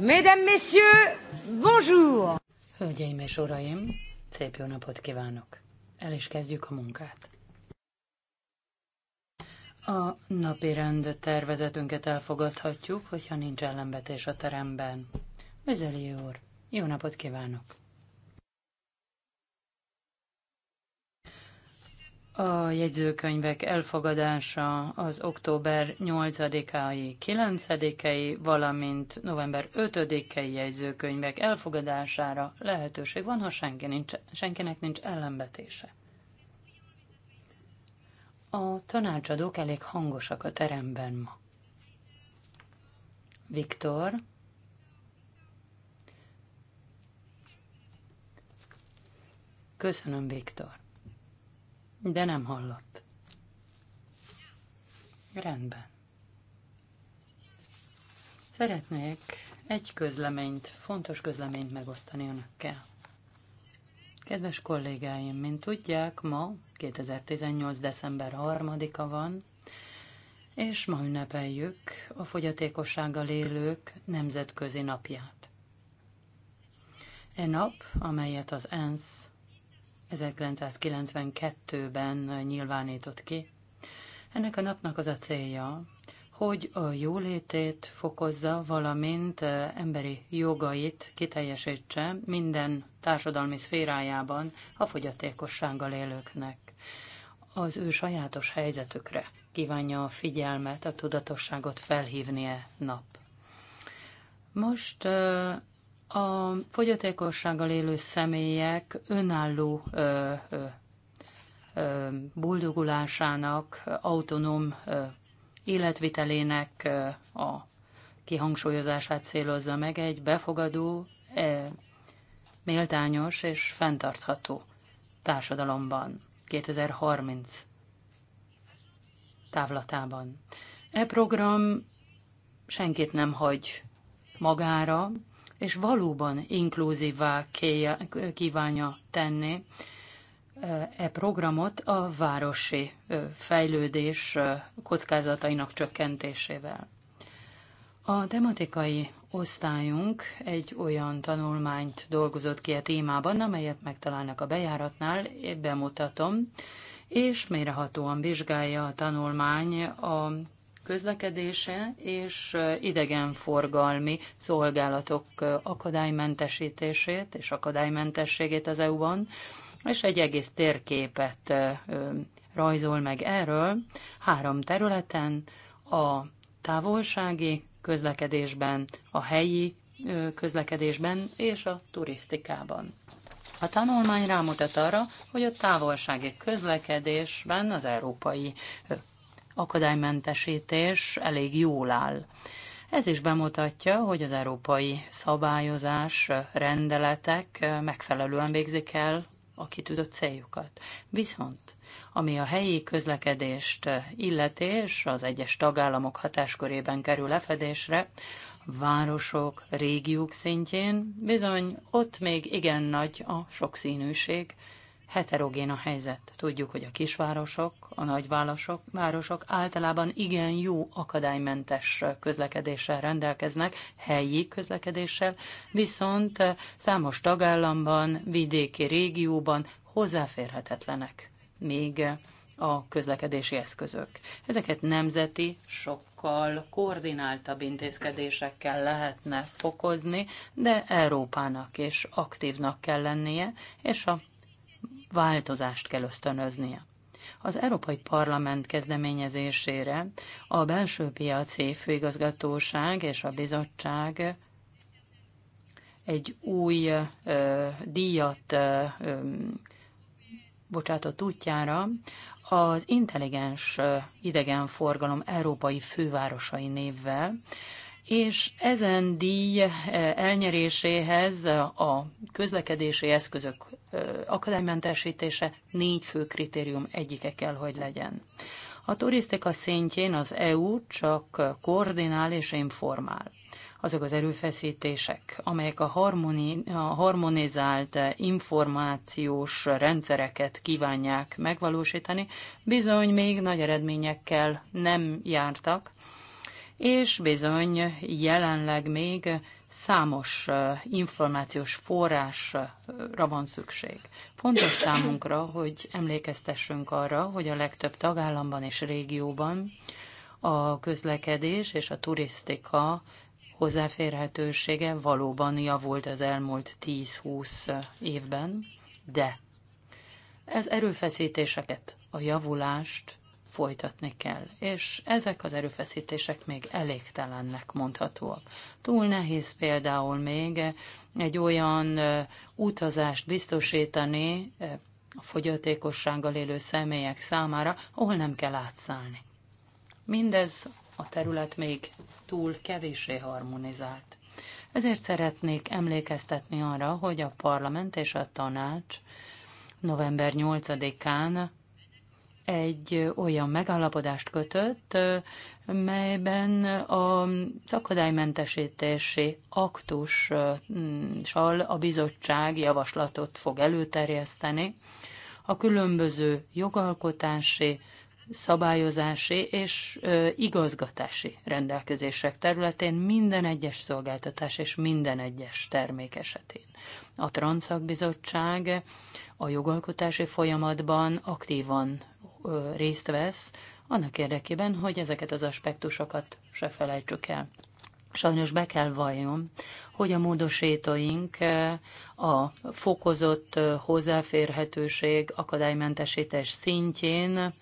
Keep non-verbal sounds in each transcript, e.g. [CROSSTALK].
Mesdames, Messieurs, bonjour! Hölgyeim és uraim, szép jó napot kívánok! El is kezdjük a munkát. A napi rend tervezetünket elfogadhatjuk, hogyha nincs ellenvetés a teremben. Vezeli úr, jó napot kívánok! A jegyzőkönyvek elfogadása az október 8-ai, 9 i valamint november 5-ei jegyzőkönyvek elfogadására lehetőség van, ha senki nincs, senkinek nincs ellenbetése. A tanácsadók elég hangosak a teremben ma. Viktor, Köszönöm, Viktor de nem hallott. Rendben. Szeretnék egy közleményt, fontos közleményt megosztani önökkel. Kedves kollégáim, mint tudják, ma 2018. december 3-a van, és ma ünnepeljük a fogyatékossággal élők nemzetközi napját. E nap, amelyet az ENSZ 1992-ben nyilvánított ki. Ennek a napnak az a célja, hogy a jólétét fokozza, valamint emberi jogait kiteljesítse minden társadalmi szférájában a fogyatékossággal élőknek. Az ő sajátos helyzetükre kívánja a figyelmet, a tudatosságot felhívni e nap. Most a fogyatékossággal élő személyek önálló ö, ö, ö, boldogulásának, autonóm ö, életvitelének ö, a kihangsúlyozását célozza meg egy befogadó, ö, e, méltányos és fenntartható társadalomban 2030 távlatában. E program senkit nem hagy magára, és valóban inkluzívvá kívánja tenni e programot a városi fejlődés kockázatainak csökkentésével. A tematikai osztályunk egy olyan tanulmányt dolgozott ki a témában, amelyet megtalálnak a bejáratnál, bemutatom, és mélyrehatóan vizsgálja a tanulmány a közlekedése és idegenforgalmi szolgálatok akadálymentesítését és akadálymentességét az EU-ban, és egy egész térképet rajzol meg erről három területen, a távolsági közlekedésben, a helyi közlekedésben és a turisztikában. A tanulmány rámutat arra, hogy a távolsági közlekedésben az európai akadálymentesítés elég jól áll. Ez is bemutatja, hogy az európai szabályozás, rendeletek megfelelően végzik el a kitűzött céljukat. Viszont, ami a helyi közlekedést illeti, és az egyes tagállamok hatáskörében kerül lefedésre, városok, régiók szintjén bizony ott még igen nagy a sokszínűség, heterogén a helyzet. Tudjuk, hogy a kisvárosok, a nagyvárosok városok általában igen jó akadálymentes közlekedéssel rendelkeznek, helyi közlekedéssel, viszont számos tagállamban, vidéki régióban hozzáférhetetlenek még a közlekedési eszközök. Ezeket nemzeti, sokkal koordináltabb intézkedésekkel lehetne fokozni, de Európának is aktívnak kell lennie, és a változást kell ösztönöznie. Az Európai Parlament kezdeményezésére a belső piaci főigazgatóság és a bizottság egy új ö, díjat ö, bocsátott útjára az intelligens idegenforgalom európai fővárosai névvel, és ezen díj eh, elnyeréséhez eh, a közlekedési eszközök eh, akadálymentesítése négy fő kritérium egyike kell, hogy legyen. A turisztika szintjén az EU csak koordinál és informál. Azok az erőfeszítések, amelyek a, harmoni, a harmonizált információs rendszereket kívánják megvalósítani, bizony még nagy eredményekkel nem jártak, és bizony jelenleg még számos információs forrásra van szükség. Fontos számunkra, hogy emlékeztessünk arra, hogy a legtöbb tagállamban és régióban a közlekedés és a turisztika hozzáférhetősége valóban javult az elmúlt 10-20 évben, de ez erőfeszítéseket, a javulást folytatni kell, és ezek az erőfeszítések még elégtelennek mondhatóak. Túl nehéz például még egy olyan utazást biztosítani a fogyatékossággal élő személyek számára, ahol nem kell átszállni. Mindez a terület még túl kevésé harmonizált. Ezért szeretnék emlékeztetni arra, hogy a parlament és a tanács november 8-án egy olyan megállapodást kötött, melyben a szakadálymentesítési aktussal a bizottság javaslatot fog előterjeszteni a különböző jogalkotási, szabályozási és igazgatási rendelkezések területén minden egyes szolgáltatás és minden egyes termék esetén. A Transzakbizottság a jogalkotási folyamatban aktívan részt vesz, annak érdekében, hogy ezeket az aspektusokat se felejtsük el. Sajnos be kell valljon, hogy a módosítóink a fokozott hozzáférhetőség akadálymentesítés szintjén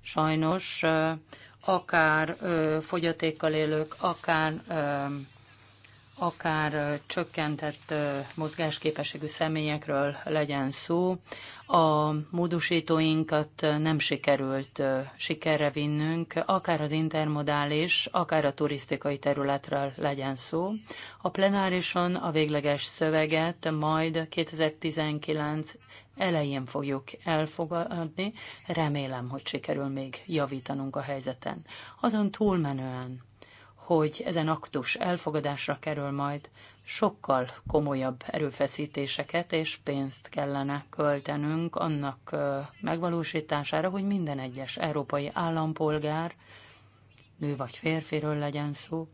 sajnos akár fogyatékkal élők, akár akár csökkentett mozgásképességű személyekről legyen szó. A módosítóinkat nem sikerült sikerre vinnünk, akár az intermodális, akár a turisztikai területről legyen szó. A plenárison a végleges szöveget majd 2019 elején fogjuk elfogadni. Remélem, hogy sikerül még javítanunk a helyzeten. Azon túlmenően, hogy ezen aktus elfogadásra kerül majd, sokkal komolyabb erőfeszítéseket és pénzt kellene költenünk annak megvalósítására, hogy minden egyes európai állampolgár, nő vagy férfiről legyen szó,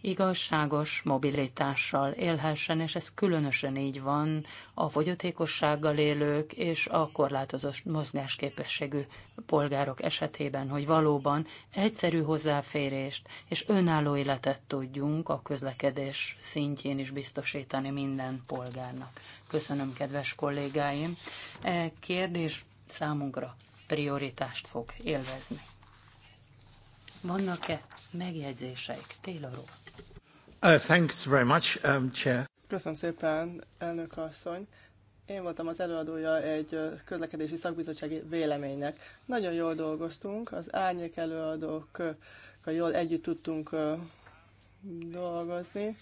igazságos mobilitással élhessen, és ez különösen így van a fogyatékossággal élők és a korlátozott mozgásképességű polgárok esetében, hogy valóban egyszerű hozzáférést és önálló életet tudjunk a közlekedés szintjén is biztosítani minden polgárnak. Köszönöm, kedves kollégáim. E kérdés számunkra prioritást fog élvezni. Vannak-e megjegyzéseik? Taylor úr. Uh, um, Köszönöm szépen, elnök asszony. Én voltam az előadója egy közlekedési szakbizottsági véleménynek. Nagyon jól dolgoztunk, az árnyék előadókkal jól együtt tudtunk dolgozni,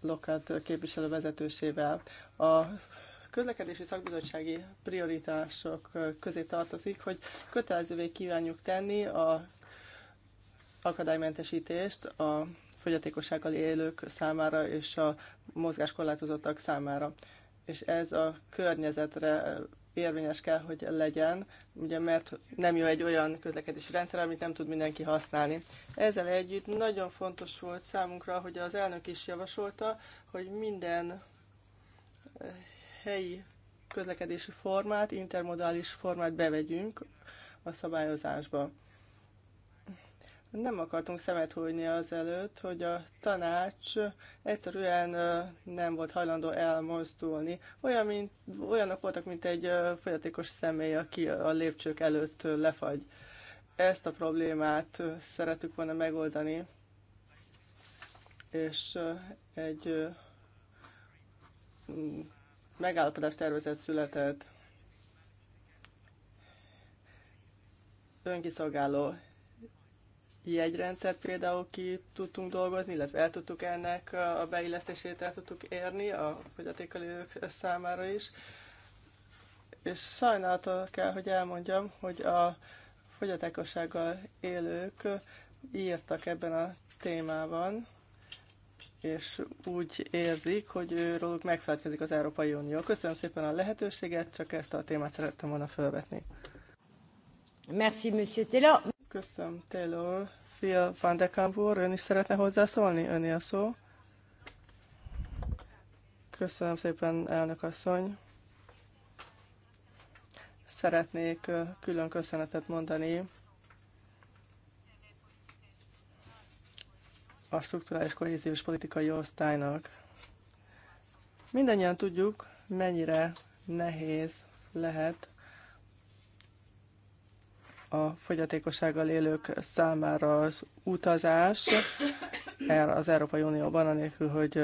lokált képviselő vezetősével. A közlekedési szakbizottsági prioritások közé tartozik, hogy kötelezővé kívánjuk tenni a akadálymentesítést a fogyatékossággal élők számára és a mozgáskorlátozottak számára. És ez a környezetre érvényes kell, hogy legyen, ugye mert nem jó egy olyan közlekedési rendszer, amit nem tud mindenki használni. Ezzel együtt nagyon fontos volt számunkra, hogy az elnök is javasolta, hogy minden eh, helyi közlekedési formát, intermodális formát bevegyünk a szabályozásba. Nem akartunk szemet hújni előtt, hogy a tanács egyszerűen nem volt hajlandó elmozdulni. Olyan, mint, olyanok voltak, mint egy fogyatékos személy, aki a lépcsők előtt lefagy. Ezt a problémát szeretük volna megoldani, és egy megállapodás tervezet született. Önkiszolgáló jegyrendszer például ki tudtunk dolgozni, illetve el tudtuk ennek a beillesztését el tudtuk érni a fogyatékkal élők számára is. És sajnálta kell, hogy elmondjam, hogy a fogyatékossággal élők írtak ebben a témában, és úgy érzik, hogy róluk megfelelkezik az Európai Unió. Köszönöm szépen a lehetőséget, csak ezt a témát szerettem volna felvetni. Merci, Monsieur Taylor. Köszönöm, Taylor. Phil van de Kampur, ön is szeretne hozzászólni? Öné a szó. Köszönöm szépen, elnök asszony. Szeretnék külön köszönetet mondani a strukturális kohéziós politikai osztálynak. Mindennyian tudjuk, mennyire nehéz lehet a fogyatékossággal élők számára az utazás er- az Európai Unióban, anélkül, hogy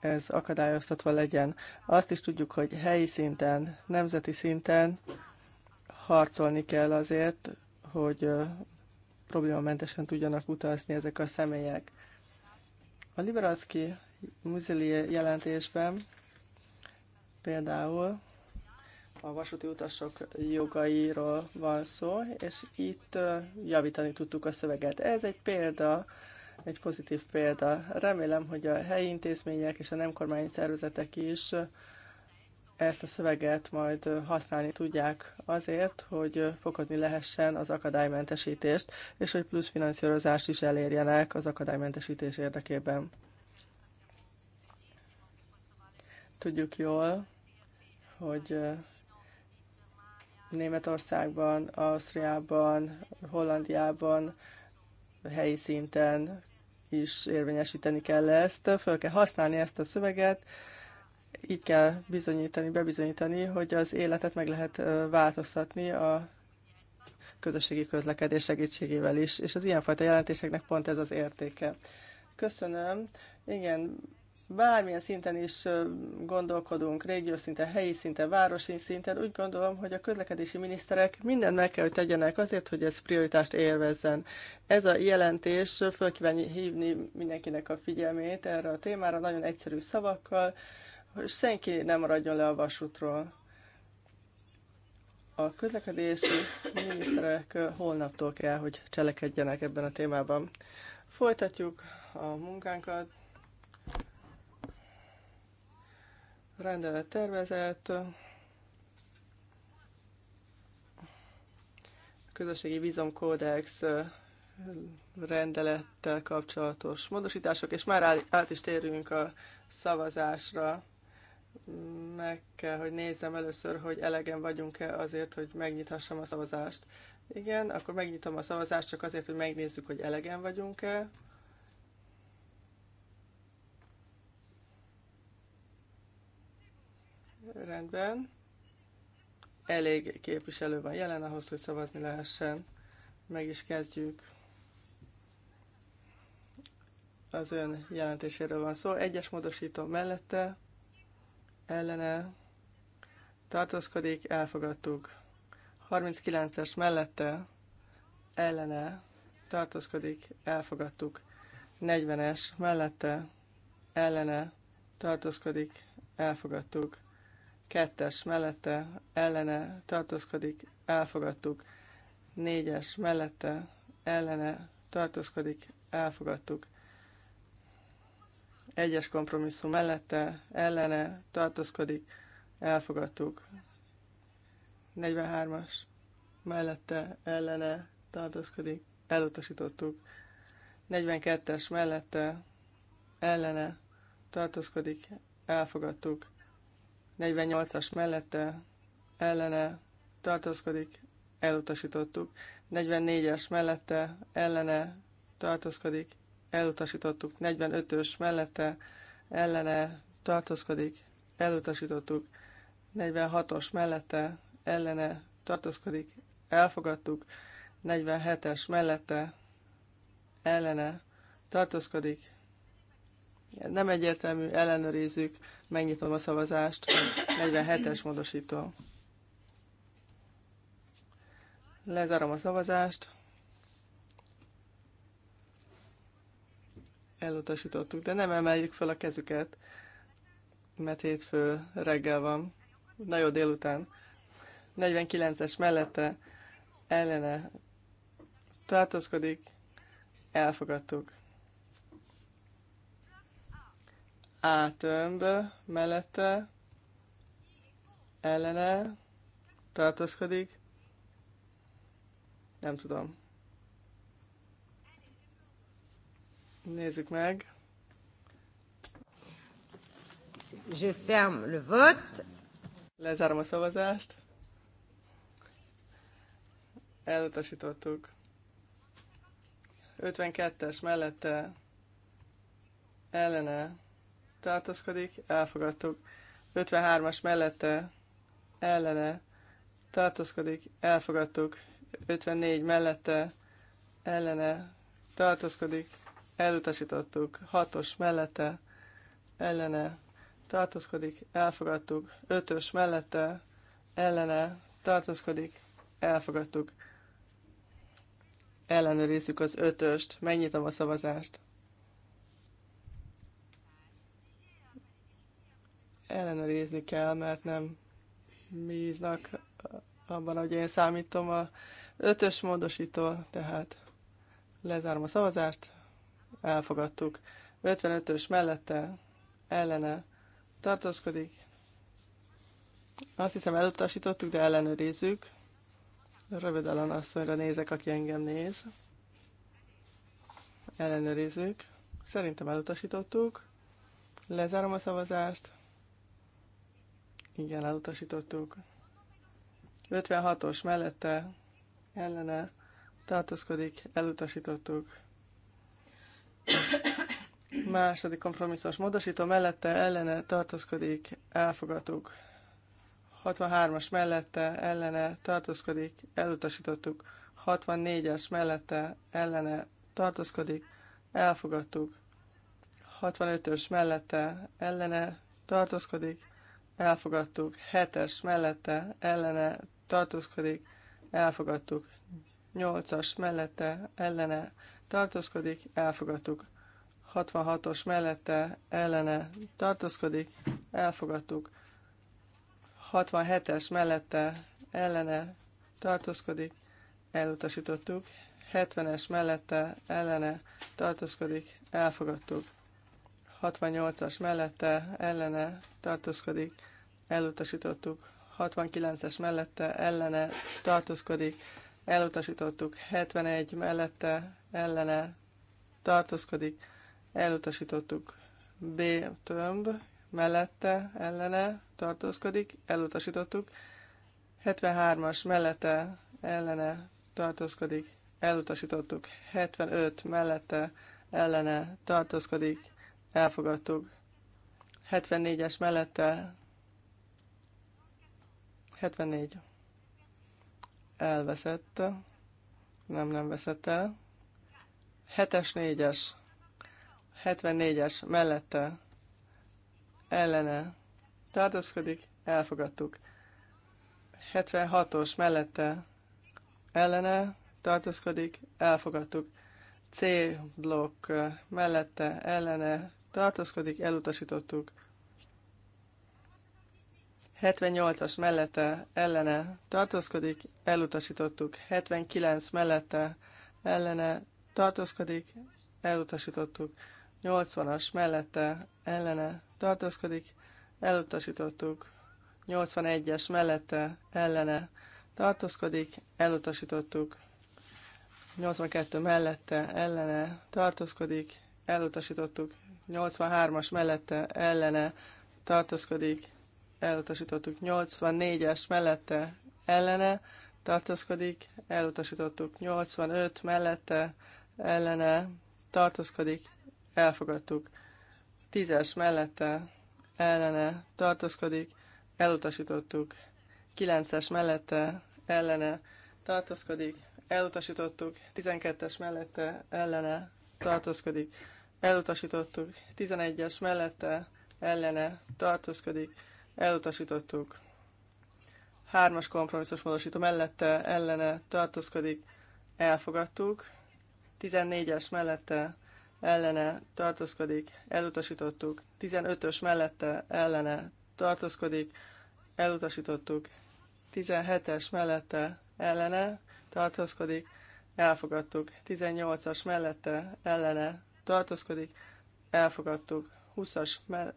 ez akadályoztatva legyen. Azt is tudjuk, hogy helyi szinten, nemzeti szinten harcolni kell azért, hogy problémamentesen tudjanak utazni ezek a személyek. A Liberalski Muzili jelentésben például a vasúti utasok jogairól van szó, és itt javítani tudtuk a szöveget. Ez egy példa, egy pozitív példa. Remélem, hogy a helyi intézmények és a nem kormányi szervezetek is ezt a szöveget majd használni tudják azért, hogy fokozni lehessen az akadálymentesítést, és hogy plusz finanszírozást is elérjenek az akadálymentesítés érdekében. Tudjuk jól, hogy Németországban, Ausztriában, Hollandiában, helyi szinten is érvényesíteni kell ezt, föl kell használni ezt a szöveget, így kell bizonyítani, bebizonyítani, hogy az életet meg lehet változtatni a közösségi közlekedés segítségével is, és az ilyenfajta jelentéseknek pont ez az értéke. Köszönöm. Igen, bármilyen szinten is gondolkodunk, régió szinten, helyi szinten, városi szinten, úgy gondolom, hogy a közlekedési miniszterek mindent meg kell, hogy tegyenek azért, hogy ez prioritást érvezzen. Ez a jelentés föl kíván hívni mindenkinek a figyelmét erre a témára, nagyon egyszerű szavakkal, hogy senki nem maradjon le a vasútról. A közlekedési miniszterek holnaptól kell, hogy cselekedjenek ebben a témában. Folytatjuk a munkánkat. rendelet tervezett, közösségi vízomkódex rendelettel kapcsolatos módosítások, és már át is térünk a szavazásra. Meg kell, hogy nézzem először, hogy elegen vagyunk-e azért, hogy megnyithassam a szavazást. Igen, akkor megnyitom a szavazást csak azért, hogy megnézzük, hogy elegen vagyunk-e. Rendben. Elég képviselő van jelen ahhoz, hogy szavazni lehessen. Meg is kezdjük. Az ön jelentéséről van szó. Egyes módosító mellette, ellene, tartózkodik, elfogadtuk. 39-es mellette, ellene, tartózkodik, elfogadtuk. 40-es mellette, ellene, tartózkodik, elfogadtuk kettes mellette ellene tartózkodik, elfogadtuk. Négyes mellette ellene tartózkodik, elfogadtuk. Egyes kompromisszum mellette ellene tartózkodik, elfogadtuk. 43-as mellette ellene tartózkodik, elutasítottuk. 42-es mellette ellene tartózkodik, elfogadtuk. 48-as mellette ellene tartózkodik, elutasítottuk. 44-es mellette ellene tartózkodik, elutasítottuk. 45-ös mellette ellene tartózkodik, elutasítottuk. 46-os mellette ellene tartózkodik, elfogadtuk. 47-es mellette ellene tartózkodik. Nem egyértelmű, ellenőrizzük. Megnyitom a szavazást. 47-es módosító. Lezárom a szavazást. Elutasítottuk, de nem emeljük fel a kezüket, mert hétfő reggel van. Na jó, délután. 49-es mellette ellene tartózkodik. Elfogadtuk. A tömb mellette ellene tartozkodik, Nem tudom. Nézzük meg. Je ferme le vote. Lezárom a szavazást. Elutasítottuk. 52-es mellette ellene tartózkodik, elfogadtuk. 53-as mellette, ellene, tartózkodik, elfogadtuk. 54 mellette, ellene, tartózkodik, elutasítottuk. 6-os mellette, ellene, tartózkodik, elfogadtuk. 5-ös mellette, ellene, tartózkodik, elfogadtuk. Ellenőrizzük az ötöst, megnyitom a szavazást. ellenőrizni kell, mert nem bíznak abban, hogy én számítom a ötös módosító, tehát lezárom a szavazást, elfogadtuk. 55-ös mellette, ellene tartózkodik. Azt hiszem elutasítottuk, de ellenőrizzük. Rövid asszonyra nézek, aki engem néz. Ellenőrizzük. Szerintem elutasítottuk. Lezárom a szavazást. Igen, elutasítottuk. 56-os mellette ellene tartózkodik, elutasítottuk. Második kompromisszos módosító mellette ellene tartózkodik, elfogadtuk. 63-as mellette ellene tartózkodik, elutasítottuk. 64-es mellette ellene tartózkodik, elfogadtuk. 65-ös mellette ellene tartózkodik, elfogadtuk, hetes mellette ellene tartózkodik, elfogadtuk, nyolcas mellette ellene tartózkodik, elfogadtuk, 66-os mellette ellene tartózkodik, elfogadtuk, 67-es mellette ellene tartózkodik, elutasítottuk, 70-es mellette ellene tartózkodik, elfogadtuk. 68-as mellette ellene tartózkodik, elutasítottuk. 69-es mellette ellene tartózkodik, elutasítottuk. 71 mellette ellene tartózkodik, elutasítottuk. B tömb mellette ellene tartózkodik, elutasítottuk. 73-as mellette ellene tartózkodik, elutasítottuk. 75 mellette ellene tartózkodik, elfogadtuk. 74-es mellette 74 elveszett, nem, nem veszett el. 7-es, 4-es, 74-es mellette ellene tartozkodik, elfogadtuk. 76-os mellette ellene tartozkodik, elfogadtuk. C blokk mellette ellene tartózkodik, elutasítottuk. 78-as mellette ellene tartózkodik, elutasítottuk. 79 mellette ellene tartózkodik, elutasítottuk. 80-as mellette ellene tartózkodik, elutasítottuk. 81-es mellette ellene tartózkodik, elutasítottuk. 82 mellette ellene tartózkodik, elutasítottuk. 83-as mellette ellene tartózkodik, elutasítottuk. 84-es mellette ellene tartózkodik, elutasítottuk. 85 mellette ellene tartózkodik, elfogadtuk. 10-es mellette ellene tartózkodik, elutasítottuk. 9-es mellette ellene tartózkodik, elutasítottuk. 12-es mellette ellene tartózkodik, elutasítottuk. 11-es mellette ellene tartózkodik, elutasítottuk. 3-as kompromisszus módosító mellette ellene tartózkodik, elfogadtuk. 14-es mellette ellene tartózkodik, elutasítottuk. 15-ös mellette ellene tartózkodik, elutasítottuk. 17-es mellette ellene tartózkodik, elfogadtuk. 18-as mellette ellene tartózkodik, elfogadtuk. 20-as mert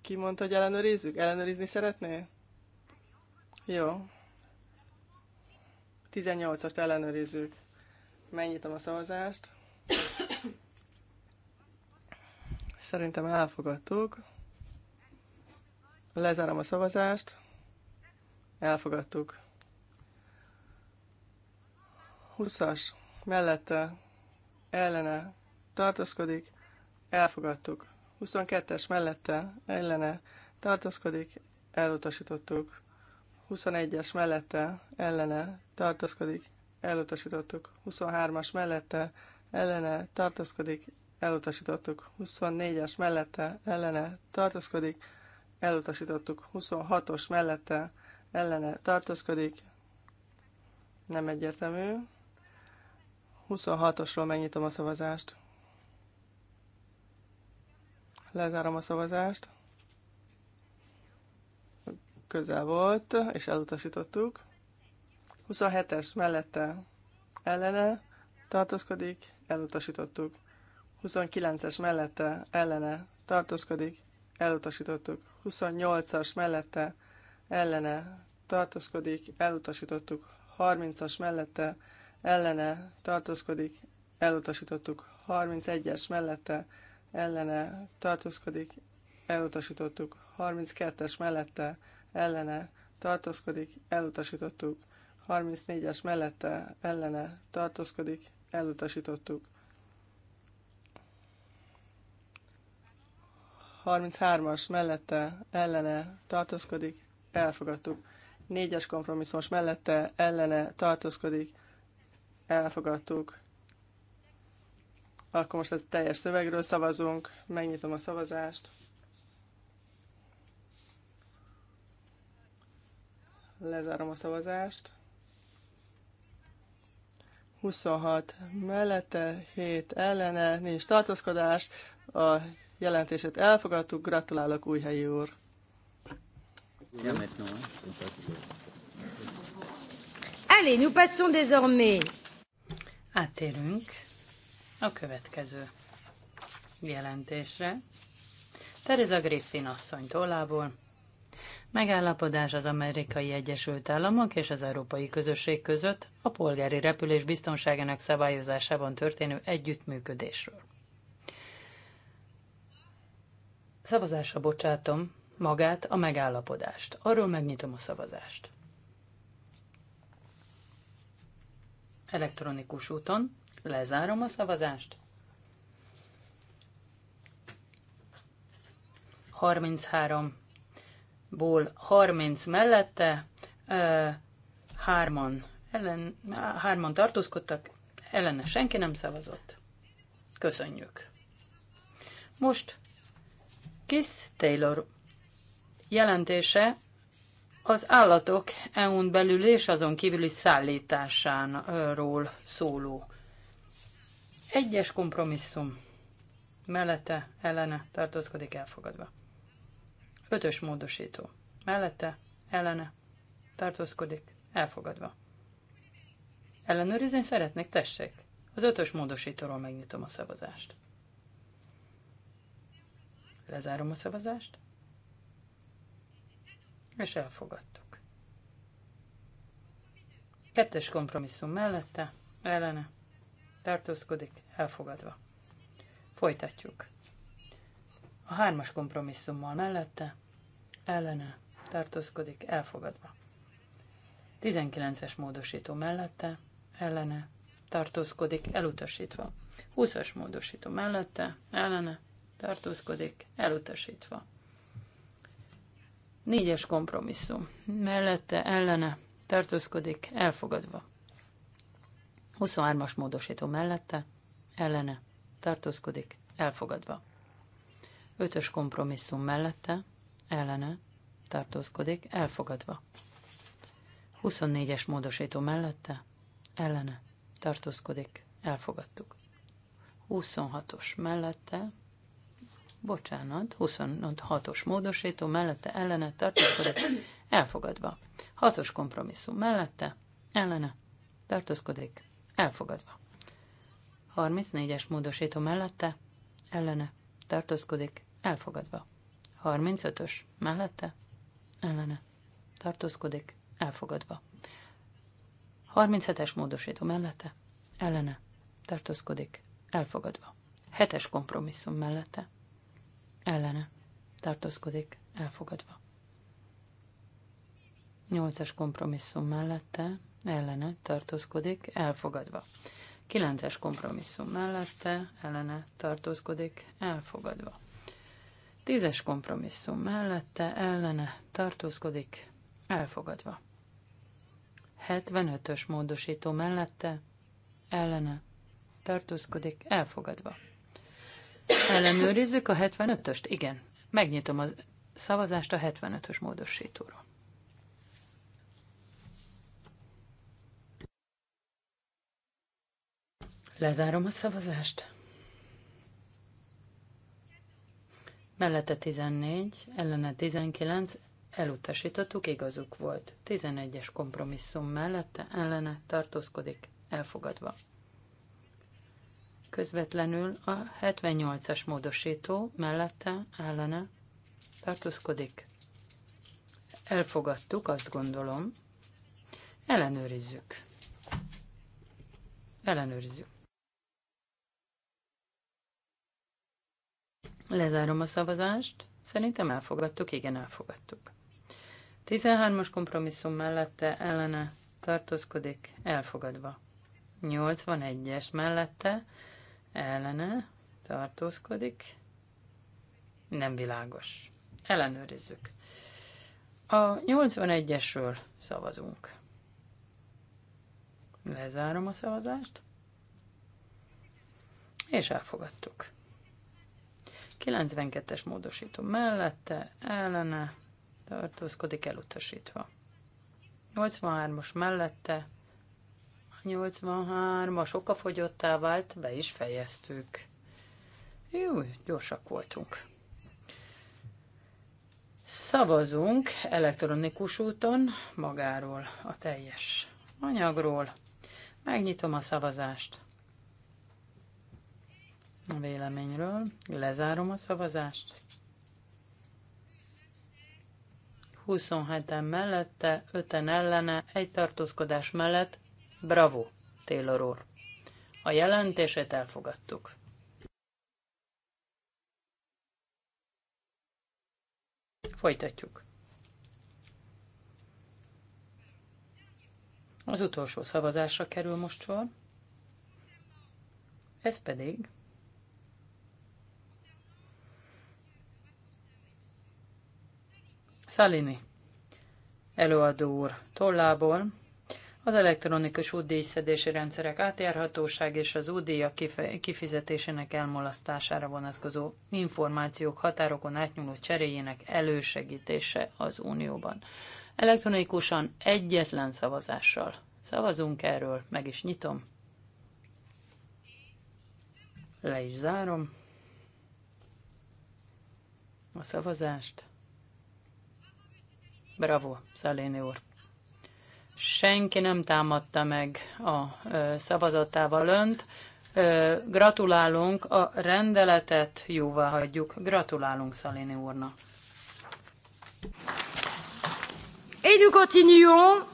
Ki mondta, hogy ellenőrizzük? Ellenőrizni szeretné? Jó. 18-ast ellenőrizzük. Megnyitom a szavazást. Szerintem elfogadtuk. Lezárom a szavazást. Elfogadtuk. 20-as mellette ellene tartózkodik, elfogadtuk. 22-es mellette ellene tartózkodik, elutasítottuk. 21-es mellette ellene tartózkodik, elutasítottuk. 23-as mellette ellene tartózkodik, elutasítottuk. 24-es mellette ellene tartózkodik, elutasítottuk. 26-os mellette ellene tartózkodik, nem egyértelmű. 26-osról megnyitom a szavazást. Lezárom a szavazást. Közel volt, és elutasítottuk. 27-es mellette ellene tartózkodik, elutasítottuk. 29-es mellette ellene tartózkodik, elutasítottuk. 28-as mellette ellene tartózkodik, elutasítottuk. 30-as mellette ellene tartózkodik, elutasítottuk. 31-es mellette ellene tartózkodik, elutasítottuk. 32-es mellette ellene tartózkodik, elutasítottuk. 34-es mellette ellene tartózkodik, elutasítottuk. 33-as mellette ellene tartózkodik, elfogadtuk. 4-es kompromisszumos mellette ellene tartózkodik, elfogadtuk. Akkor most a teljes szövegről szavazunk, megnyitom a szavazást. Lezárom a szavazást. 26 mellette, 7 ellene, nincs tartózkodás. A jelentését elfogadtuk, gratulálok újhelyi úr. Allez, nous passons désormais Áttérünk a következő jelentésre. Teresa Griffin asszony tollából. Megállapodás az Amerikai Egyesült Államok és az Európai Közösség között a polgári repülés biztonságának szabályozásában történő együttműködésről. Szavazásra bocsátom magát a megállapodást. Arról megnyitom a szavazást. Elektronikus úton lezárom a szavazást. 33-ból 30 mellette, hárman, ellen, hárman tartózkodtak, ellene senki nem szavazott. Köszönjük. Most Kiss Taylor jelentése az állatok EU-n belül és azon kívüli szállításáról szóló. Egyes kompromisszum mellette, ellene tartózkodik elfogadva. Ötös módosító mellette, ellene tartózkodik elfogadva. Ellenőrizni szeretnék, tessék. Az ötös módosítóról megnyitom a szavazást. Lezárom a szavazást és elfogadtuk. Kettes kompromisszum mellette, ellene, tartózkodik, elfogadva. Folytatjuk. A hármas kompromisszummal mellette, ellene, tartózkodik, elfogadva. 19-es módosító mellette, ellene, tartózkodik, elutasítva. 20-as módosító mellette, ellene, tartózkodik, elutasítva. Négyes kompromisszum. Mellette, ellene, tartózkodik, elfogadva. 23-as módosító mellette, ellene, tartózkodik, elfogadva. Ötös kompromisszum mellette, ellene, tartózkodik, elfogadva. 24-es módosító mellette, ellene, tartózkodik, elfogadtuk. 26-os mellette, bocsánat, 26-os módosító mellette ellene tartózkodik, elfogadva. 6-os kompromisszum mellette ellene tartózkodik, elfogadva. 34-es módosító mellette ellene tartózkodik, elfogadva. 35-ös mellette ellene tartózkodik, elfogadva. 37-es módosító mellette ellene tartózkodik, elfogadva. 7-es kompromisszum mellette ellene tartózkodik elfogadva. Nyolcas kompromisszum mellette ellene tartózkodik elfogadva. Kilences kompromisszum mellette ellene tartózkodik elfogadva. Tízes kompromisszum mellette ellene tartózkodik elfogadva. 75-ös módosító mellette ellene tartózkodik elfogadva. Ellenőrizzük a 75-öst? Igen. Megnyitom a szavazást a 75-ös módosítóról. Lezárom a szavazást. Mellette 14, ellene 19, elutasítottuk, igazuk volt. 11-es kompromisszum mellette ellene tartózkodik, elfogadva. Közvetlenül a 78-as módosító mellette ellene tartózkodik. Elfogadtuk, azt gondolom. Ellenőrizzük. Ellenőrizzük. Lezárom a szavazást. Szerintem elfogadtuk, igen, elfogadtuk. 13-as kompromisszum mellette ellene tartózkodik, elfogadva. 81-es mellette ellene tartózkodik. Nem világos. Ellenőrizzük. A 81-esről szavazunk. Lezárom a szavazást. És elfogadtuk. 92-es módosító mellette, ellene, tartózkodik elutasítva. 83-os mellette, 83-as fogyottá vált, be is fejeztük. Jó, gyorsak voltunk. Szavazunk elektronikus úton magáról, a teljes anyagról. Megnyitom a szavazást. A véleményről lezárom a szavazást. 27-en mellette, 5-en ellene, egy tartózkodás mellett Bravo, Taylor úr! A jelentését elfogadtuk. Folytatjuk. Az utolsó szavazásra kerül most sor. Ez pedig Szalini előadó úr tollából az elektronikus útdíjszedési rendszerek átjárhatóság és az útdíjak kifizetésének elmulasztására vonatkozó információk határokon átnyúló cseréjének elősegítése az Unióban. Elektronikusan egyetlen szavazással. Szavazunk erről, meg is nyitom. Le is zárom a szavazást. Bravo, Szaléni úr! senki nem támadta meg a szavazatával önt. Gratulálunk, a rendeletet jóvá hagyjuk. Gratulálunk Szaléni úrna. Et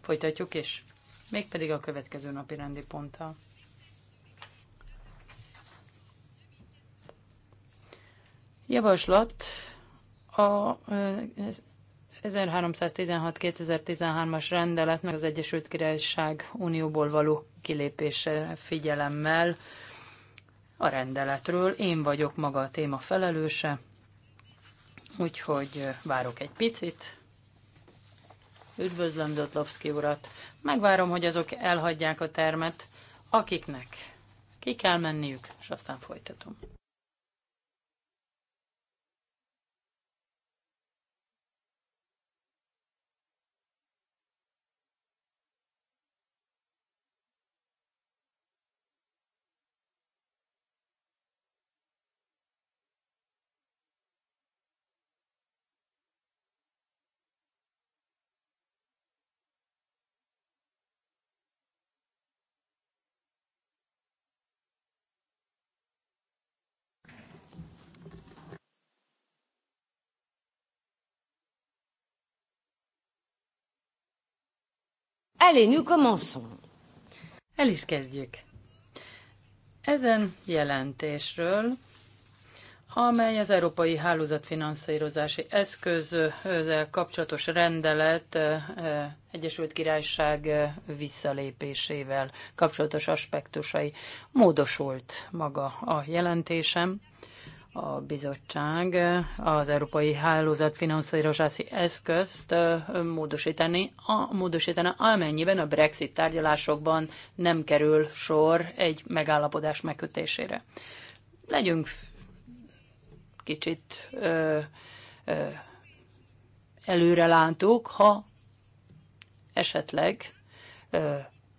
Folytatjuk is, mégpedig a következő napi rendi ponttal. Javaslat a 1316-2013-as meg az Egyesült Királyság Unióból való kilépése figyelemmel a rendeletről. Én vagyok maga a téma felelőse, úgyhogy várok egy picit. Üdvözlöm Dotlovszki urat. Megvárom, hogy azok elhagyják a termet, akiknek ki kell menniük, és aztán folytatom. Allez, nous commençons. El is kezdjük. Ezen jelentésről, amely az Európai finanszírozási Eszközzel kapcsolatos rendelet eh, eh, Egyesült Királyság eh, visszalépésével kapcsolatos aspektusai. Módosult maga a jelentésem, a bizottság az Európai Hálózat finanszírozási eszközt módosítani, a, módosítani, amennyiben a Brexit tárgyalásokban nem kerül sor egy megállapodás megkötésére. Legyünk kicsit ö, ö, előre ha esetleg ö,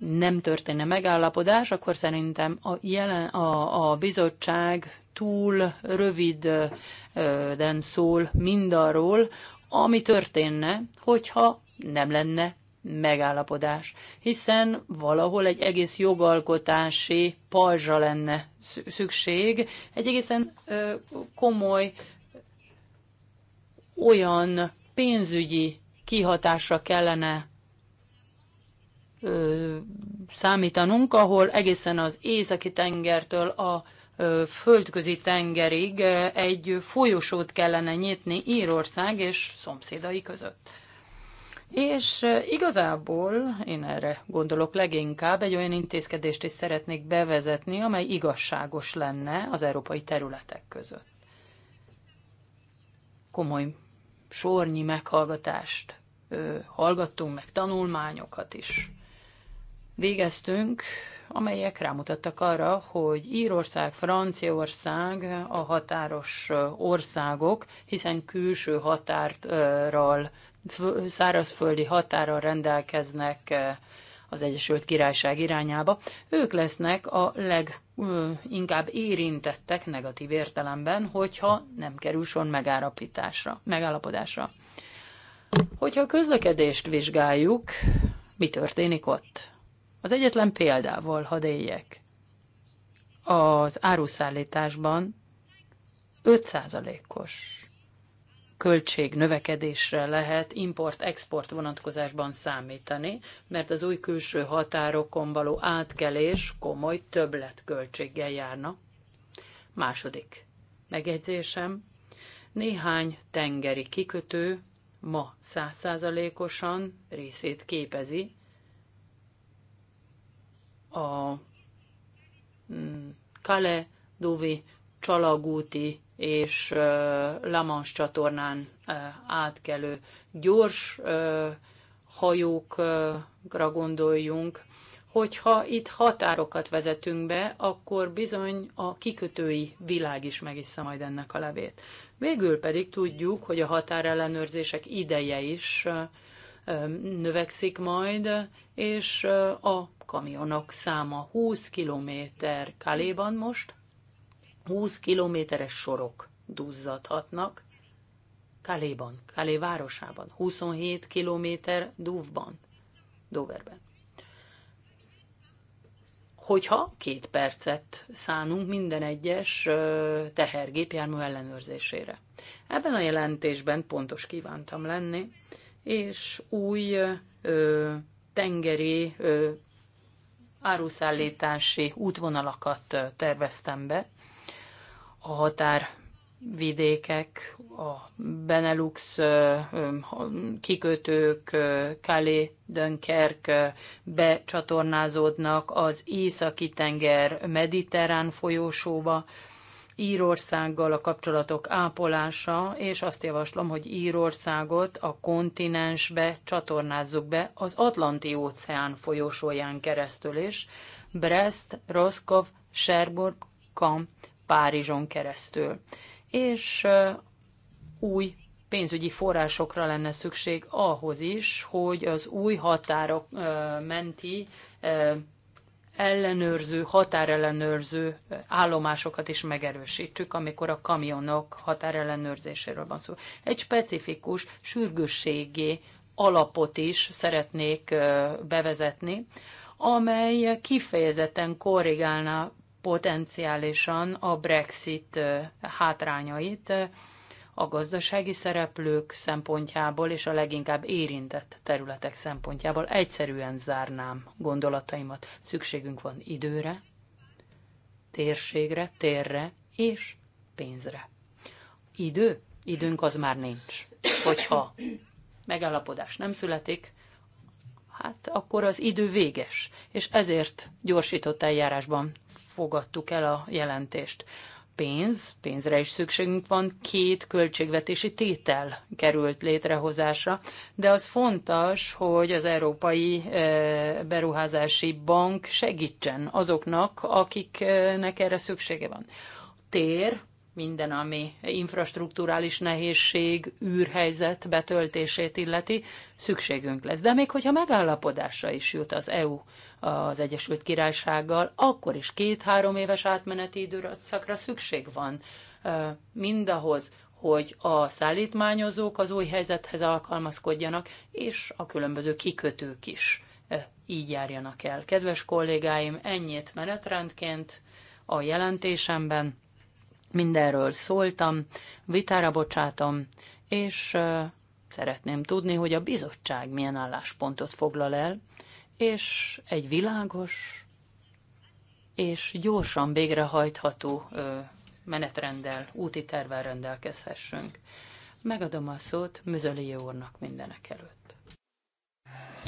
nem történne megállapodás, akkor szerintem a, jelen, a, a bizottság túl röviden szól mindarról, ami történne, hogyha nem lenne megállapodás, hiszen valahol egy egész jogalkotási pajzsa lenne szükség, egy egészen ö, komoly olyan pénzügyi kihatásra kellene ö, számítanunk, ahol egészen az északi tengertől a ö, földközi tengerig egy folyosót kellene nyitni Írország és szomszédai között. És igazából én erre gondolok leginkább, egy olyan intézkedést is szeretnék bevezetni, amely igazságos lenne az európai területek között. Komoly sornyi meghallgatást ö, hallgattunk, meg tanulmányokat is végeztünk, amelyek rámutattak arra, hogy Írország, Franciaország a határos országok, hiszen külső határral, szárazföldi határral rendelkeznek az Egyesült Királyság irányába, ők lesznek a leginkább érintettek negatív értelemben, hogyha nem kerül sor megállapodásra. Hogyha a közlekedést vizsgáljuk, mi történik ott? Az egyetlen példával hadd éljek. Az áruszállításban 5%-os költség növekedésre lehet import-export vonatkozásban számítani, mert az új külső határokon való átkelés komoly többletköltséggel járna. Második megjegyzésem, néhány tengeri kikötő ma százszázalékosan részét képezi a mm, Kale, Duvi, Csalagúti és Lamans csatornán átkelő gyors hajókra gondoljunk, hogyha itt határokat vezetünk be, akkor bizony a kikötői világ is megissza majd ennek a levét. Végül pedig tudjuk, hogy a határellenőrzések ideje is növekszik majd, és a kamionok száma 20 kilométer Kaléban most, 20 kilométeres sorok duzzadhatnak Kaléban, Kalé városában, 27 kilométer Dúvban, Doverben. Hogyha két percet szánunk minden egyes tehergépjármű ellenőrzésére. Ebben a jelentésben pontos kívántam lenni, és új ö, tengeri ö, áruszállítási útvonalakat terveztem be. A határvidékek a Benelux kikötők, Kali, Dönkerk becsatornázódnak az északi tenger mediterrán folyósóba, Írországgal a kapcsolatok ápolása, és azt javaslom, hogy Írországot a kontinensbe csatornázzuk be az Atlanti-óceán folyosóján keresztül is, Brest, Roskov, Cherbourg, Kam, Párizson keresztül. És új pénzügyi forrásokra lenne szükség ahhoz is, hogy az új határok menti ellenőrző, határellenőrző állomásokat is megerősítsük, amikor a kamionok határellenőrzéséről van szó. Egy specifikus sürgősségi alapot is szeretnék bevezetni, amely kifejezetten korrigálna potenciálisan a Brexit hátrányait, a gazdasági szereplők szempontjából és a leginkább érintett területek szempontjából egyszerűen zárnám gondolataimat. Szükségünk van időre, térségre, térre és pénzre. Idő? Időnk az már nincs. Hogyha megállapodás nem születik, hát akkor az idő véges, és ezért gyorsított eljárásban fogadtuk el a jelentést pénz, pénzre is szükségünk van, két költségvetési tétel került létrehozásra, de az fontos, hogy az Európai e, Beruházási Bank segítsen azoknak, akiknek erre szüksége van. Tér, minden, ami infrastruktúrális nehézség, űrhelyzet betöltését illeti, szükségünk lesz. De még hogyha megállapodásra is jut az EU az Egyesült Királysággal, akkor is két-három éves átmeneti időszakra szükség van mindahhoz, hogy a szállítmányozók az új helyzethez alkalmazkodjanak, és a különböző kikötők is így járjanak el. Kedves kollégáim, ennyit menetrendként a jelentésemben Mindenről szóltam, vitára bocsátom, és szeretném tudni, hogy a bizottság milyen álláspontot foglal el, és egy világos és gyorsan végrehajtható menetrenddel, úti tervel rendelkezhessünk. Megadom a szót Müzölié úrnak mindenek előtt.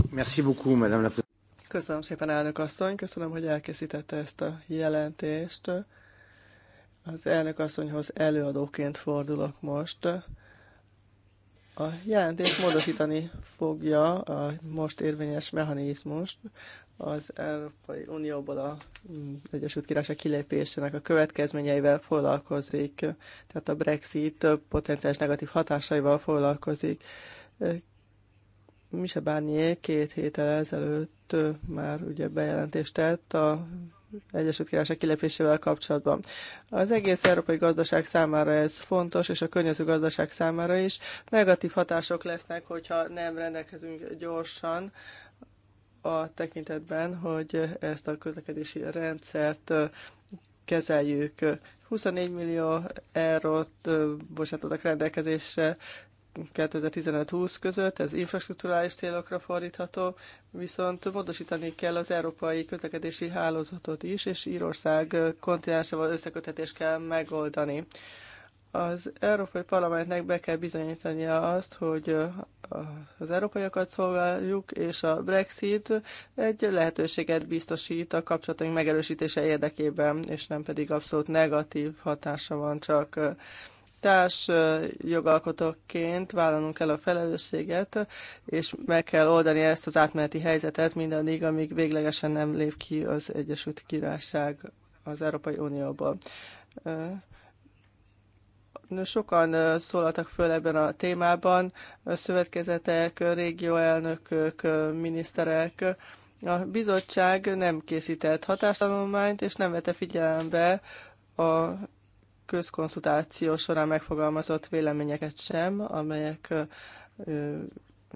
Merci beaucoup, madame la Köszönöm szépen, elnök asszony, köszönöm, hogy elkészítette ezt a jelentést. Az elnök asszonyhoz előadóként fordulok most. A jelentés módosítani fogja a most érvényes mechanizmust az Európai Unióból a mm, Egyesült Királyság kilépésének a következményeivel foglalkozik, tehát a Brexit több potenciális negatív hatásaival foglalkozik. Mise Barnier két héttel ezelőtt már ugye bejelentést tett a Egyesült Királyság kilépésével kapcsolatban. Az egész európai gazdaság számára ez fontos, és a környező gazdaság számára is. Negatív hatások lesznek, hogyha nem rendelkezünk gyorsan a tekintetben, hogy ezt a közlekedési rendszert kezeljük. 24 millió eurót bocsátottak rendelkezésre 2015-20 között, ez infrastruktúrális célokra fordítható, viszont módosítani kell az európai közlekedési hálózatot is, és Írország kontinensával összekötetést kell megoldani. Az Európai Parlamentnek be kell bizonyítania azt, hogy az európaiakat szolgáljuk, és a Brexit egy lehetőséget biztosít a kapcsolataink megerősítése érdekében, és nem pedig abszolút negatív hatása van csak társ jogalkotóként vállalunk kell a felelősséget, és meg kell oldani ezt az átmeneti helyzetet mindaddig, amíg véglegesen nem lép ki az Egyesült Királyság az Európai Unióból. Sokan szólaltak föl ebben a témában, szövetkezetek, régióelnökök, miniszterek. A bizottság nem készített hatástanulmányt, és nem vette figyelembe a közkonszultáció során megfogalmazott véleményeket sem, amelyek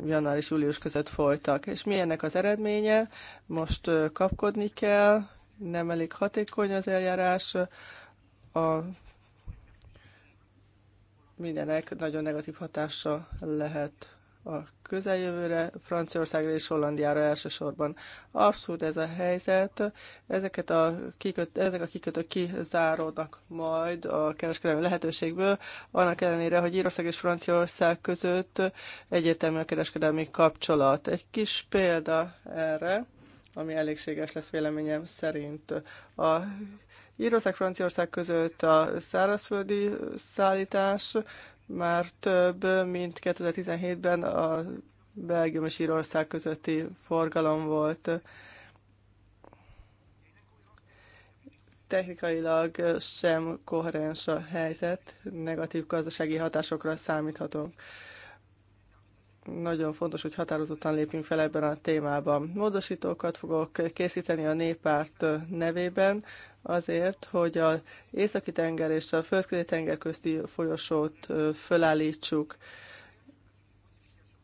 január és július között folytak. És mi ennek az eredménye? Most kapkodni kell, nem elég hatékony az eljárás, a mindenek nagyon negatív hatása lehet a közeljövőre, Franciaországra és Hollandiára elsősorban. Abszurd ez a helyzet. Ezeket a kiköt, ezek a kikötők kizáródnak majd a kereskedelmi lehetőségből, annak ellenére, hogy Írország és Franciaország között egyértelmű a kereskedelmi kapcsolat. Egy kis példa erre, ami elégséges lesz véleményem szerint. A Írország-Franciaország között a szárazföldi szállítás már több, mint 2017-ben a Belgium és Írország közötti forgalom volt. Technikailag sem koherens a helyzet, negatív gazdasági hatásokra számíthatunk. Nagyon fontos, hogy határozottan lépjünk fel ebben a témában. Módosítókat fogok készíteni a néppárt nevében, azért, hogy az Északi-tenger és a Földközi-tenger közti folyosót fölállítsuk.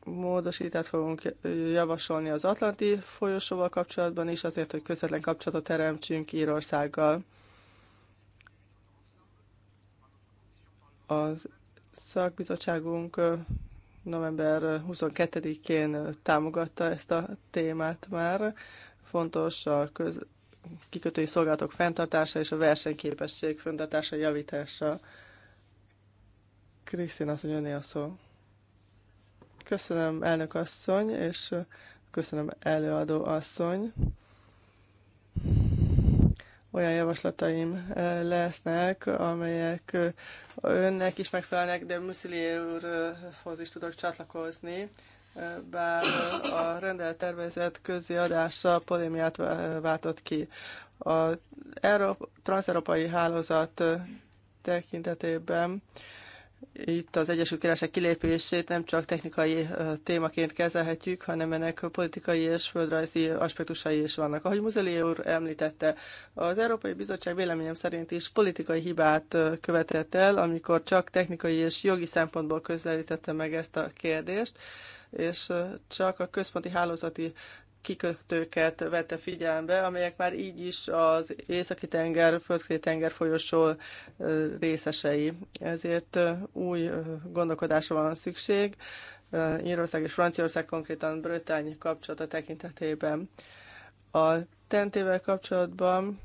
Módosítást fogunk javasolni az Atlanti folyosóval kapcsolatban is, azért, hogy közvetlen kapcsolatot teremtsünk Írországgal. A szakbizottságunk november 22-én támogatta ezt a témát már. Fontos a köz, kikötői szolgálatok fenntartása és a versenyképesség fenntartása, javítása. Krisztina asszony, mondja, a szó. Köszönöm, elnök asszony, és köszönöm, előadó asszony. Olyan javaslataim eh, lesznek, amelyek eh, önnek is megfelelnek, de Muszili úrhoz is tudok csatlakozni bár a rendeltervezet adása polémiát váltott ki. A Európa, transzeurópai hálózat tekintetében itt az Egyesült Királyság kilépését nem csak technikai témaként kezelhetjük, hanem ennek politikai és földrajzi aspektusai is vannak. Ahogy Muzeli úr említette, az Európai Bizottság véleményem szerint is politikai hibát követett el, amikor csak technikai és jogi szempontból közelítette meg ezt a kérdést, és csak a központi hálózati kikötőket vette figyelembe, amelyek már így is az Északi-tenger, Földközi-tenger folyosó részesei. Ezért új gondolkodásra van szükség, Írország és Franciaország konkrétan Brötány kapcsolata tekintetében. A tentével kapcsolatban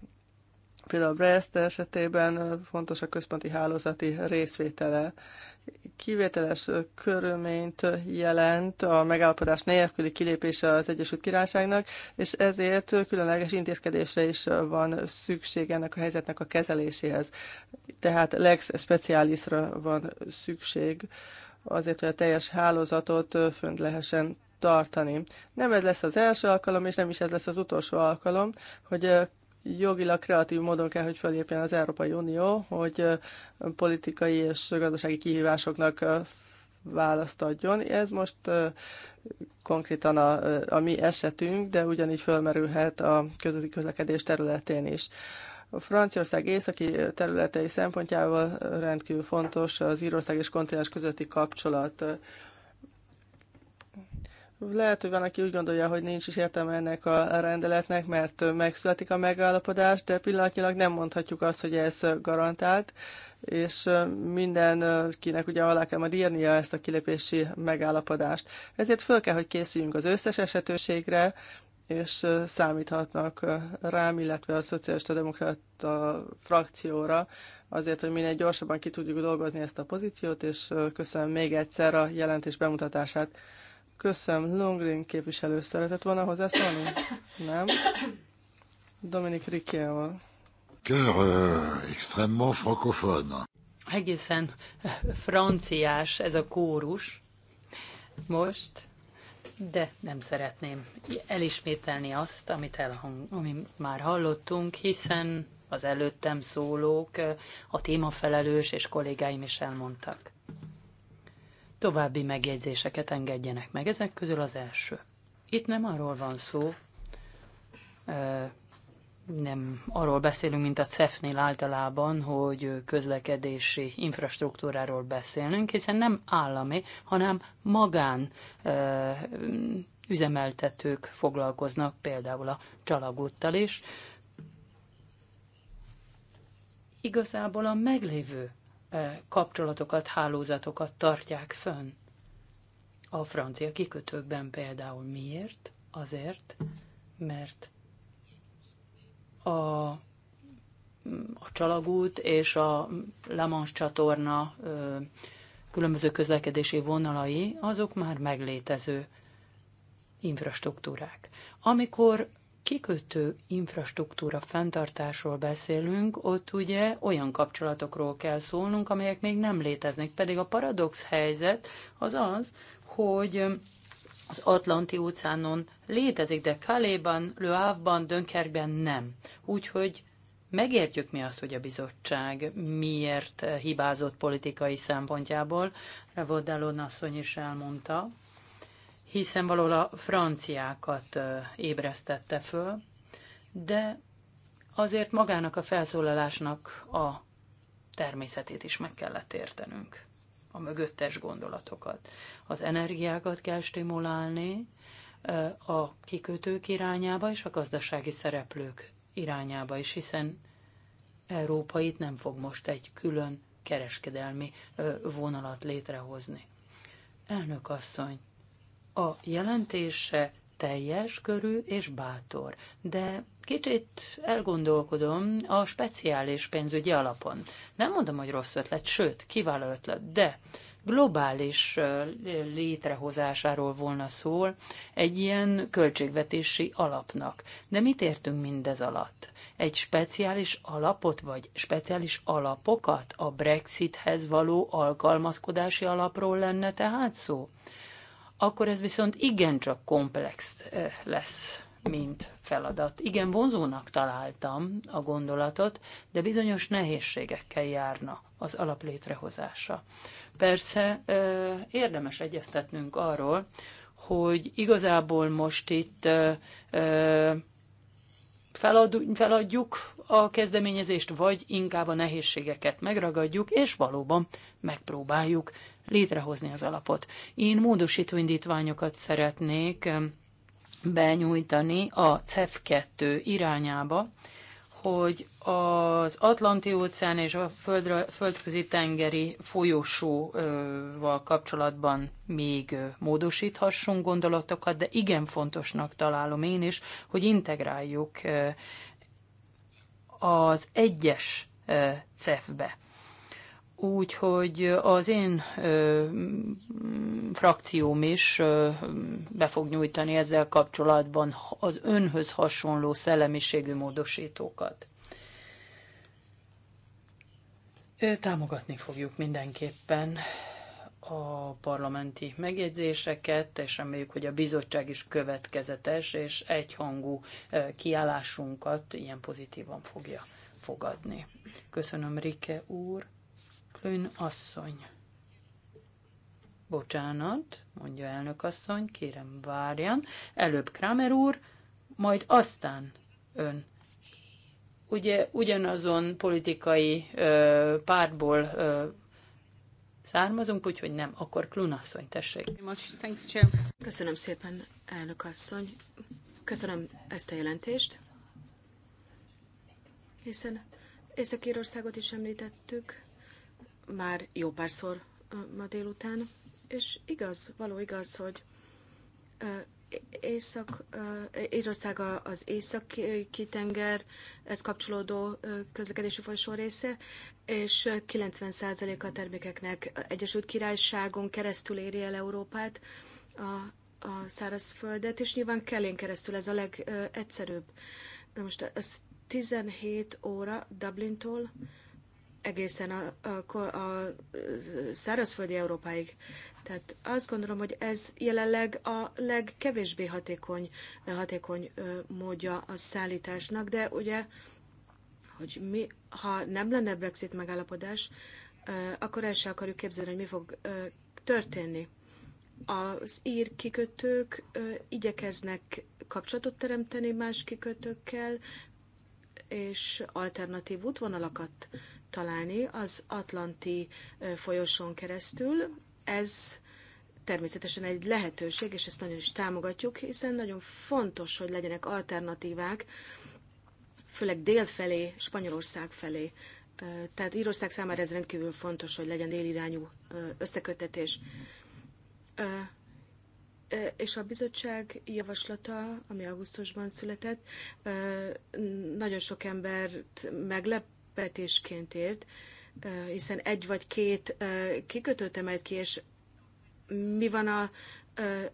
például Brest esetében fontos a központi hálózati részvétele, kivételes körülményt jelent a megállapodás nélküli kilépése az Egyesült Királyságnak, és ezért különleges intézkedésre is van szükség ennek a helyzetnek a kezeléséhez. Tehát lex specialisra van szükség azért, hogy a teljes hálózatot fönt lehessen tartani. Nem ez lesz az első alkalom, és nem is ez lesz az utolsó alkalom, hogy jogilag kreatív módon kell, hogy fölépjen az Európai Unió, hogy politikai és gazdasági kihívásoknak választ adjon. Ez most konkrétan a, a mi esetünk, de ugyanígy fölmerülhet a közötti közlekedés területén is. A Franciaország északi területei szempontjából rendkívül fontos az Írország és kontinens közötti kapcsolat. Lehet, hogy van, aki úgy gondolja, hogy nincs is értelme ennek a rendeletnek, mert megszületik a megállapodás, de pillanatnyilag nem mondhatjuk azt, hogy ez garantált, és mindenkinek ugye alá kell majd írnia ezt a kilépési megállapodást. Ezért föl kell, hogy készüljünk az összes esetőségre, és számíthatnak rám, illetve a szocialista demokrata frakcióra, azért, hogy minél gyorsabban ki tudjuk dolgozni ezt a pozíciót, és köszönöm még egyszer a jelentés bemutatását. Köszönöm, Longrin képviselő szeretett volna hozzászólni? Nem? Dominik Rikéval. Kör, euh, extrêmement francophone. Egészen euh, franciás ez a kórus most, de nem szeretném elismételni azt, amit, elhang, amit már hallottunk, hiszen az előttem szólók, euh, a témafelelős és kollégáim is elmondtak további megjegyzéseket engedjenek meg. Ezek közül az első. Itt nem arról van szó, nem arról beszélünk, mint a CEF-nél általában, hogy közlekedési infrastruktúráról beszélünk, hiszen nem állami, hanem magán üzemeltetők foglalkoznak például a csalagúttal is. Igazából a meglévő kapcsolatokat, hálózatokat tartják fönn. A francia kikötőkben például miért? Azért, mert a, a Csalagút és a Lamans csatorna ö, különböző közlekedési vonalai, azok már meglétező infrastruktúrák. Amikor kikötő infrastruktúra fenntartásról beszélünk, ott ugye olyan kapcsolatokról kell szólnunk, amelyek még nem léteznek. Pedig a paradox helyzet az az, hogy az Atlanti óceánon létezik, de Kaléban, Le Dönkerben nem. Úgyhogy megértjük mi azt, hogy a bizottság miért hibázott politikai szempontjából. Revodalon asszony is elmondta, hiszen valahol a franciákat ébresztette föl, de azért magának a felszólalásnak a természetét is meg kellett értenünk, a mögöttes gondolatokat. Az energiákat kell stimulálni a kikötők irányába és a gazdasági szereplők irányába is, hiszen Európa itt nem fog most egy külön kereskedelmi vonalat létrehozni. Elnök asszony, a jelentése teljes körű és bátor, de kicsit elgondolkodom a speciális pénzügyi alapon. Nem mondom, hogy rossz ötlet, sőt, kiváló ötlet, de globális létrehozásáról volna szól egy ilyen költségvetési alapnak. De mit értünk mindez alatt? Egy speciális alapot vagy speciális alapokat a Brexithez való alkalmazkodási alapról lenne tehát szó? akkor ez viszont igencsak komplex eh, lesz, mint feladat. Igen, vonzónak találtam a gondolatot, de bizonyos nehézségekkel járna az alaplétrehozása. Persze eh, érdemes egyeztetnünk arról, hogy igazából most itt eh, feladjuk a kezdeményezést, vagy inkább a nehézségeket megragadjuk, és valóban megpróbáljuk létrehozni az alapot. Én módosító indítványokat szeretnék benyújtani a CEF2 irányába, hogy az Atlanti-óceán és a földre, földközi tengeri folyosóval kapcsolatban még módosíthassunk gondolatokat, de igen fontosnak találom én is, hogy integráljuk az egyes CEF-be úgyhogy az én ö, frakcióm is ö, be fog nyújtani ezzel kapcsolatban az önhöz hasonló szellemiségű módosítókat. Ö, támogatni fogjuk mindenképpen a parlamenti megjegyzéseket, és reméljük, hogy a bizottság is következetes és egyhangú kiállásunkat ilyen pozitívan fogja fogadni. Köszönöm, Rike úr! Klün asszony. Bocsánat, mondja elnök asszony, kérem várjan. Előbb Kramer úr, majd aztán ön. Ugye ugyanazon politikai ö, pártból ö, származunk, úgyhogy nem. Akkor Klun asszony, tessék. Köszönöm szépen, elnök asszony. Köszönöm ezt a jelentést, hiszen Észak-Írországot is említettük, már jó párszor ma délután, és igaz, való igaz, hogy Észak, Írország az északi tenger, ez kapcsolódó közlekedési folyosó része, és 90% a termékeknek Egyesült Királyságon keresztül éri el Európát, a, a szárazföldet, és nyilván Kellén keresztül ez a legegyszerűbb. Na most ez 17 óra Dublintól, egészen a, a, a szárazföldi Európáig. Tehát azt gondolom, hogy ez jelenleg a legkevésbé hatékony, hatékony módja a szállításnak, de ugye, hogy mi, ha nem lenne Brexit megállapodás, akkor el sem akarjuk képzelni, hogy mi fog történni. Az ír kikötők igyekeznek kapcsolatot teremteni más kikötőkkel, és alternatív útvonalakat találni az Atlanti folyosón keresztül. Ez természetesen egy lehetőség, és ezt nagyon is támogatjuk, hiszen nagyon fontos, hogy legyenek alternatívák, főleg dél felé, Spanyolország felé. Tehát Írország számára ez rendkívül fontos, hogy legyen délirányú összekötetés. És a bizottság javaslata, ami augusztusban született, nagyon sok embert meglep, meglepetésként ért, hiszen egy vagy két kikötőt emelt ki, és mi van a,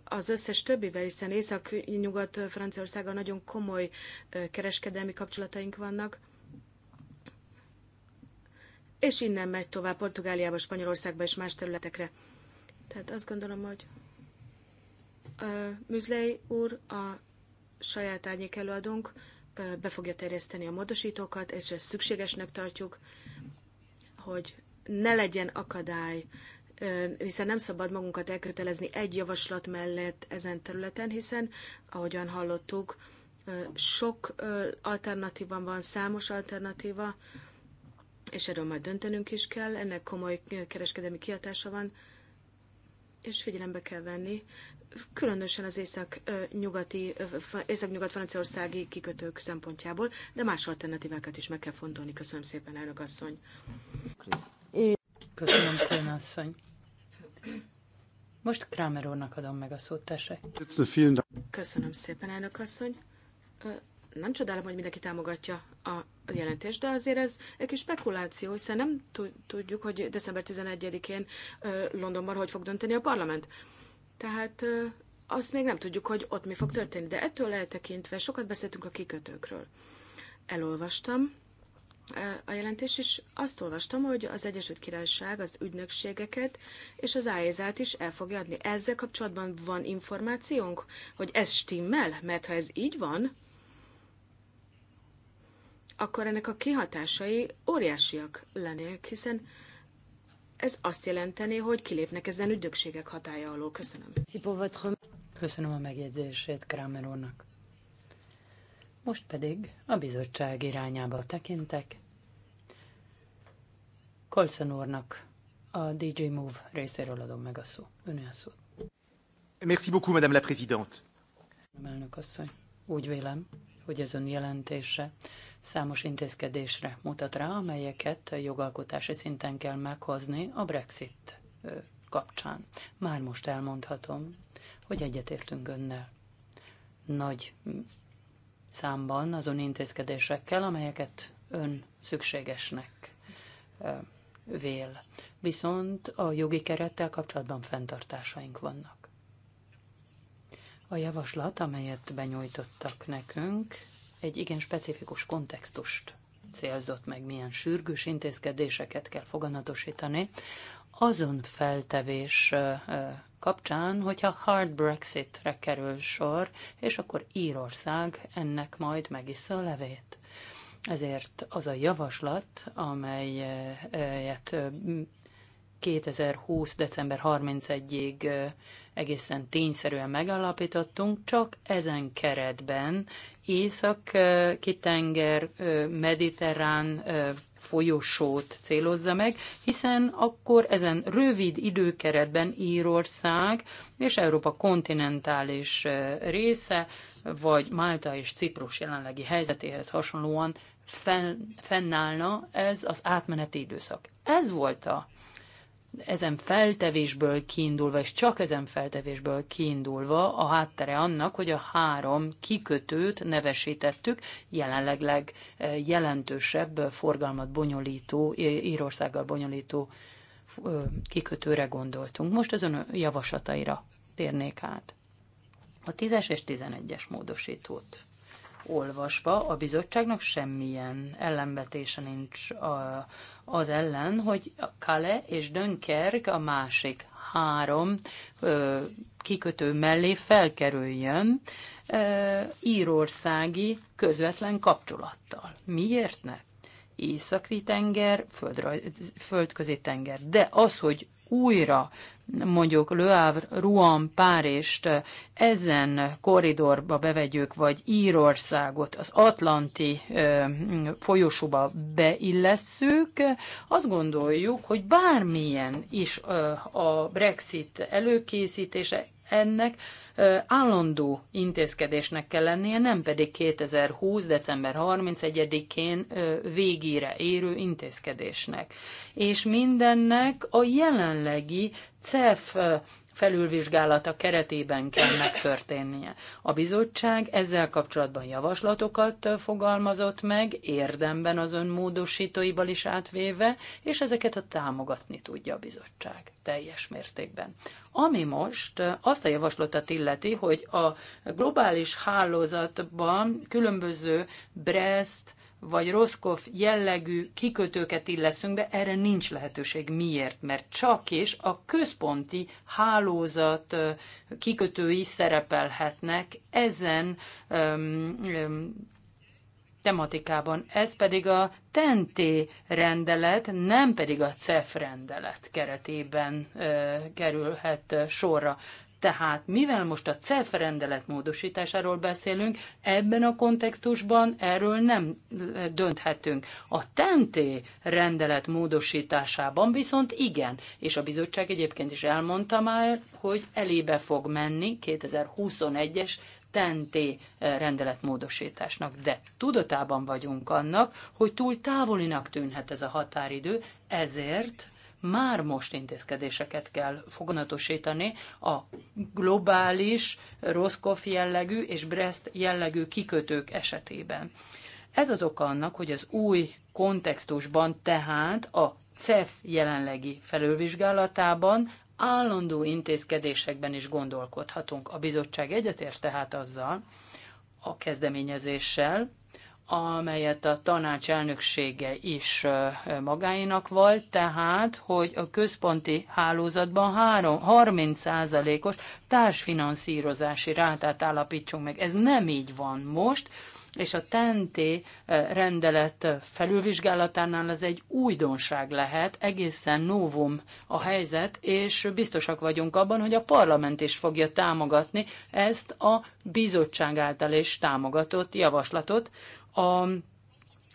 az összes többivel, hiszen Észak-Nyugat Franciaországgal nagyon komoly kereskedelmi kapcsolataink vannak, és innen megy tovább Portugáliába, Spanyolországba és más területekre. Tehát azt gondolom, hogy Műzlei úr, a saját árnyék előadónk, be fogja terjeszteni a módosítókat, és ezt szükségesnek tartjuk, hogy ne legyen akadály, hiszen nem szabad magunkat elkötelezni egy javaslat mellett ezen területen, hiszen, ahogyan hallottuk, sok alternatívan van, számos alternatíva, és erről majd döntenünk is kell, ennek komoly kereskedelmi kiadása van, és figyelembe kell venni különösen az észak-nyugati, észak-nyugat-franciaországi kikötők szempontjából, de más alternatívákat is meg kell fontolni. Köszönöm szépen, elnök asszony. Köszönöm, Kén asszony. Most Kramer úrnak adom meg a szót, tese. Köszönöm szépen, elnök asszony. Nem csodálom, hogy mindenki támogatja a jelentés, de azért ez egy kis spekuláció, hiszen nem tudjuk, hogy december 11-én Londonban hogy fog dönteni a parlament tehát azt még nem tudjuk, hogy ott mi fog történni, de ettől eltekintve sokat beszéltünk a kikötőkről. Elolvastam a jelentés, és azt olvastam, hogy az Egyesült Királyság az ügynökségeket és az áézát is el fogja adni. Ezzel kapcsolatban van információnk, hogy ez stimmel? Mert ha ez így van, akkor ennek a kihatásai óriásiak lennének, hiszen ez azt jelenteni, hogy kilépnek ezen ügynökségek hatája alól. Köszönöm. Köszönöm a megjegyzését Kramer úrnak. Most pedig a bizottság irányába tekintek. Colson úrnak a DJ Move részéről adom meg a szó. Ön a szót. Merci beaucoup, Madame la Présidente. Elnök asszony, úgy vélem, hogy az ön jelentése számos intézkedésre mutat rá, amelyeket jogalkotási szinten kell meghozni a Brexit kapcsán. Már most elmondhatom, hogy egyetértünk önnel. Nagy számban azon intézkedésekkel, amelyeket ön szükségesnek vél. Viszont a jogi kerettel kapcsolatban fenntartásaink vannak. A javaslat, amelyet benyújtottak nekünk, egy igen specifikus kontextust célzott meg, milyen sürgős intézkedéseket kell foganatosítani, azon feltevés kapcsán, hogyha hard Brexitre kerül sor, és akkor Írország ennek majd megissza a levét. Ezért az a javaslat, amelyet 2020. december 31-ig egészen tényszerűen megállapítottunk, csak ezen keretben Észak-Kitenger, Mediterrán folyosót célozza meg, hiszen akkor ezen rövid időkeretben Írország és Európa kontinentális része, vagy Málta és Ciprus jelenlegi helyzetéhez hasonlóan fenn, fennállna ez az átmeneti időszak. Ez volt a ezen feltevésből kiindulva, és csak ezen feltevésből kiindulva a háttere annak, hogy a három kikötőt nevesítettük, jelenleg legjelentősebb eh, forgalmat bonyolító, Írországgal bonyolító eh, kikötőre gondoltunk. Most az ön javaslataira térnék át. A 10-es és 11-es módosítót olvasva a bizottságnak semmilyen ellenvetése nincs a, az ellen, hogy Kale és Dönkerk a másik három ö, kikötő mellé felkerüljön ö, írországi közvetlen kapcsolattal. Miért ne? északi tenger, földraj, földközi tenger. De az, hogy újra mondjuk Le Havre, Rouen, Párizst ezen korridorba bevegyük, vagy Írországot az Atlanti folyosóba beillesszük, azt gondoljuk, hogy bármilyen is a Brexit előkészítése ennek állandó intézkedésnek kell lennie, nem pedig 2020. december 31-én végére érő intézkedésnek. És mindennek a jelenlegi CEF felülvizsgálata keretében kell megtörténnie. A bizottság ezzel kapcsolatban javaslatokat fogalmazott meg, érdemben az önmódosítóival is átvéve, és ezeket a támogatni tudja a bizottság teljes mértékben. Ami most azt a javaslatot illeti, hogy a globális hálózatban különböző Brest, vagy Roszkov jellegű kikötőket illeszünk be, erre nincs lehetőség. Miért? Mert csak és a központi hálózat kikötői szerepelhetnek ezen um, um, tematikában. Ez pedig a TNT rendelet, nem pedig a CEF rendelet keretében uh, kerülhet sorra. Tehát mivel most a CEF rendelet módosításáról beszélünk, ebben a kontextusban erről nem eh, dönthetünk. A TNT rendelet módosításában viszont igen, és a bizottság egyébként is elmondta már, hogy elébe fog menni 2021-es TNT eh, módosításnak, de tudatában vagyunk annak, hogy túl távolinak tűnhet ez a határidő, ezért már most intézkedéseket kell foganatosítani a globális, Roskov jellegű és Brest jellegű kikötők esetében. Ez az oka annak, hogy az új kontextusban tehát a CEF jelenlegi felülvizsgálatában állandó intézkedésekben is gondolkodhatunk. A bizottság egyetért tehát azzal a kezdeményezéssel, amelyet a tanács elnöksége is magáinak volt, tehát, hogy a központi hálózatban 30%-os társfinanszírozási rátát állapítsunk meg. Ez nem így van most, és a TNT rendelet felülvizsgálatánál ez egy újdonság lehet, egészen novum a helyzet, és biztosak vagyunk abban, hogy a parlament is fogja támogatni ezt a bizottság által is támogatott javaslatot, a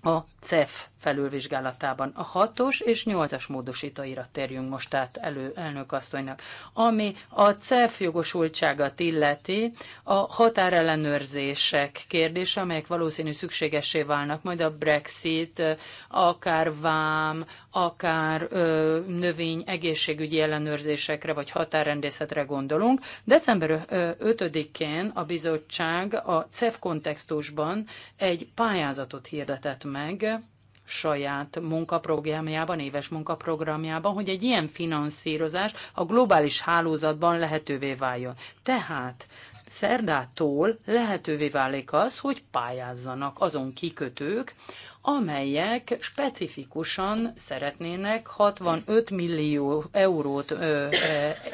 a CEF felülvizsgálatában. A hatos és nyolcas módosítóira térjünk most át elő elnökasszonynak. Ami a CEF jogosultságát illeti, a határellenőrzések kérdése, amelyek valószínű szükségessé válnak, majd a Brexit, akár vám, akár ö, növény egészségügyi ellenőrzésekre vagy határrendészetre gondolunk. December 5-én a bizottság a CEF kontextusban egy pályázatot hirdetett meg saját munkaprogramjában, éves munkaprogramjában, hogy egy ilyen finanszírozás a globális hálózatban lehetővé váljon. Tehát szerdától lehetővé válik az, hogy pályázzanak azon kikötők, amelyek specifikusan szeretnének 65 millió eurót ö, ö,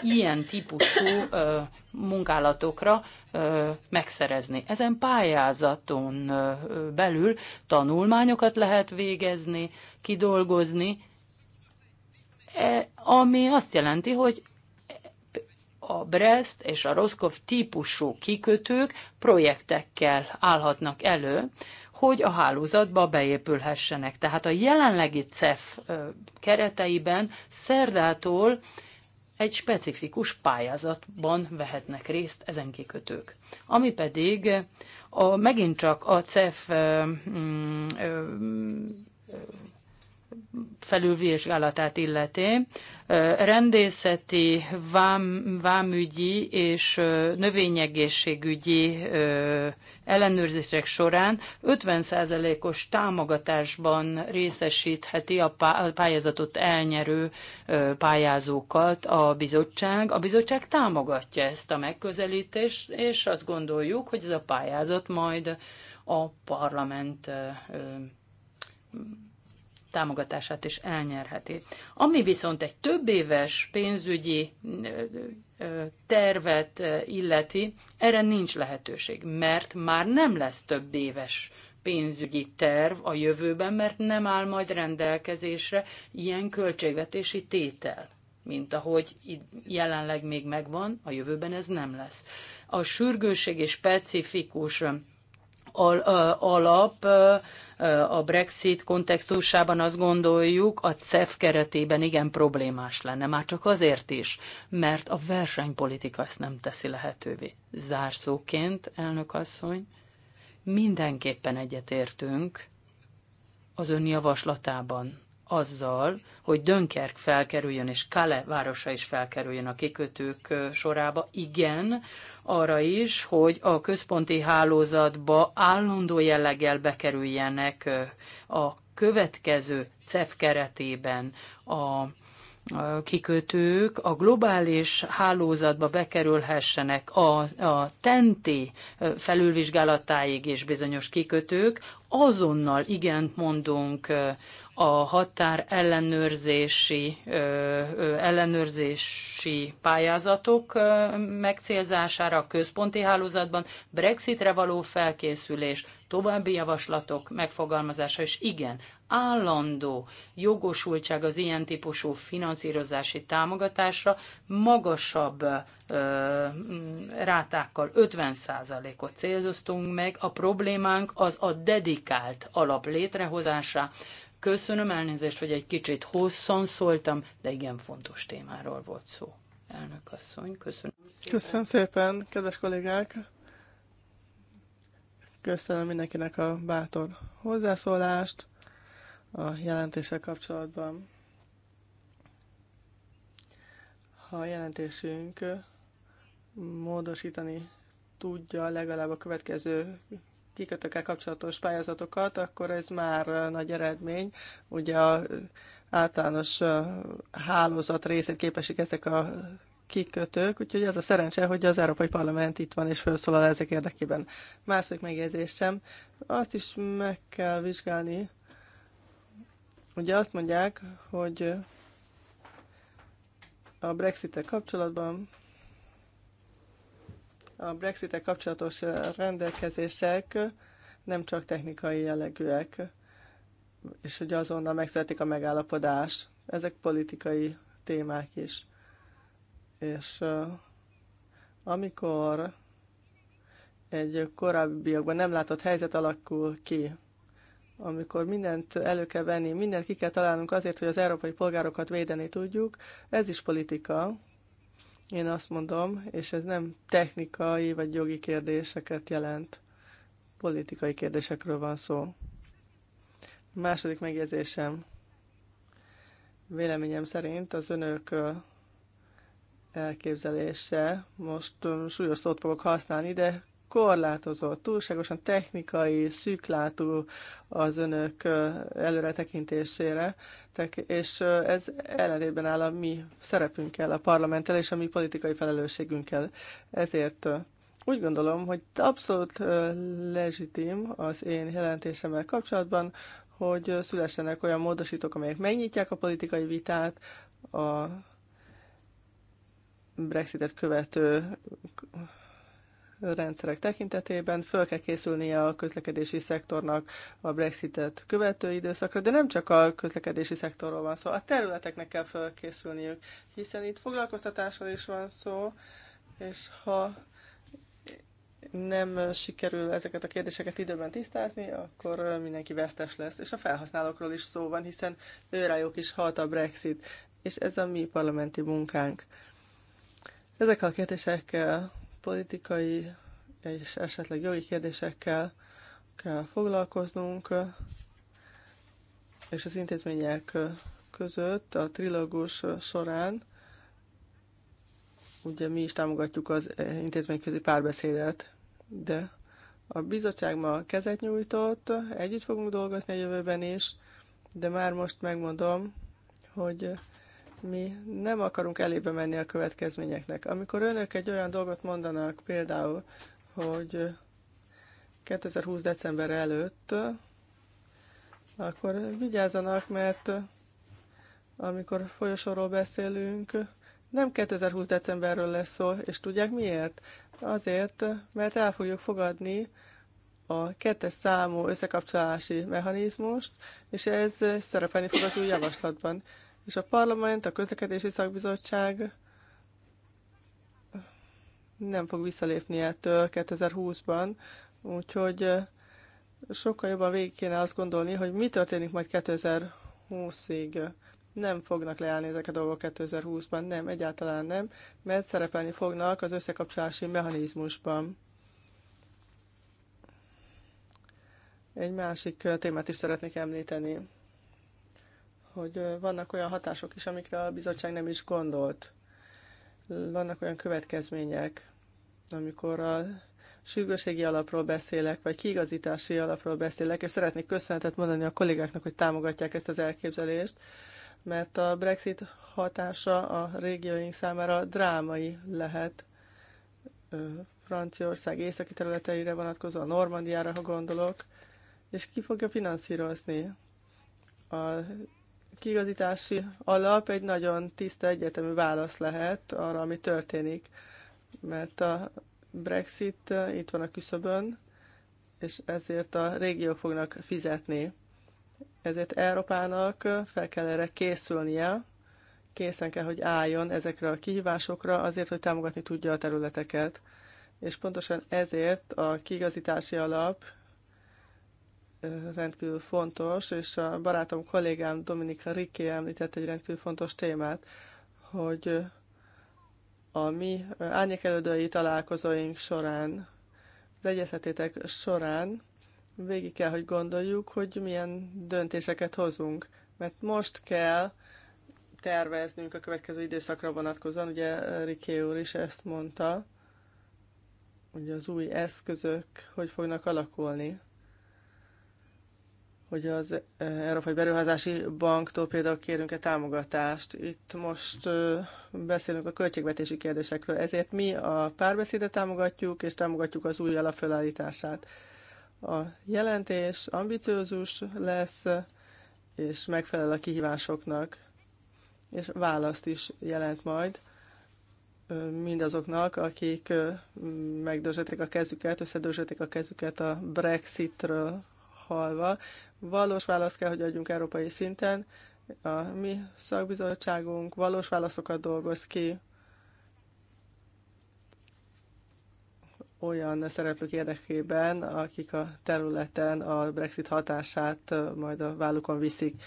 ilyen típusú ö, munkálatokra ö, megszerezni. Ezen pályázaton ö, belül tanulmányokat lehet végezni, kidolgozni, e, ami azt jelenti, hogy a Brest és a Roscoff típusú kikötők projektekkel állhatnak elő, hogy a hálózatba beépülhessenek. Tehát a jelenlegi CEF kereteiben szerdától egy specifikus pályázatban vehetnek részt ezen kikötők. Ami pedig a, megint csak a CEF felülvizsgálatát illeti, rendészeti, vám, vámügyi és növényegészségügyi ellenőrzések során 50%-os támogatásban részesítheti a pályázatot elnyerő pályázókat a bizottság. A bizottság támogatja ezt a megközelítést, és azt gondoljuk, hogy ez a pályázat majd a parlament támogatását is elnyerheti. Ami viszont egy több éves pénzügyi tervet illeti, erre nincs lehetőség, mert már nem lesz több éves pénzügyi terv a jövőben, mert nem áll majd rendelkezésre ilyen költségvetési tétel, mint ahogy jelenleg még megvan, a jövőben ez nem lesz. A sürgőség és specifikus alap a Brexit kontextusában azt gondoljuk, a CEF keretében igen problémás lenne, már csak azért is, mert a versenypolitika ezt nem teszi lehetővé. Zárszóként, elnök asszony, mindenképpen egyetértünk az ön javaslatában azzal, hogy Dönkerk felkerüljön, és Kale városa is felkerüljön a kikötők sorába. Igen, arra is, hogy a központi hálózatba állandó jelleggel bekerüljenek a következő CEF keretében a kikötők a globális hálózatba bekerülhessenek a, a TENTI e felülvizsgálatáig és bizonyos kikötők, azonnal igent mondunk a határ ellenőrzési, ellenőrzési pályázatok megcélzására a központi hálózatban, Brexitre való felkészülés, további javaslatok megfogalmazása, és igen, állandó jogosultság az ilyen típusú finanszírozási támogatásra magasabb rátákkal 50%-ot célzoztunk meg. A problémánk az a dedikált alap létrehozása. Köszönöm elnézést, hogy egy kicsit hosszan szóltam, de igen fontos témáról volt szó. Elnök asszony, köszönöm szépen. Köszönöm szépen, kedves kollégák! Köszönöm mindenkinek a bátor hozzászólást a jelentéssel kapcsolatban. Ha a jelentésünk módosítani tudja legalább a következő kikötőkkel kapcsolatos pályázatokat, akkor ez már nagy eredmény. Ugye a általános hálózat részét képesik ezek a kikötők, úgyhogy az a szerencse, hogy az Európai Parlament itt van és felszólal ezek érdekében. Második megjegyzésem, azt is meg kell vizsgálni, ugye azt mondják, hogy a brexit kapcsolatban a brexit kapcsolatos rendelkezések nem csak technikai jellegűek, és hogy azonnal megszületik a megállapodás. Ezek politikai témák is. És amikor egy korábbiakban nem látott helyzet alakul ki, amikor mindent elő kell venni, mindent ki kell találnunk azért, hogy az európai polgárokat védeni tudjuk, ez is politika, én azt mondom, és ez nem technikai vagy jogi kérdéseket jelent, politikai kérdésekről van szó. A második megjegyzésem. Véleményem szerint az önök elképzelése, most súlyos szót fogok használni, de korlátozott, túlságosan technikai, szűklátó az önök előretekintésére, és ez ellentétben áll a mi szerepünkkel, a parlamenttel és a mi politikai felelősségünkkel. Ezért úgy gondolom, hogy abszolút legitim az én jelentésemmel kapcsolatban, hogy szülessenek olyan módosítók, amelyek megnyitják a politikai vitát, a Brexitet követő rendszerek tekintetében föl kell készülnie a közlekedési szektornak a Brexitet követő időszakra, de nem csak a közlekedési szektorról van szó, a területeknek kell fölkészülniük, hiszen itt foglalkoztatásról is van szó, és ha nem sikerül ezeket a kérdéseket időben tisztázni, akkor mindenki vesztes lesz. És a felhasználókról is szó van, hiszen őrájuk is hat a Brexit, és ez a mi parlamenti munkánk. Ezek a kérdésekkel politikai és esetleg jogi kérdésekkel kell foglalkoznunk, és az intézmények között a trilógus során ugye mi is támogatjuk az intézményközi párbeszédet, de a bizottság ma kezet nyújtott, együtt fogunk dolgozni a jövőben is, de már most megmondom, hogy mi nem akarunk elébe menni a következményeknek. Amikor önök egy olyan dolgot mondanak, például, hogy 2020. december előtt, akkor vigyázzanak, mert amikor folyosóról beszélünk, nem 2020. decemberről lesz szó, és tudják miért? Azért, mert el fogjuk fogadni a kettes számú összekapcsolási mechanizmust, és ez szerepelni fog az új javaslatban és a parlament, a közlekedési szakbizottság nem fog visszalépni ettől 2020-ban, úgyhogy eh, sokkal jobban végig kéne azt gondolni, hogy mi történik majd 2020-ig. Nem fognak leállni ezek a dolgok 2020-ban, nem, egyáltalán nem, mert szerepelni fognak az összekapcsolási mechanizmusban. Egy másik eh, témát is szeretnék említeni hogy vannak olyan hatások is, amikre a bizottság nem is gondolt. Vannak olyan következmények, amikor a sürgőségi alapról beszélek, vagy kiigazítási alapról beszélek, és szeretnék köszönetet mondani a kollégáknak, hogy támogatják ezt az elképzelést, mert a Brexit hatása a régióink számára drámai lehet. Franciaország északi területeire vonatkozó, a Normandiára, ha gondolok, és ki fogja finanszírozni a kiigazítási alap egy nagyon tiszta, egyértelmű válasz lehet arra, ami történik. Mert a Brexit eh, itt van a küszöbön, és ezért a régiók fognak fizetni. Ezért Európának eh, fel kell erre készülnie, készen kell, hogy álljon ezekre a kihívásokra, azért, hogy támogatni tudja a területeket. És pontosan ezért a kigazítási alap rendkívül fontos, és a barátom, kollégám Dominika Riké említett egy rendkívül fontos témát, hogy a mi árnyékelődői találkozóink során, az egyeztetétek során végig kell, hogy gondoljuk, hogy milyen döntéseket hozunk. Mert most kell terveznünk a következő időszakra vonatkozóan, ugye Riké úr is ezt mondta, hogy az új eszközök hogy fognak alakulni hogy az eh, Európai Beruházási Banktól például kérünk-e támogatást. Itt most eh, beszélünk a költségvetési kérdésekről, ezért mi a párbeszédet támogatjuk, és támogatjuk az új alapfelállítását. A jelentés ambiciózus lesz, és megfelel a kihívásoknak, és választ is jelent majd eh, mindazoknak, akik megdörzsötik a kezüket, összedörzsötik a kezüket a Brexitről halva. Valós választ kell, hogy adjunk európai szinten. A mi szakbizottságunk valós válaszokat dolgoz ki olyan szereplők érdekében, akik a területen a Brexit hatását majd a vállukon viszik.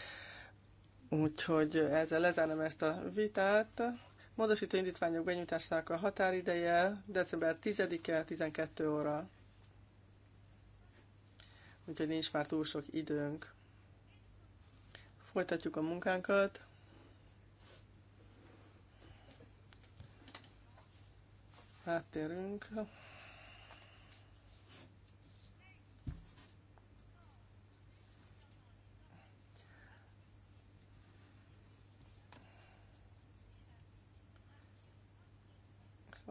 Úgyhogy ezzel lezárom ezt a vitát. Módosító indítványok benyújtásának a határideje december 10-e 12 óra úgyhogy nincs már túl sok időnk. Folytatjuk a munkánkat. Áttérünk.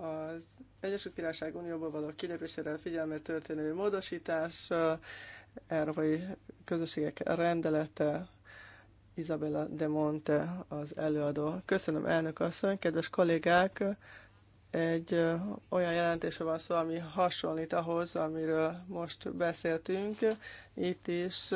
az Egyesült Királyság Unióból való kilépésére figyelmet történő módosítás Európai Közösségek rendelete, Isabella de Monte az előadó. Köszönöm, elnök asszony, kedves kollégák! egy olyan jelentése van szó, ami hasonlít ahhoz, amiről most beszéltünk. Itt is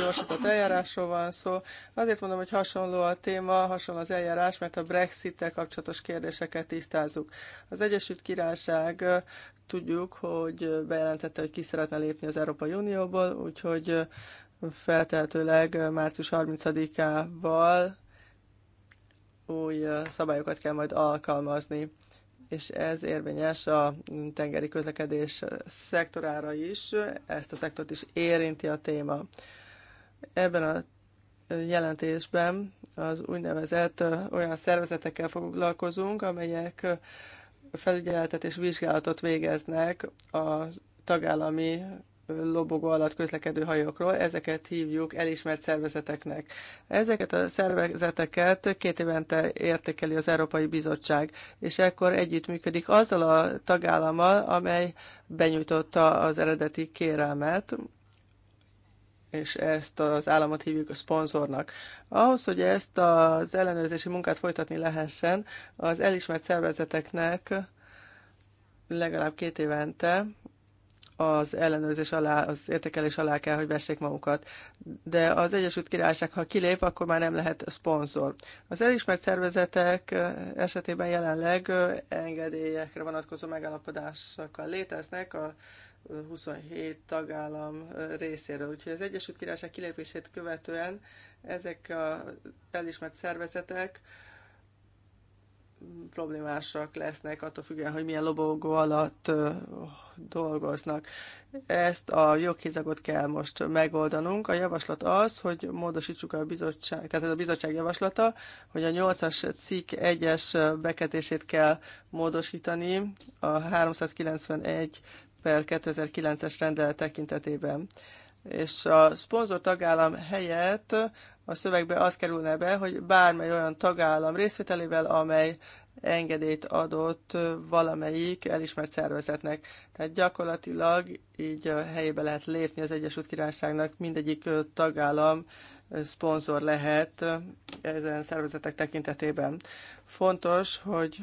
gyorsított eljárásról van szó. Azért mondom, hogy hasonló a téma, hasonló az eljárás, mert a Brexit-tel kapcsolatos kérdéseket tisztázunk. Az Egyesült Királyság tudjuk, hogy bejelentette, hogy ki szeretne lépni az Európai Unióból, úgyhogy feltehetőleg március 30-ával új szabályokat kell majd alkalmazni és ez érvényes a tengeri közlekedés szektorára is, ezt a szektort is érinti a téma. Ebben a jelentésben az úgynevezett olyan szervezetekkel foglalkozunk, amelyek felügyeletet és vizsgálatot végeznek a tagállami lobogó alatt közlekedő hajókról, ezeket hívjuk elismert szervezeteknek. Ezeket a szervezeteket két évente értékeli az Európai Bizottság, és ekkor együttműködik azzal a tagállammal, amely benyújtotta az eredeti kérelmet, és ezt az államot hívjuk a szponzornak. Ahhoz, hogy ezt az ellenőrzési munkát folytatni lehessen, az elismert szervezeteknek legalább két évente az ellenőrzés alá, az értékelés alá kell, hogy vessék magukat. De az Egyesült Királyság, ha kilép, akkor már nem lehet szponzor. Az elismert szervezetek eh, esetében jelenleg eh, engedélyekre vonatkozó megállapodásokkal léteznek a 27 eh, tagállam részéről. Úgyhogy az Egyesült Királyság kilépését követően ezek az elismert szervezetek problémásak lesznek, attól függően, hogy milyen lobogó alatt dolgoznak. Ezt a joghézagot kell most megoldanunk. A javaslat az, hogy módosítsuk a bizottság, tehát ez a bizottság javaslata, hogy a 8-as cikk 1-es beketését kell módosítani a 391 per 2009-es rendelet tekintetében és a szponzor tagállam helyett a szövegbe az kerülne be, hogy bármely olyan tagállam részvételével, amely engedélyt adott valamelyik elismert szervezetnek. Tehát gyakorlatilag így helyébe lehet lépni az Egyesült Királyságnak, mindegyik tagállam szponzor lehet ezen szervezetek tekintetében. Fontos, hogy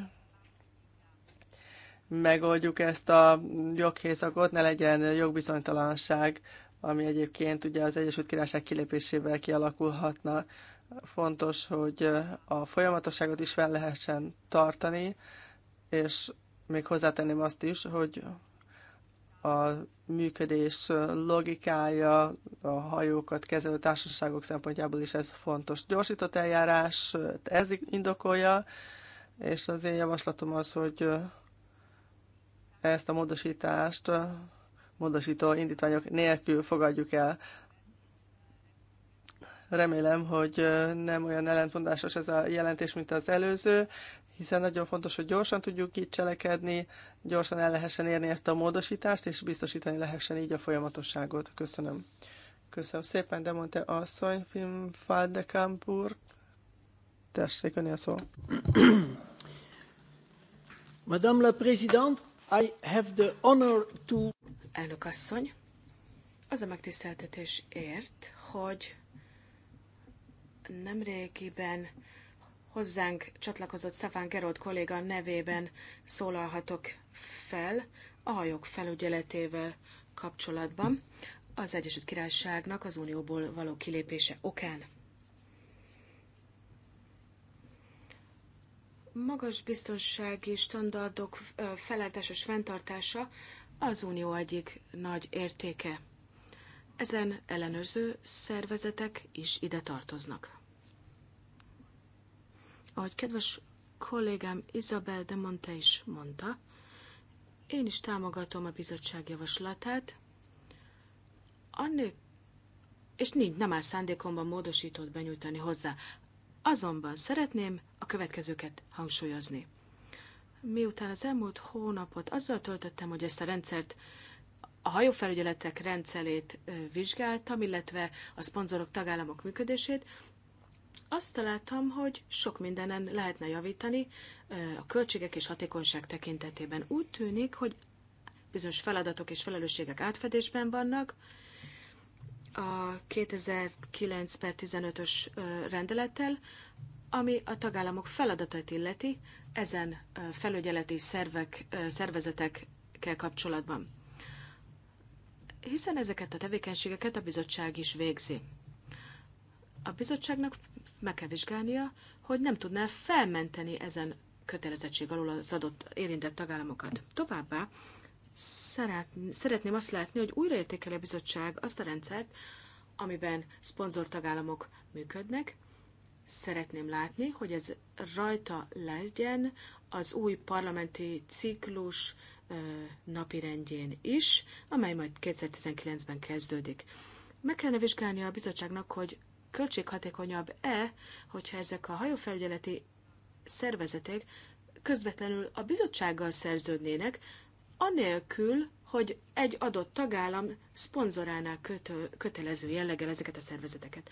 megoldjuk ezt a joghézakot, ne legyen jogbizonytalanság ami egyébként ugye az Egyesült Királyság kilépésével kialakulhatna. Fontos, hogy a folyamatosságot is fel lehessen tartani, és még hozzátenném azt is, hogy a működés logikája, a hajókat kezelő társaságok szempontjából is ez fontos. Gyorsított eljárás, ez indokolja, és az én javaslatom az, hogy ezt a módosítást módosító indítványok nélkül fogadjuk el. Remélem, hogy nem olyan ellentmondásos ez a jelentés, mint az előző, hiszen nagyon fontos, hogy gyorsan tudjuk így cselekedni, gyorsan el lehessen érni ezt a módosítást, és biztosítani lehessen így a folyamatosságot. Köszönöm. Köszönöm szépen, de mondta asszony, film Faldekamp úr. Tessék, a szó. Madame la Présidente, I have the honor to... Elnök asszony, az a megtiszteltetés ért, hogy nemrégiben hozzánk csatlakozott Szafán Gerold kolléga nevében szólalhatok fel a hajók felügyeletével kapcsolatban az Egyesült Királyságnak az Unióból való kilépése okán. magas biztonsági standardok feleltes és fenntartása az unió egyik nagy értéke. Ezen ellenőrző szervezetek is ide tartoznak. Ahogy kedves kollégám Isabel de Monte is mondta, én is támogatom a bizottság javaslatát, Annél, és nincs, nem áll szándékomban módosítót benyújtani hozzá. Azonban szeretném a következőket hangsúlyozni. Miután az elmúlt hónapot azzal töltöttem, hogy ezt a rendszert, a hajófelügyeletek rendszerét vizsgáltam, illetve a szponzorok tagállamok működését, azt találtam, hogy sok mindenen lehetne javítani a költségek és hatékonyság tekintetében. Úgy tűnik, hogy bizonyos feladatok és felelősségek átfedésben vannak, a 2009 per 15-ös rendelettel, ami a tagállamok feladatait illeti ezen felügyeleti szervek, szervezetekkel kapcsolatban. Hiszen ezeket a tevékenységeket a bizottság is végzi. A bizottságnak meg kell vizsgálnia, hogy nem tudná felmenteni ezen kötelezettség alól az adott érintett tagállamokat. Továbbá szeretném azt látni, hogy újraértékeli a bizottság azt a rendszert, amiben szponzortagállamok működnek. Szeretném látni, hogy ez rajta legyen az új parlamenti ciklus napirendjén is, amely majd 2019-ben kezdődik. Meg kellene vizsgálni a bizottságnak, hogy költséghatékonyabb-e, hogyha ezek a hajófelügyeleti szervezetek közvetlenül a bizottsággal szerződnének, anélkül, hogy egy adott tagállam szponzoránál kötő, kötelező jelleggel ezeket a szervezeteket.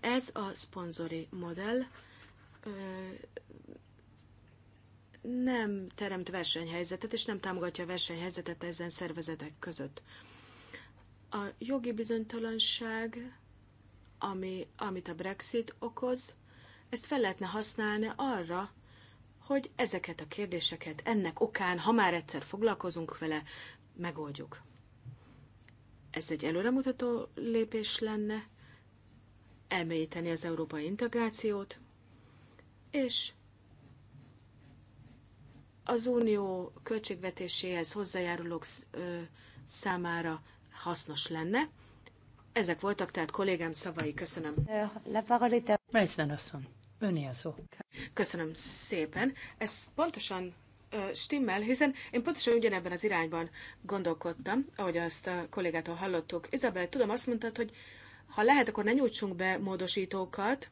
Ez a szponzori modell ö, nem teremt versenyhelyzetet, és nem támogatja a versenyhelyzetet ezen szervezetek között. A jogi bizonytalanság, ami, amit a Brexit okoz, ezt fel lehetne használni arra, hogy ezeket a kérdéseket ennek okán, ha már egyszer foglalkozunk vele, megoldjuk. Ez egy előremutató lépés lenne, elmélyíteni az európai integrációt, és az unió költségvetéséhez hozzájárulók számára hasznos lenne. Ezek voltak tehát kollégám szavai. Köszönöm. Meissner asszony. Öné a szó. Köszönöm szépen. Ez pontosan stimmel, hiszen én pontosan ugyanebben az irányban gondolkodtam, ahogy azt a kollégától hallottuk. Izabel, tudom, azt mondtad, hogy ha lehet, akkor ne nyújtsunk be módosítókat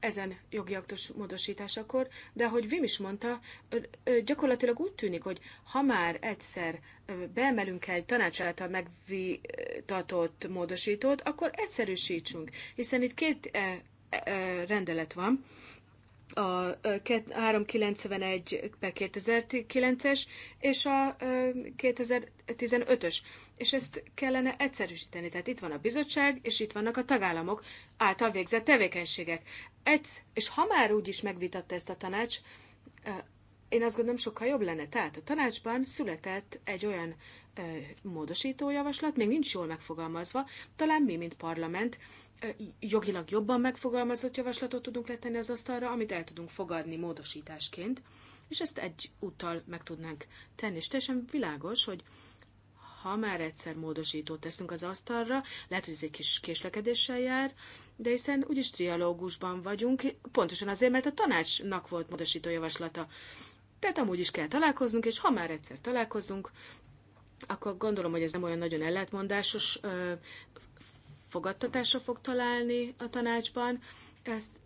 ezen jogi aktus módosításakor, de ahogy Vim is mondta, gyakorlatilag úgy tűnik, hogy ha már egyszer beemelünk egy tanács által megvitatott módosítót, akkor egyszerűsítsünk, hiszen itt két e, rendelet van, a 391 per 2009-es és a 2015-ös, és ezt kellene egyszerűsíteni. Tehát itt van a bizottság, és itt vannak a tagállamok által végzett tevékenységek. Egy, és ha már úgy is megvitatta ezt a tanács, én azt gondolom sokkal jobb lenne. Tehát a tanácsban született egy olyan módosító javaslat, még nincs jól megfogalmazva, talán mi, mint parlament, jogilag jobban megfogalmazott javaslatot tudunk letenni az asztalra, amit el tudunk fogadni módosításként, és ezt egy úttal meg tudnánk tenni. És teljesen világos, hogy ha már egyszer módosítót teszünk az asztalra, lehet, hogy ez egy kis késlekedéssel jár, de hiszen úgyis trialógusban vagyunk, pontosan azért, mert a tanácsnak volt módosító javaslata. Tehát amúgy is kell találkoznunk, és ha már egyszer találkozunk, akkor gondolom, hogy ez nem olyan nagyon ellentmondásos fogadtatásra fog találni a tanácsban. Ezt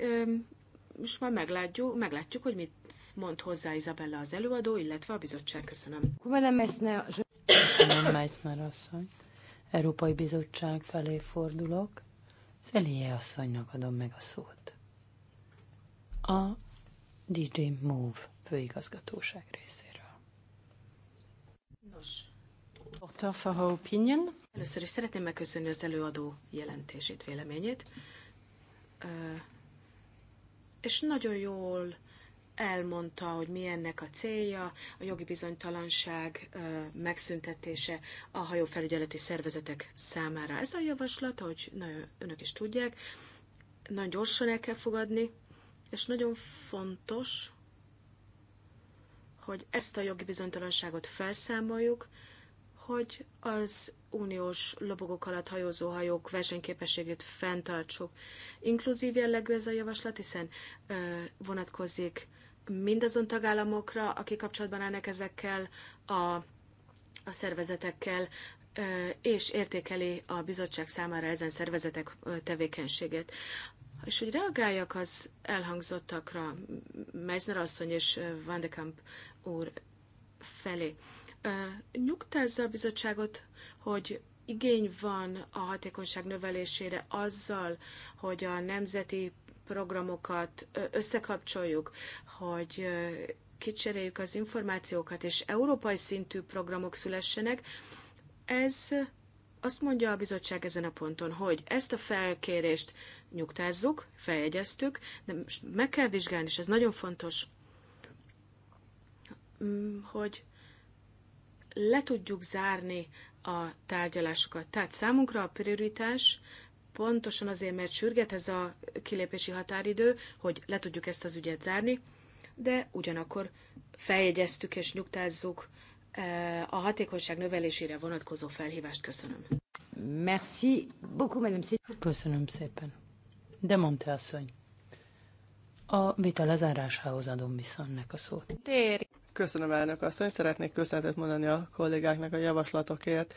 most már meglátjuk, meglátjuk, hogy mit mond hozzá Izabella az előadó, illetve a bizottság. Köszönöm. Köszönöm, Meissner asszony. Európai Bizottság felé fordulok. Szelie asszonynak adom meg a szót. A DJ Move főigazgatóság részéről. Nos. Dr. for her opinion. Először is szeretném megköszönni az előadó jelentését, véleményét, és nagyon jól elmondta, hogy mi ennek a célja, a jogi bizonytalanság megszüntetése a hajófelügyeleti szervezetek számára. Ez a javaslat, ahogy nagyon önök is tudják, nagyon gyorsan el kell fogadni, és nagyon fontos, hogy ezt a jogi bizonytalanságot felszámoljuk, hogy az uniós lobogók alatt hajózó hajók versenyképességét fenntartsuk. Inkluzív jellegű ez a javaslat, hiszen ö, vonatkozik mindazon tagállamokra, akik kapcsolatban állnak ezekkel a, a szervezetekkel, ö, és értékeli a bizottság számára ezen szervezetek tevékenységét. És hogy reagáljak az elhangzottakra Meisner asszony és Van de Kamp úr felé. nyugtázza a bizottságot hogy igény van a hatékonyság növelésére azzal, hogy a nemzeti programokat összekapcsoljuk, hogy kicseréljük az információkat, és európai szintű programok szülessenek, ez azt mondja a bizottság ezen a ponton, hogy ezt a felkérést nyugtázzuk, feljegyeztük, de most meg kell vizsgálni, és ez nagyon fontos, hogy le tudjuk zárni a tárgyalásokat. Tehát számunkra a prioritás pontosan azért, mert sürget ez a kilépési határidő, hogy le tudjuk ezt az ügyet zárni, de ugyanakkor feljegyeztük és nyugtázzuk e, a hatékonyság növelésére vonatkozó felhívást. Köszönöm. Merci beaucoup, madame. Köszönöm szépen. De mondta asszony. A vita lezárásához adom vissza ennek a szót. Tér. Köszönöm, elnök asszony. Szeretnék köszönetet mondani a kollégáknak a javaslatokért.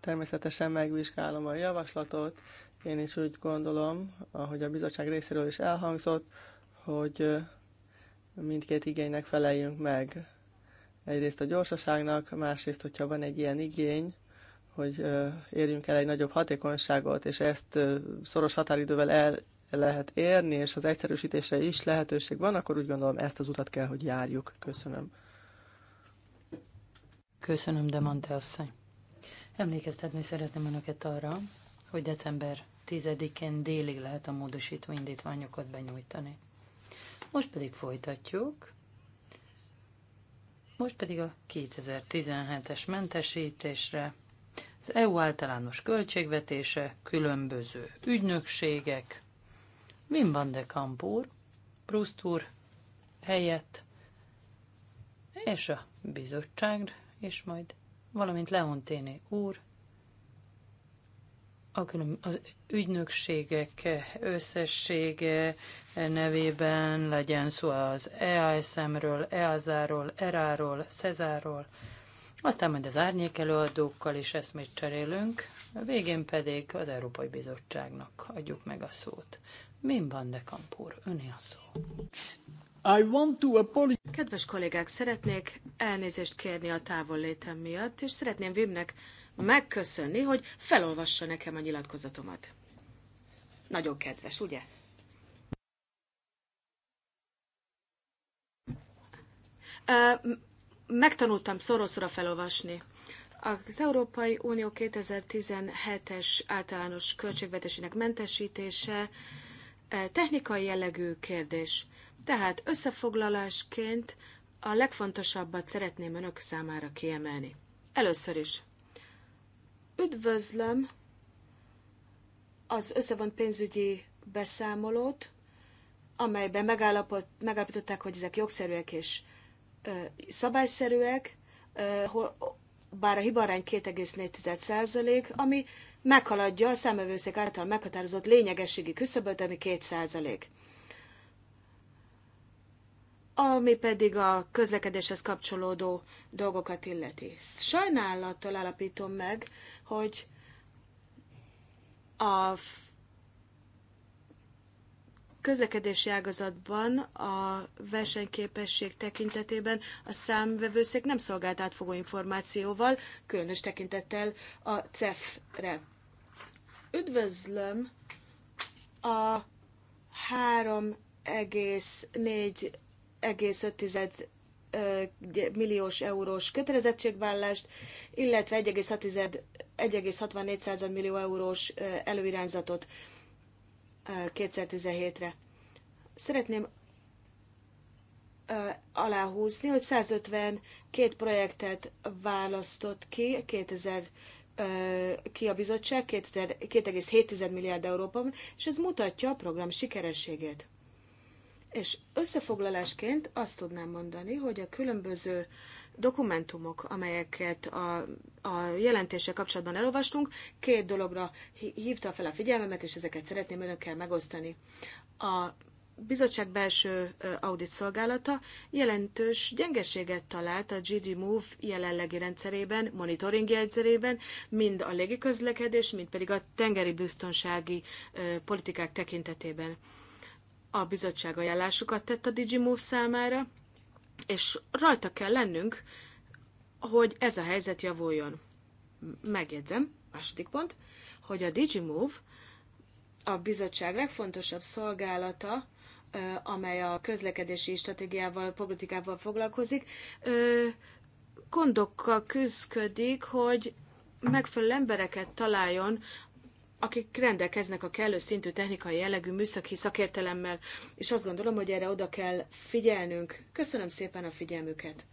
Természetesen megvizsgálom a javaslatot. Én is úgy gondolom, ahogy a bizottság részéről is elhangzott, hogy mindkét igénynek feleljünk meg. Egyrészt a gyorsaságnak, másrészt, hogyha van egy ilyen igény, hogy érjünk el egy nagyobb hatékonyságot, és ezt szoros határidővel el lehet érni, és az egyszerűsítésre is lehetőség van, akkor úgy gondolom ezt az utat kell, hogy járjuk. Köszönöm. Köszönöm, de Mante asszony. Emlékeztetni szeretném önöket arra, hogy december 10-én délig lehet a módosító indítványokat benyújtani. Most pedig folytatjuk. Most pedig a 2017-es mentesítésre. Az EU általános költségvetése, különböző ügynökségek, Wim van de Kampur, Proust úr helyett, és a bizottságra és majd valamint Téné úr, a külön, az ügynökségek összessége nevében legyen szó az EASM-ről, EASA-ról, ERA-ról, cesa ról aztán majd az árnyék előadókkal is eszmét cserélünk, a végén pedig az Európai Bizottságnak adjuk meg a szót. Min van de kampúr, öné a szó. I want to apologize. Kedves kollégák, szeretnék elnézést kérni a távollétem miatt, és szeretném Vimnek megköszönni, hogy felolvassa nekem a nyilatkozatomat. Nagyon kedves, ugye? Megtanultam szoroszra felolvasni. Az Európai Unió 2017-es általános költségvetésének mentesítése technikai jellegű kérdés tehát összefoglalásként a legfontosabbat szeretném önök számára kiemelni. Először is üdvözlöm az összevont pénzügyi beszámolót, amelyben megállapították, hogy ezek jogszerűek és ö, szabályszerűek, ö, hol, bár a hibarány 2,4%, ami meghaladja a számövőszék által meghatározott lényegességi küszöböt, ami 2% ami pedig a közlekedéshez kapcsolódó dolgokat illeti. Sajnálattal állapítom meg, hogy a közlekedési ágazatban a versenyképesség tekintetében a számvevőszék nem szolgált átfogó információval, különös tekintettel a CEF-re. Üdvözlöm a 3,4 1,5 milliós eurós kötelezettségvállást, illetve 1,64 millió eurós előirányzatot 2017-re. Szeretném aláhúzni, hogy 152 projektet választott ki 2000 ki a bizottság 2,7 milliárd euróban, és ez mutatja a program sikerességét. És összefoglalásként azt tudnám mondani, hogy a különböző dokumentumok, amelyeket a, a jelentéssel kapcsolatban elolvastunk, két dologra hívta fel a figyelmemet, és ezeket szeretném önökkel megosztani. A bizottság belső audit szolgálata jelentős gyengeséget talált a GD Move jelenlegi rendszerében, monitoring jegyzerében, mind a légiközlekedés, mind pedig a tengeri biztonsági politikák tekintetében. A bizottság ajánlásukat tett a DigiMove számára, és rajta kell lennünk, hogy ez a helyzet javuljon. Megjegyzem, második pont, hogy a DigiMove a bizottság legfontosabb szolgálata, amely a közlekedési stratégiával, politikával foglalkozik, gondokkal küzdködik, hogy megfelelő embereket találjon akik rendelkeznek a kellő szintű technikai jellegű műszaki szakértelemmel, és azt gondolom, hogy erre oda kell figyelnünk. Köszönöm szépen a figyelmüket.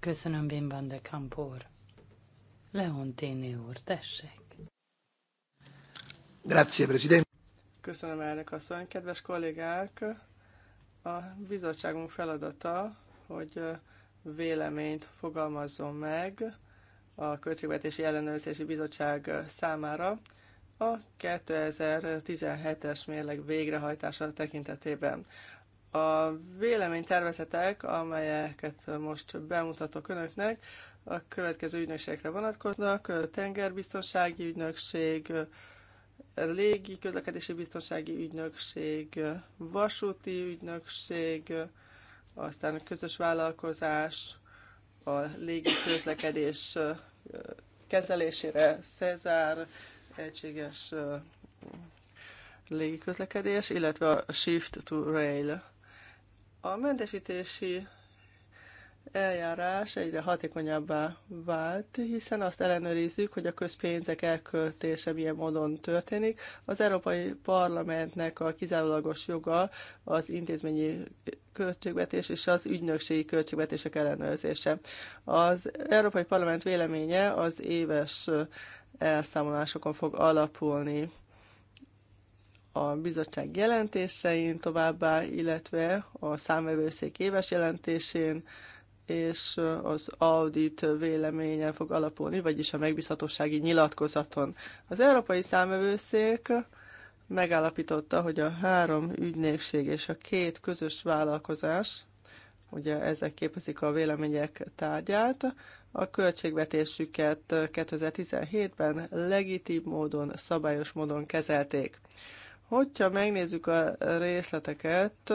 Köszönöm, Wim van de Kampor. Leontini úr, tessék. Grazie, president. Köszönöm, elnök asszony. Kedves kollégák, a bizottságunk feladata, hogy véleményt fogalmazzon meg, a Költségvetési Ellenőrzési Bizottság számára a 2017-es mérleg végrehajtása tekintetében. A véleménytervezetek, amelyeket most bemutatok önöknek, a következő ügynökségekre vonatkoznak, tengerbiztonsági ügynökség, légi közlekedési biztonsági ügynökség, vasúti ügynökség, aztán közös vállalkozás, a légi közlekedés kezelésére, Cezár, egységes légiközlekedés, illetve a Shift to Rail. A mentesítési eljárás egyre hatékonyabbá vált, hiszen azt ellenőrizzük, hogy a közpénzek elköltése milyen módon történik. Az Európai Parlamentnek a kizárólagos joga az intézményi költségvetés és az ügynökségi költségvetések ellenőrzése. Az Európai Parlament véleménye az éves elszámolásokon fog alapulni a bizottság jelentésein továbbá, illetve a számvevőszék éves jelentésén, és az audit véleménye fog alapulni, vagyis a megbízhatósági nyilatkozaton. Az Európai Számövőszék megállapította, hogy a három ügynökség és a két közös vállalkozás, ugye ezek képezik a vélemények tárgyát, a költségvetésüket 2017-ben legitim módon, szabályos módon kezelték. Hogyha megnézzük a részleteket,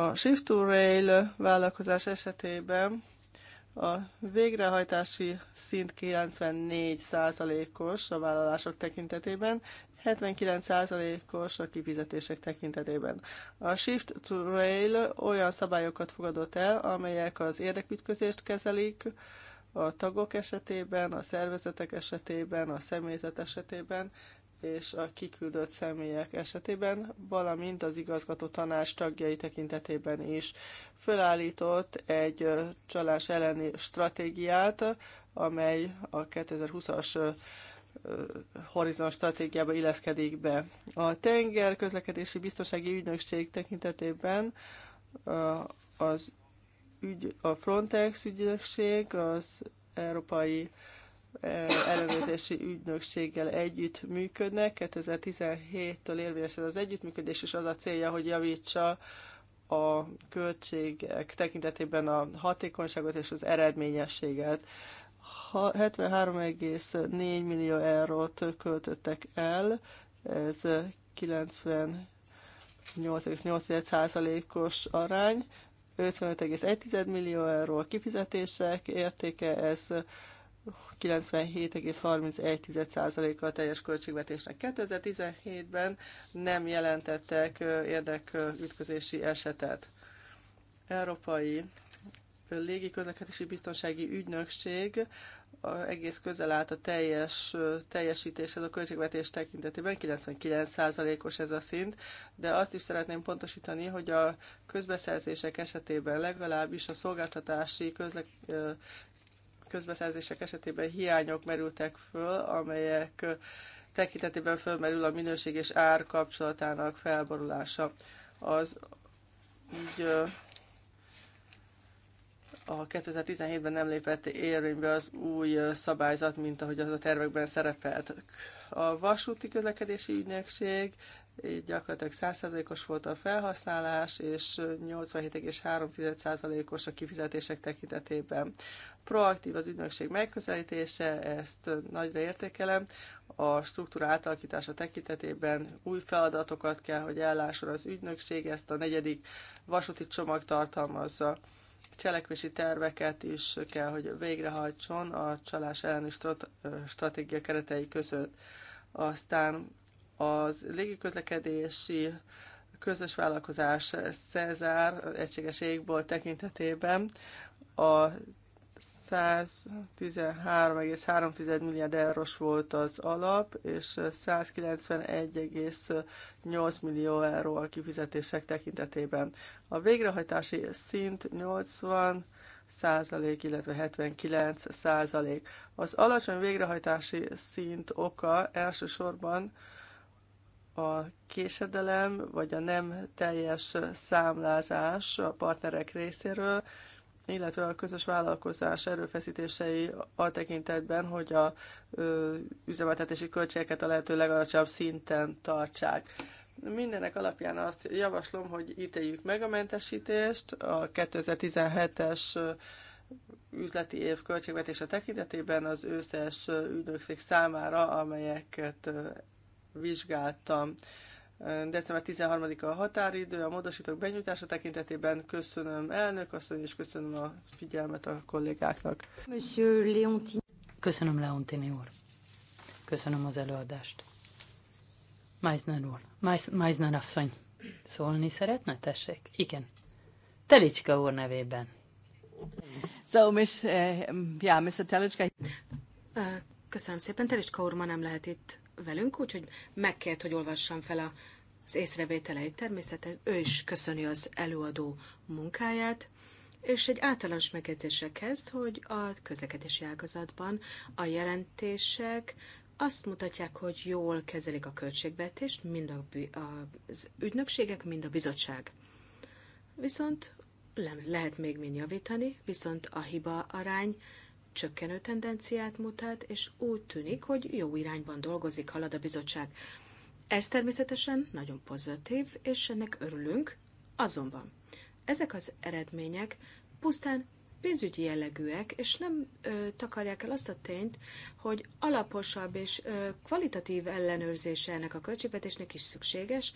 a Shift to Rail vállalkozás esetében a végrehajtási szint 94%-os a vállalások tekintetében, 79%-os a kifizetések tekintetében. A Shift to Rail olyan szabályokat fogadott el, amelyek az érdekütközést kezelik, a tagok esetében, a szervezetek esetében, a személyzet esetében, és a kiküldött személyek esetében, valamint az igazgató tanács tagjai tekintetében is. Fölállított egy csalás elleni stratégiát, amely a 2020-as horizon stratégiába illeszkedik be. A tenger közlekedési biztonsági ügynökség tekintetében az ügy, a Frontex ügynökség, az Európai ellenőrzési ügynökséggel együtt működnek. 2017-től érvényes ez az együttműködés, és az a célja, hogy javítsa a költségek tekintetében a hatékonyságot és az eredményességet. 73,4 millió eurót költöttek el, ez 98,8%-os arány, 55,1 millió euró a kifizetések értéke, ez 97,31%-a a teljes költségvetésnek. 2017-ben nem jelentettek érdekütközési esetet. Európai légiközlekedési biztonsági ügynökség egész közel állt a teljes teljesítéshez a költségvetés tekintetében, 99%-os ez a szint, de azt is szeretném pontosítani, hogy a közbeszerzések esetében legalábbis a szolgáltatási közle- közbeszerzések esetében hiányok merültek föl, amelyek tekintetében fölmerül a minőség és ár kapcsolatának felborulása. Az így a 2017-ben nem lépett érvénybe az új szabályzat, mint ahogy az a tervekben szerepelt. A vasúti közlekedési ügynökség így gyakorlatilag 100%-os volt a felhasználás, és 87,3%-os a kifizetések tekintetében. Proaktív az ügynökség megközelítése, ezt nagyra értékelem. A struktúra átalakítása tekintetében új feladatokat kell, hogy ellásson az ügynökség, ezt a negyedik vasúti csomag tartalmazza cselekvési terveket is kell, hogy végrehajtson a csalás elleni stratégia keretei között. Aztán az légiközlekedési közös vállalkozás Cezár egységes égból tekintetében a 113,3 milliárd eurós volt az alap, és 191,8 millió euró a kifizetések tekintetében. A végrehajtási szint 80 százalék, illetve 79 százalék. Az alacsony végrehajtási szint oka elsősorban a késedelem vagy a nem teljes számlázás a partnerek részéről, illetve a közös vállalkozás erőfeszítései a tekintetben, hogy a ö, üzemeltetési költségeket a lehető legalacsonyabb szinten tartsák. Mindenek alapján azt javaslom, hogy ítéljük meg a mentesítést a 2017-es üzleti év költségvetése tekintetében az összes ügynökség számára, amelyeket vizsgáltam. December 13-a a határidő, a módosítók benyújtása tekintetében köszönöm elnök asszony, és köszönöm a figyelmet a kollégáknak. Monsieur Leontini. Köszönöm Leontini úr. Köszönöm az előadást. Meisner úr, Meisner asszony, szólni szeretne? Tessék. Igen. Telicska úr nevében. So, Miss, uh, yeah, Mr. Telicska. Uh, köszönöm szépen. Telicska úr ma nem lehet itt velünk, úgyhogy megkért, hogy olvassam fel a, az észrevételeit. Természetesen ő is köszöni az előadó munkáját, és egy általános megjegyzése kezd, hogy a közlekedési ágazatban a jelentések azt mutatják, hogy jól kezelik a költségvetést, mind a, az ügynökségek, mind a bizottság. Viszont lehet még mind javítani, viszont a hiba arány csökkenő tendenciát mutat, és úgy tűnik, hogy jó irányban dolgozik, halad a bizottság. Ez természetesen nagyon pozitív, és ennek örülünk, azonban ezek az eredmények pusztán pénzügyi jellegűek, és nem ö, takarják el azt a tényt, hogy alaposabb és ö, kvalitatív ellenőrzése ennek a költségvetésnek is szükséges,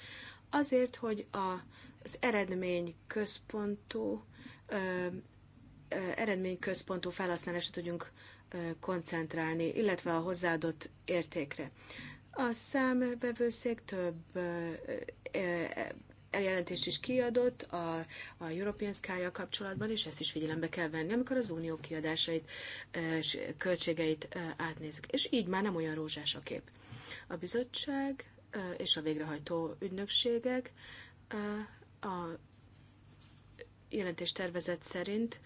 azért, hogy a, az eredmény központú eredményközpontú felhasználásra tudjunk koncentrálni, illetve a hozzáadott értékre. A számbevőszék több e, eljelentést is kiadott a, a European sky kapcsolatban, és ezt is figyelembe kell venni, amikor az unió kiadásait és költségeit átnézzük. És így már nem olyan rózsás a kép. A bizottság és a végrehajtó ügynökségek a jelentéstervezet szerint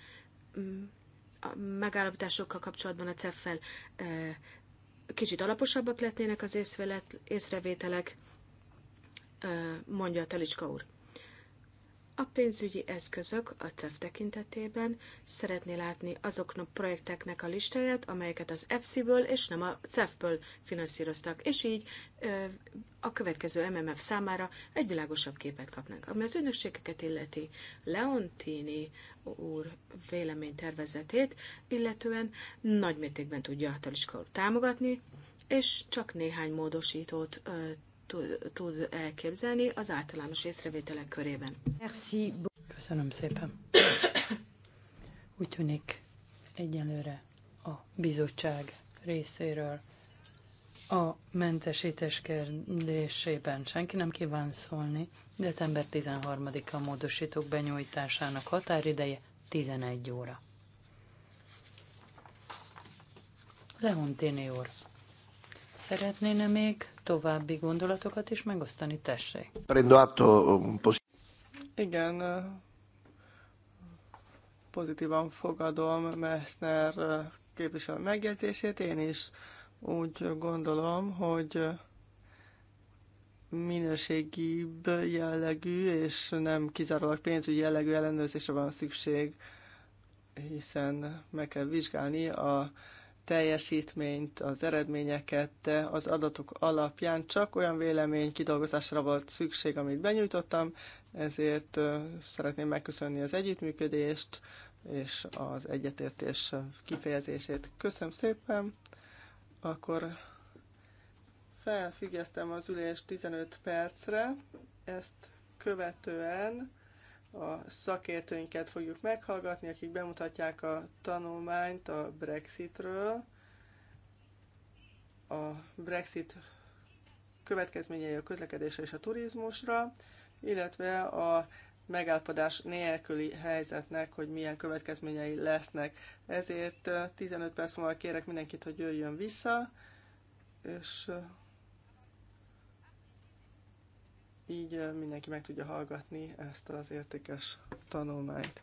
a megállapításokkal kapcsolatban a CEF-fel kicsit alaposabbak letnének az észrevételek, mondja a Telicska úr. A pénzügyi eszközök a CEF tekintetében szeretné látni azoknak a projekteknek a listáját, amelyeket az EFSI-ből és nem a CEF-ből finanszíroztak, és így a következő MMF számára egy világosabb képet kapnak. Ami az ügynökségeket illeti Leontini úr véleménytervezetét, illetően nagymértékben tudja a támogatni, és csak néhány módosítót tud, tud elképzelni az általános észrevételek körében. Merci. Köszönöm szépen. [COUGHS] Úgy tűnik egyenlőre a bizottság részéről a mentesítés kérdésében senki nem kíván szólni. December 13-a módosítók benyújtásának határideje 11 óra. Leontini úr, Szeretnéne még további gondolatokat is megosztani? Tessék. Um, Igen, pozitívan fogadom Messner képviselő megjegyzését. Én is úgy gondolom, hogy minőségibb jellegű és nem kizárólag pénzügyi jellegű ellenőrzésre van szükség, hiszen meg kell vizsgálni a teljesítményt, az eredményeket az adatok alapján csak olyan vélemény kidolgozásra volt szükség, amit benyújtottam, ezért szeretném megköszönni az együttműködést és az egyetértés kifejezését. Köszönöm szépen, akkor felfüggesztem az ülést 15 percre, ezt követően a szakértőinket fogjuk meghallgatni, akik bemutatják a tanulmányt a Brexitről, a Brexit következményei a közlekedésre és a turizmusra, illetve a megállapodás nélküli helyzetnek, hogy milyen következményei lesznek. Ezért 15 perc múlva kérek mindenkit, hogy jöjjön vissza, és így mindenki meg tudja hallgatni ezt az értékes tanulmányt.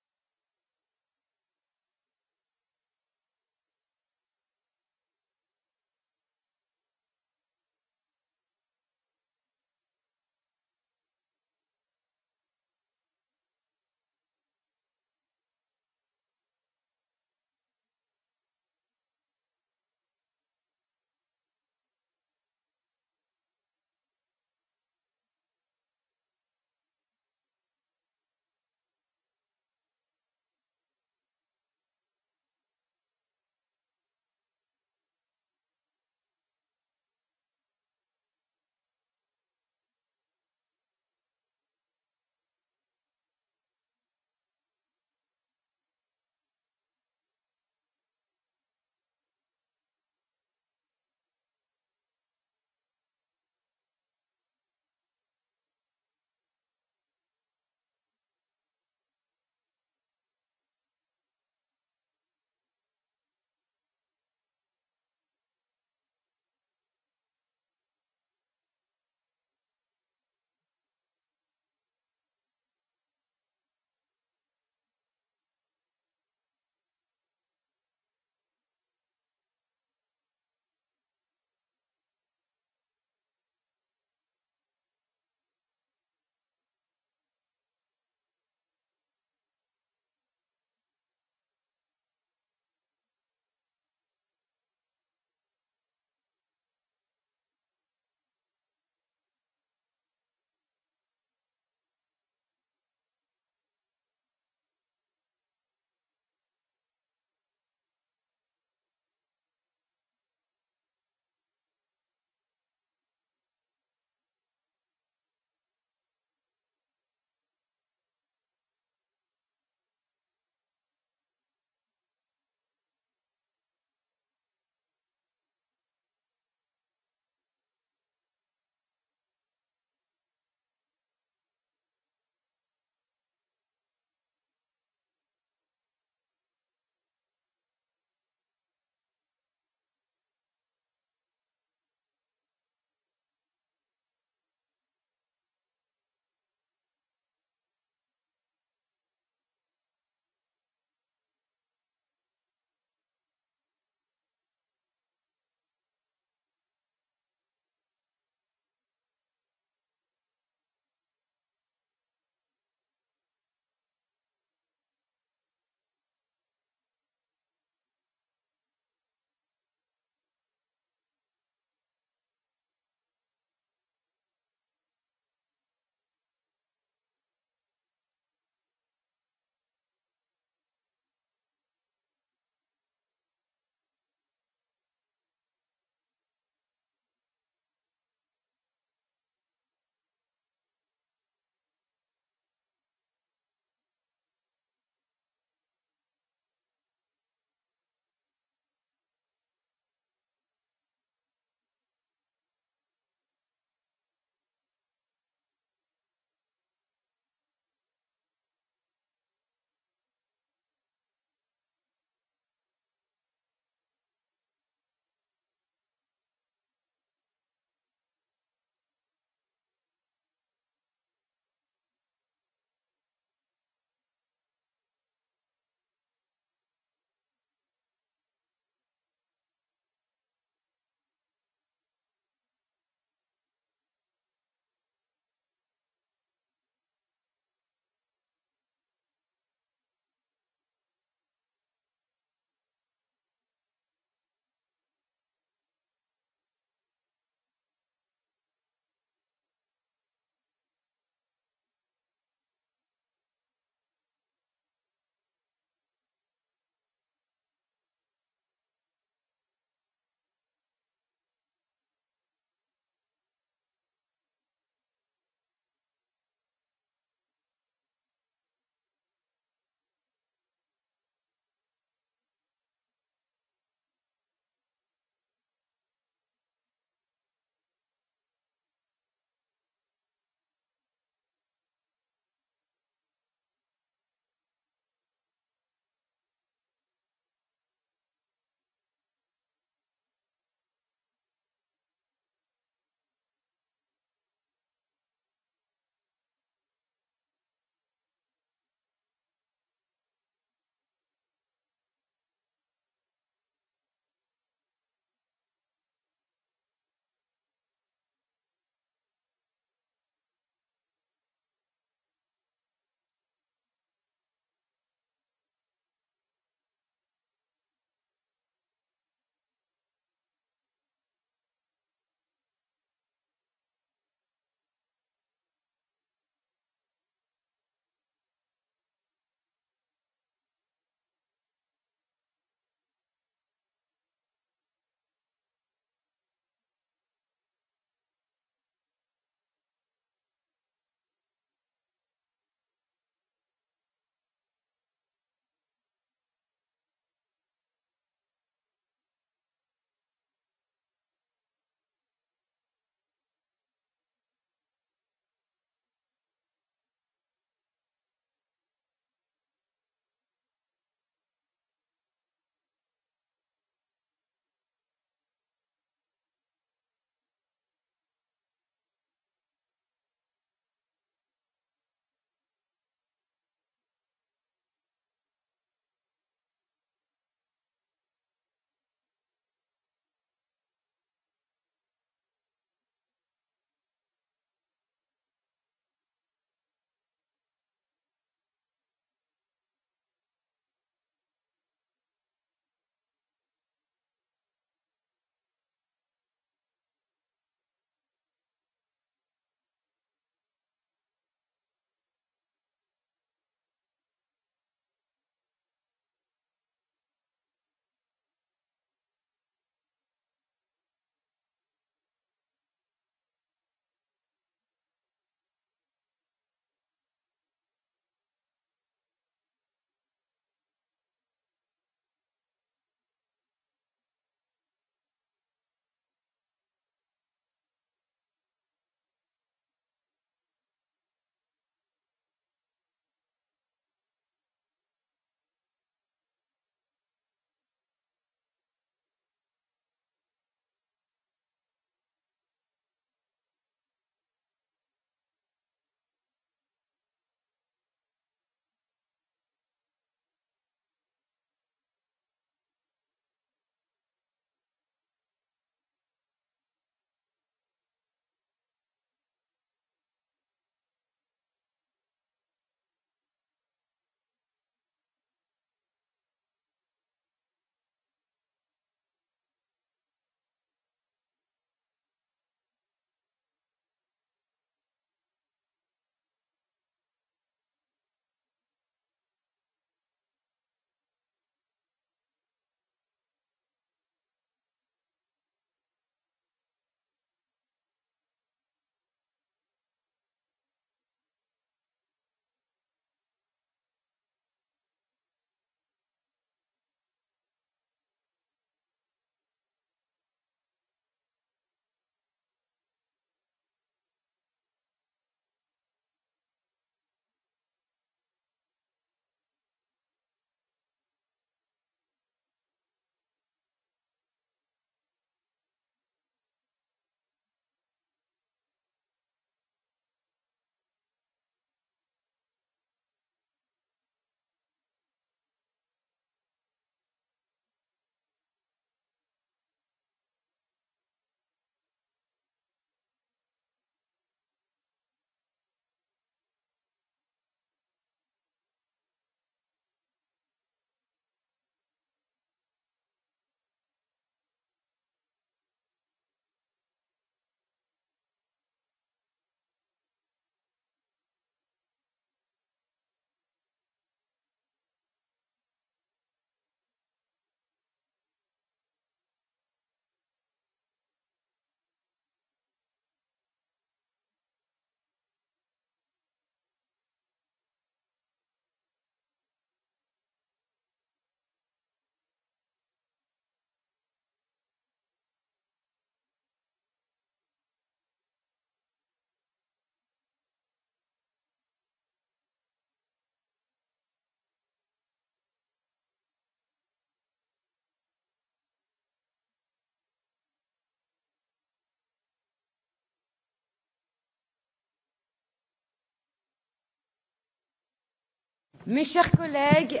Mes chers collègues.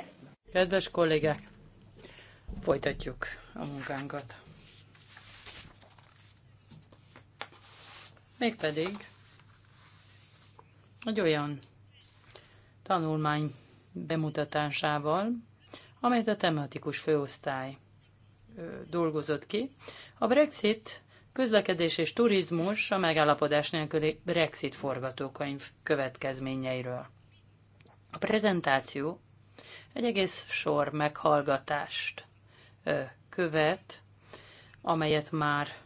Kedves kollégák, folytatjuk a munkánkat. Mégpedig egy olyan tanulmány bemutatásával, amelyet a tematikus főosztály dolgozott ki. A Brexit közlekedés és turizmus a megállapodás nélküli Brexit forgatókönyv következményeiről. A prezentáció egy egész sor meghallgatást követ, amelyet már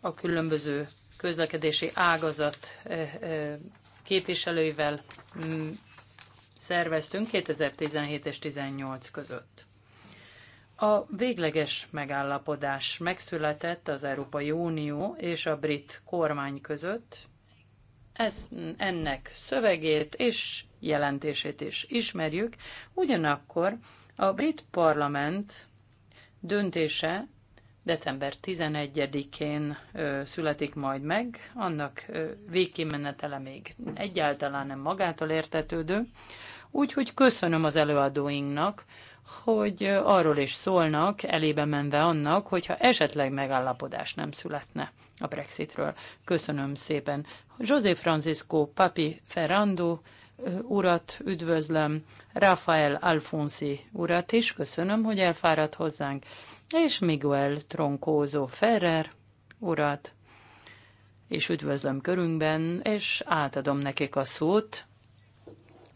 a különböző közlekedési ágazat képviselőivel mm, szerveztünk 2017 és 2018 között. A végleges megállapodás megszületett az Európai Unió és a brit kormány között ez, ennek szövegét és jelentését is ismerjük. Ugyanakkor a brit parlament döntése december 11-én születik majd meg, annak végkimenetele még egyáltalán nem magától értetődő. Úgyhogy köszönöm az előadóinknak, hogy arról is szólnak, elébe menve annak, hogyha esetleg megállapodás nem születne a Brexitről. Köszönöm szépen José Francisco Papi Ferrando urat üdvözlöm, Rafael Alfonsi urat is, köszönöm, hogy elfáradt hozzánk, és Miguel Troncózó Ferrer urat, és üdvözlöm körünkben, és átadom nekik a szót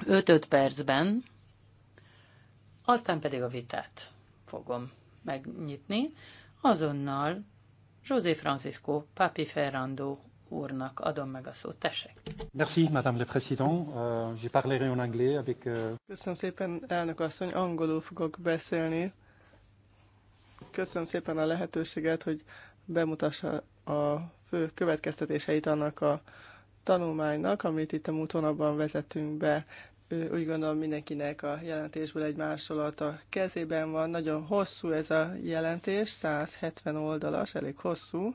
5-5 percben, aztán pedig a vitát fogom megnyitni. Azonnal José Francisco Papi Ferrando úrnak adom meg a szót. Tessék. Merci, Madame le Président. Uh, je parlerai en anglais avec... Uh... Köszönöm szépen, elnök asszony, angolul fogok beszélni. Köszönöm szépen a lehetőséget, hogy bemutassa a fő következtetéseit annak a tanulmánynak, amit itt a múlt hónapban vezetünk be. Úgy gondolom mindenkinek a jelentésből egy másolata kezében van. Nagyon hosszú ez a jelentés, 170 oldalas, elég hosszú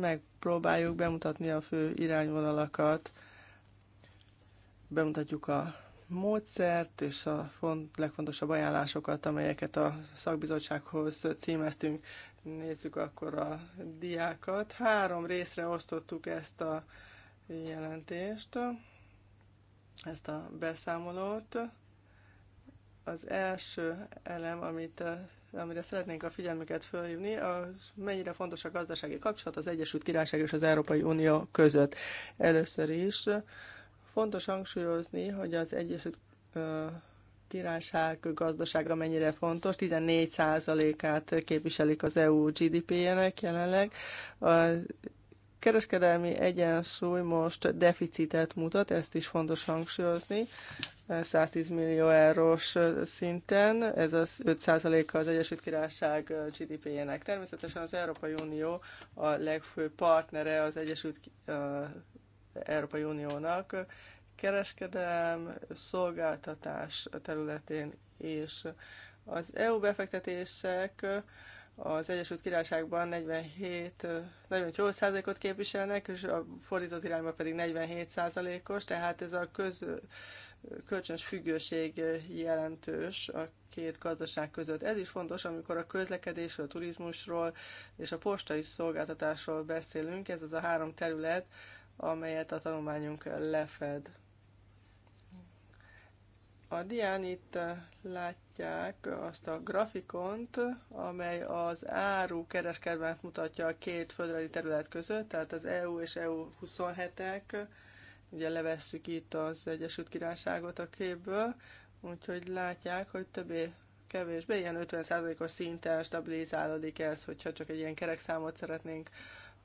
Megpróbáljuk bemutatni a fő irányvonalakat, bemutatjuk a módszert és a font, legfontosabb ajánlásokat, amelyeket a szakbizottsághoz címeztünk. Nézzük akkor a diákat. Három részre osztottuk ezt a jelentést, ezt a beszámolót. Az első elem, amit amire szeretnénk a figyelmüket fölhívni, az mennyire fontos a gazdasági kapcsolat az Egyesült Királyság és az Európai Unió között. Először is fontos hangsúlyozni, hogy az Egyesült Királyság gazdaságra mennyire fontos. 14%-át képviselik az EU GDP-jének jelenleg. Az kereskedelmi egyensúly most deficitet mutat, ezt is fontos hangsúlyozni, 110 millió eurós szinten, ez az 5%-a az Egyesült Királyság GDP-jének. Természetesen az Európai Unió a legfőbb partnere az Egyesült Európai Uniónak, kereskedelem, szolgáltatás területén és az EU befektetések az Egyesült Királyságban 47, 48 ot képviselnek, és a fordított irányban pedig 47 százalékos, tehát ez a köz, kölcsönös függőség jelentős a két gazdaság között. Ez is fontos, amikor a közlekedésről, a turizmusról és a postai szolgáltatásról beszélünk. Ez az a három terület, amelyet a tanulmányunk lefed. A dián itt eh, látják azt a grafikont, amely az áru kereskedelmet mutatja a két földrajzi terület között, tehát az EU és EU 27-ek, ugye levesszük itt az Egyesült Királyságot a képből, úgyhogy látják, hogy többé kevésbé ilyen 50%-os szinten stabilizálódik ez, hogyha csak egy ilyen kerekszámot szeretnénk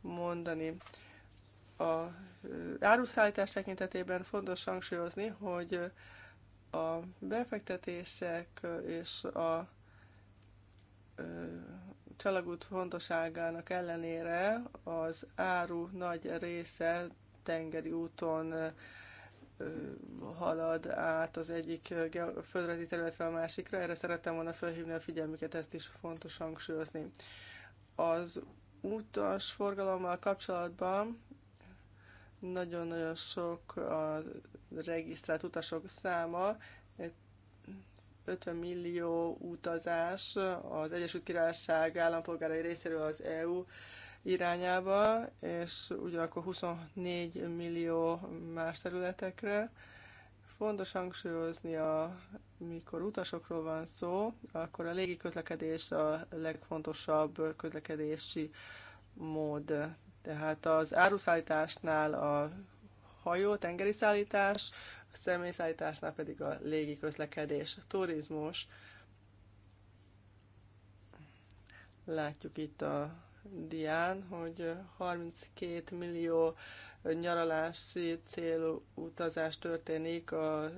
mondani. A eh, áruszállítás tekintetében fontos hangsúlyozni, hogy a befektetések és a csalagút fontosságának ellenére az áru nagy része tengeri úton halad át az egyik földrajzi területre a másikra. Erre szerettem volna felhívni a figyelmüket, ezt is fontos hangsúlyozni. Az utas forgalommal kapcsolatban nagyon-nagyon sok a regisztrált utasok száma, 50 millió utazás az Egyesült Királyság állampolgárai részéről az EU irányába, és ugyanakkor 24 millió más területekre. Fontos hangsúlyozni, amikor utasokról van szó, akkor a légi közlekedés a legfontosabb közlekedési mód. Tehát az áruszállításnál a hajó, tengeri szállítás, a személyszállításnál pedig a légi közlekedés, turizmus. Látjuk itt a dián, hogy 32 millió nyaralási célú utazás történik a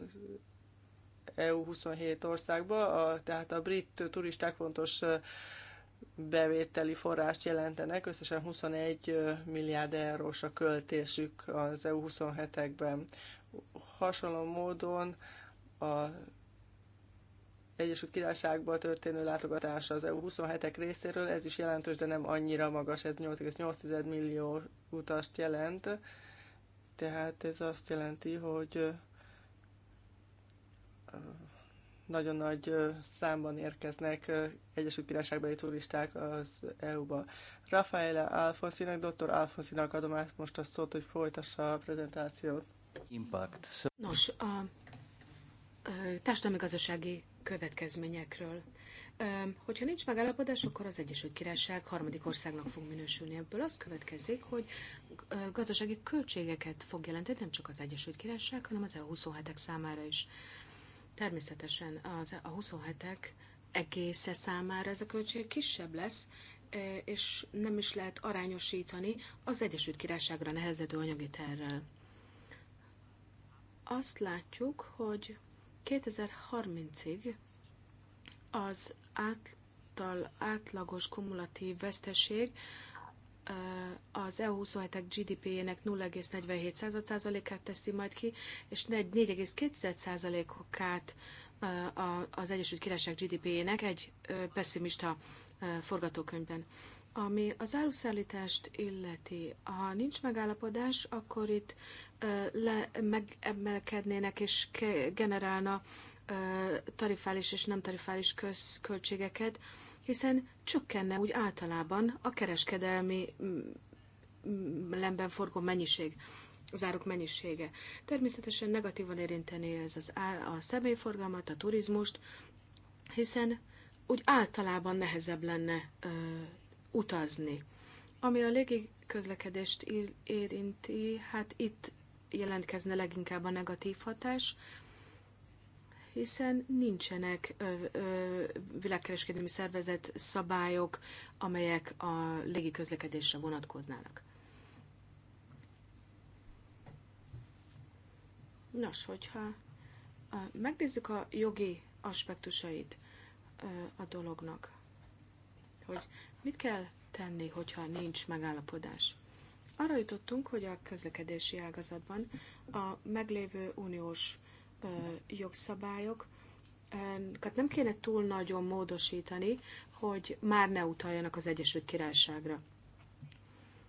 EU 27 országba, a, tehát a brit turisták fontos bevételi forrást jelentenek, összesen 21 milliárd eurós a költésük az EU27-ekben. Hasonló módon a Egyesült Királyságban történő látogatása az EU27-ek részéről, ez is jelentős, de nem annyira magas, ez 8,8 millió utast jelent, tehát ez azt jelenti, hogy nagyon nagy számban érkeznek Egyesült Királyságbeli turisták az EU-ba. Rafaela Alfonszinak, dr. Alfonszinak adom át most a szót, hogy folytassa a prezentációt. Impact. Nos, a társadalmi-gazdasági következményekről. Hogyha nincs megállapodás, akkor az Egyesült Királyság harmadik országnak fog minősülni. Ebből az következik, hogy gazdasági költségeket fog jelenteni nem csak az Egyesült Királyság, hanem az EU27-ek számára is. Természetesen az, a 27-ek egésze számára ez a költség kisebb lesz, e, és nem is lehet arányosítani az Egyesült Királyságra nehezedő anyagi terrel. Azt látjuk, hogy 2030-ig az által átlagos kumulatív veszteség az EU27-ek GDP-jének 0,47%-át teszi majd ki, és 4,2%-át az Egyesült Királyság GDP-jének egy pessimista forgatókönyvben. Ami az áruszállítást illeti, ha nincs megállapodás, akkor itt le, megemelkednének és generálna tarifális és nem tarifális közköltségeket. költségeket, hiszen csökkenne úgy általában a kereskedelmi mm, mm, lemben forgó mennyiség, az áruk mennyisége. Természetesen negatívan érinteni ez az á, a személyforgalmat, a turizmust, hiszen úgy általában nehezebb lenne ö, utazni. Ami a légi közlekedést érinti, hát itt jelentkezne leginkább a negatív hatás, hiszen nincsenek ö, ö, világkereskedelmi szervezet szabályok, amelyek a légiközlekedésre vonatkoznának. Nos, hogyha megnézzük a jogi aspektusait a dolognak, hogy mit kell tenni, hogyha nincs megállapodás. Arra jutottunk, hogy a közlekedési ágazatban a meglévő uniós jogszabályokat nem kéne túl nagyon módosítani, hogy már ne utaljanak az Egyesült Királyságra.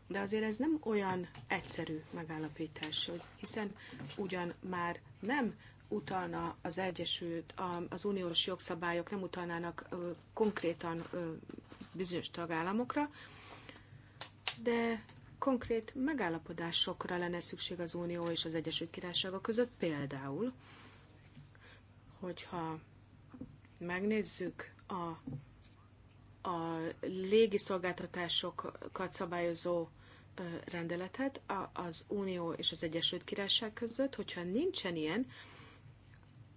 De azért ez nem olyan egyszerű megállapítás, hogy hiszen ugyan már nem utalna az Egyesült, az uniós jogszabályok nem utalnának konkrétan bizonyos tagállamokra, de konkrét megállapodásokra lenne szükség az Unió és az Egyesült királyságok között például hogyha megnézzük a, a légiszolgáltatásokat szabályozó rendeletet az Unió és az Egyesült Királyság között, hogyha nincsen ilyen,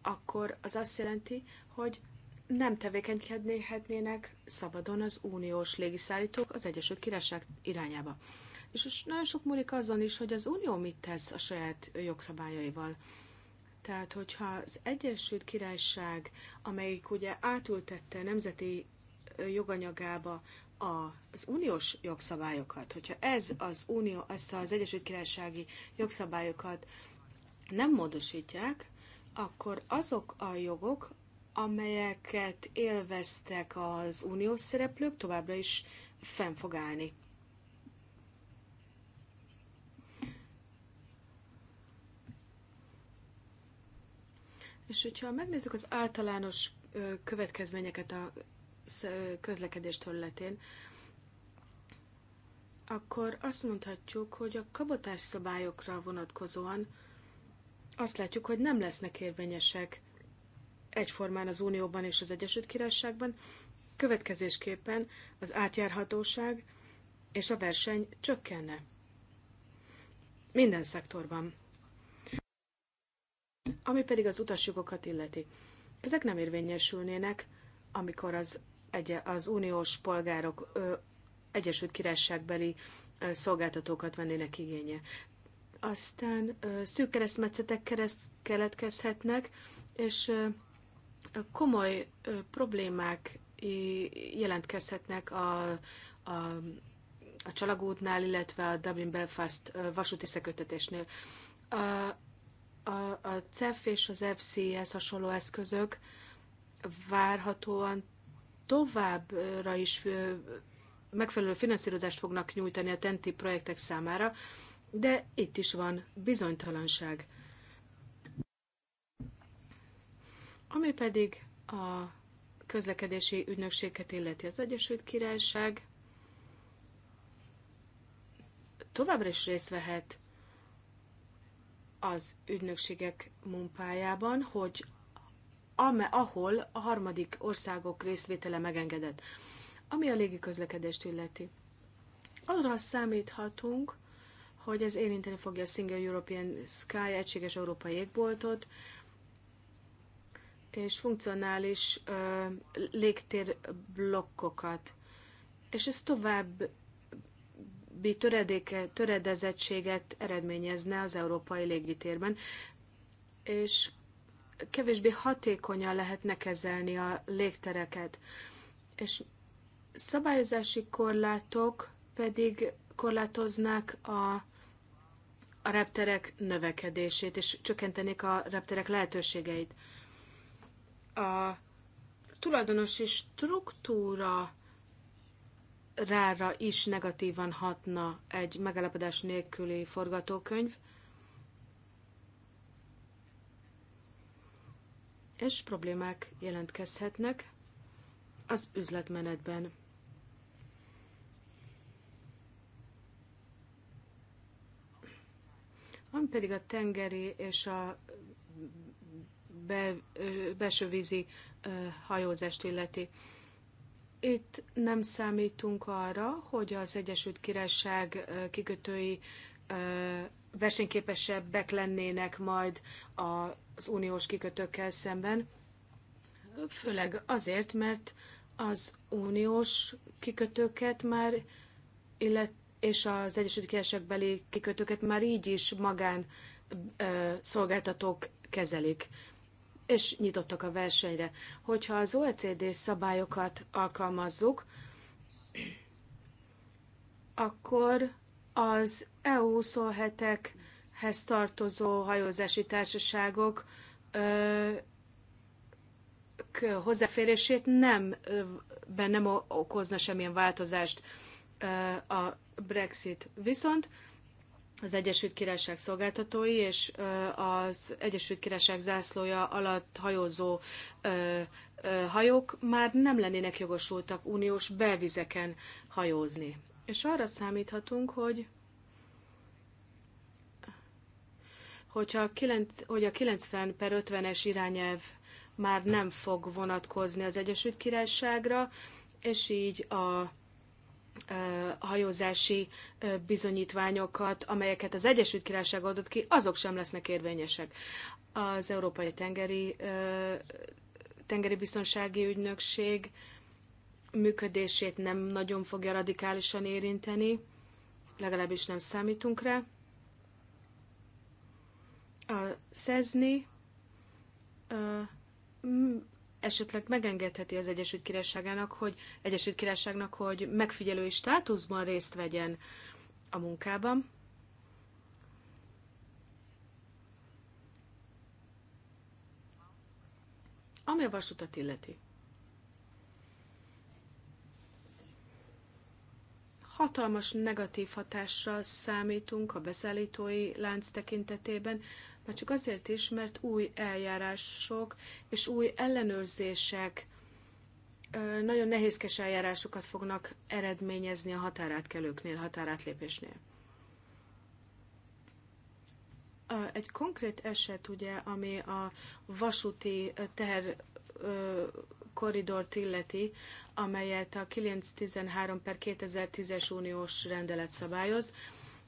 akkor az azt jelenti, hogy nem tevékenykedhetnének szabadon az uniós légiszállítók az Egyesült Királyság irányába. És nagyon sok múlik azon is, hogy az Unió mit tesz a saját jogszabályaival tehát, hogyha az Egyesült Királyság, amelyik ugye átültette nemzeti joganyagába az uniós jogszabályokat, hogyha ez az unió, ezt az Egyesült Királysági jogszabályokat nem módosítják, akkor azok a jogok, amelyeket élveztek az uniós szereplők, továbbra is fenn fog állni. És hogyha megnézzük az általános következményeket a közlekedés területén, akkor azt mondhatjuk, hogy a kabotás szabályokra vonatkozóan azt látjuk, hogy nem lesznek érvényesek egyformán az Unióban és az Egyesült Királyságban, következésképpen az átjárhatóság és a verseny csökkenne. Minden szektorban. Ami pedig az utasjogokat illeti. Ezek nem érvényesülnének, amikor az, egy, az uniós polgárok ö, Egyesült Királyságbeli ö, szolgáltatókat vennének igénye. Aztán ö, szűk keresztmetszetek kereszt, keletkezhetnek, és ö, komoly ö, problémák jelentkezhetnek a, a, a Csalagútnál, illetve a Dublin-Belfast vasúti szekötetésnél. A, a CEF és az FCS hasonló eszközök várhatóan továbbra is megfelelő finanszírozást fognak nyújtani a TENTI projektek számára, de itt is van bizonytalanság. Ami pedig a közlekedési ügynökséget illeti az Egyesült Királyság, továbbra is részt vehet az ügynökségek munkájában, hogy ahol a harmadik országok részvétele megengedett. Ami a közlekedést illeti. Arra számíthatunk, hogy ez érinteni fogja a Single European Sky egységes európai égboltot, és funkcionális uh, légtérblokkokat. És ez tovább további töredéke, töredezettséget eredményezne az európai légitérben, és kevésbé hatékonyan lehetne kezelni a légtereket. És szabályozási korlátok pedig korlátoznák a, a repterek növekedését, és csökkentenék a repterek lehetőségeit. A tulajdonosi struktúra rára is negatívan hatna egy megállapodás nélküli forgatókönyv, és problémák jelentkezhetnek az üzletmenetben. Ami pedig a tengeri és a bel, belsővízi hajózást illeti. Itt nem számítunk arra, hogy az Egyesült Királyság kikötői versenyképesebbek lennének majd az uniós kikötőkkel szemben, főleg azért, mert az uniós kikötőket már, illet, és az Egyesült királyság beli kikötőket már így is magán szolgáltatók kezelik és nyitottak a versenyre. Hogyha az OECD szabályokat alkalmazzuk, akkor az EU 27-ekhez tartozó hajózási társaságok ö, hozzáférését nem, ben nem okozna semmilyen változást a Brexit. Viszont az Egyesült Királyság szolgáltatói és az Egyesült Királyság zászlója alatt hajózó hajók már nem lennének jogosultak uniós belvizeken hajózni. És arra számíthatunk, hogy hogyha a 9, hogy a 90 per 50-es irányelv már nem fog vonatkozni az Egyesült Királyságra, és így a hajózási bizonyítványokat, amelyeket az Egyesült Királyság adott ki, azok sem lesznek érvényesek. Az Európai Tengeri, Tengeri Biztonsági Ügynökség működését nem nagyon fogja radikálisan érinteni, legalábbis nem számítunk rá. A SZEZNI esetleg megengedheti az Egyesült Királyságának, hogy Egyesült Királyságnak, hogy megfigyelői státuszban részt vegyen a munkában. Ami a vasutat illeti. Hatalmas negatív hatással számítunk a beszállítói lánc tekintetében, már csak azért is, mert új eljárások és új ellenőrzések nagyon nehézkes eljárásokat fognak eredményezni a határátkelőknél, határátlépésnél. Egy konkrét eset, ugye, ami a vasúti teher korridort illeti, amelyet a 913 per 2010-es uniós rendelet szabályoz.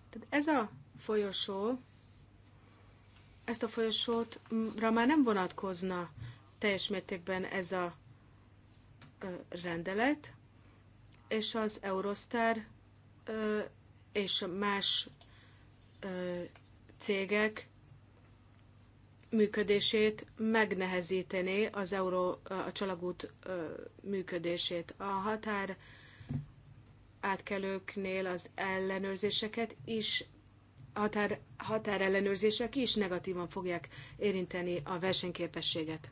Tehát ez a folyosó ezt a folyosótra már nem vonatkozna teljes mértékben ez a rendelet, és az Eurostar és más cégek működését megnehezítené az euró, a csalagút működését. A határ átkelőknél az ellenőrzéseket is határ, határellenőrzések is negatívan fogják érinteni a versenyképességet.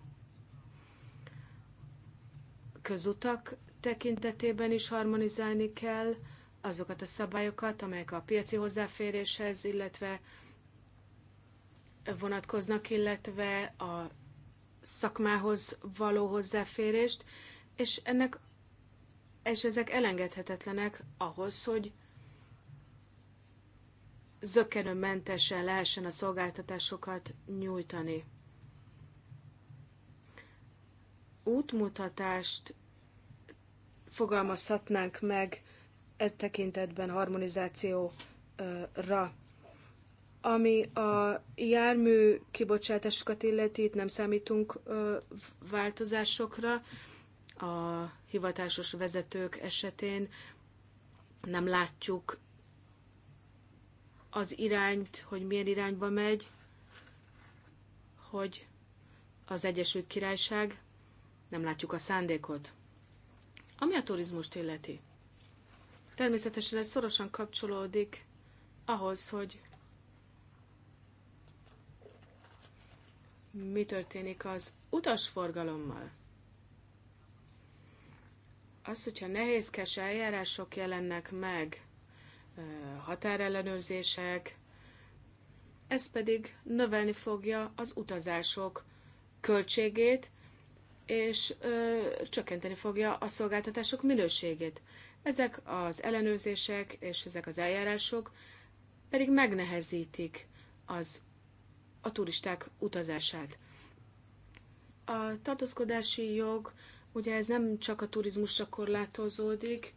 Közutak tekintetében is harmonizálni kell azokat a szabályokat, amelyek a piaci hozzáféréshez, illetve vonatkoznak, illetve a szakmához való hozzáférést, és ennek és ezek elengedhetetlenek ahhoz, hogy zökkenőmentesen lehessen a szolgáltatásokat nyújtani. Útmutatást fogalmazhatnánk meg e tekintetben harmonizációra. Ami a jármű kibocsátásokat illeti, itt nem számítunk változásokra. A hivatásos vezetők esetén nem látjuk az irányt, hogy milyen irányba megy, hogy az Egyesült Királyság, nem látjuk a szándékot. Ami a turizmust illeti. Természetesen ez szorosan kapcsolódik ahhoz, hogy mi történik az utasforgalommal. Az, hogyha nehézkes eljárások jelennek meg, határellenőrzések, ez pedig növelni fogja az utazások költségét, és ö, csökkenteni fogja a szolgáltatások minőségét. Ezek az ellenőrzések és ezek az eljárások pedig megnehezítik az, a turisták utazását. A tartózkodási jog, ugye ez nem csak a turizmusra korlátozódik,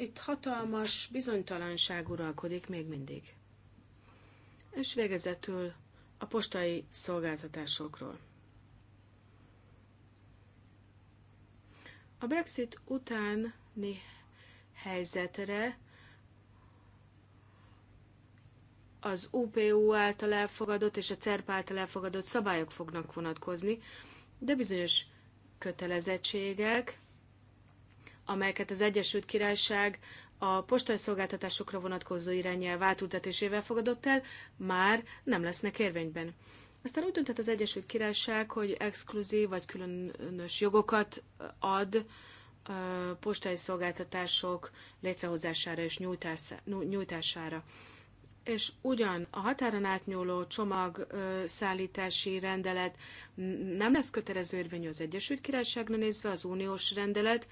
itt hatalmas bizonytalanság uralkodik még mindig. És végezetül a postai szolgáltatásokról. A Brexit utáni helyzetre az UPU által elfogadott és a CERP által elfogadott szabályok fognak vonatkozni, de bizonyos kötelezettségek amelyeket az Egyesült Királyság a postai szolgáltatásokra vonatkozó irányelv átültetésével fogadott el, már nem lesznek érvényben. Aztán úgy döntött az Egyesült Királyság, hogy exkluzív vagy különös jogokat ad postai szolgáltatások létrehozására és nyújtására. És ugyan a határon átnyúló csomagszállítási rendelet nem lesz kötelező érvényű az Egyesült Királyságra nézve, az uniós rendelet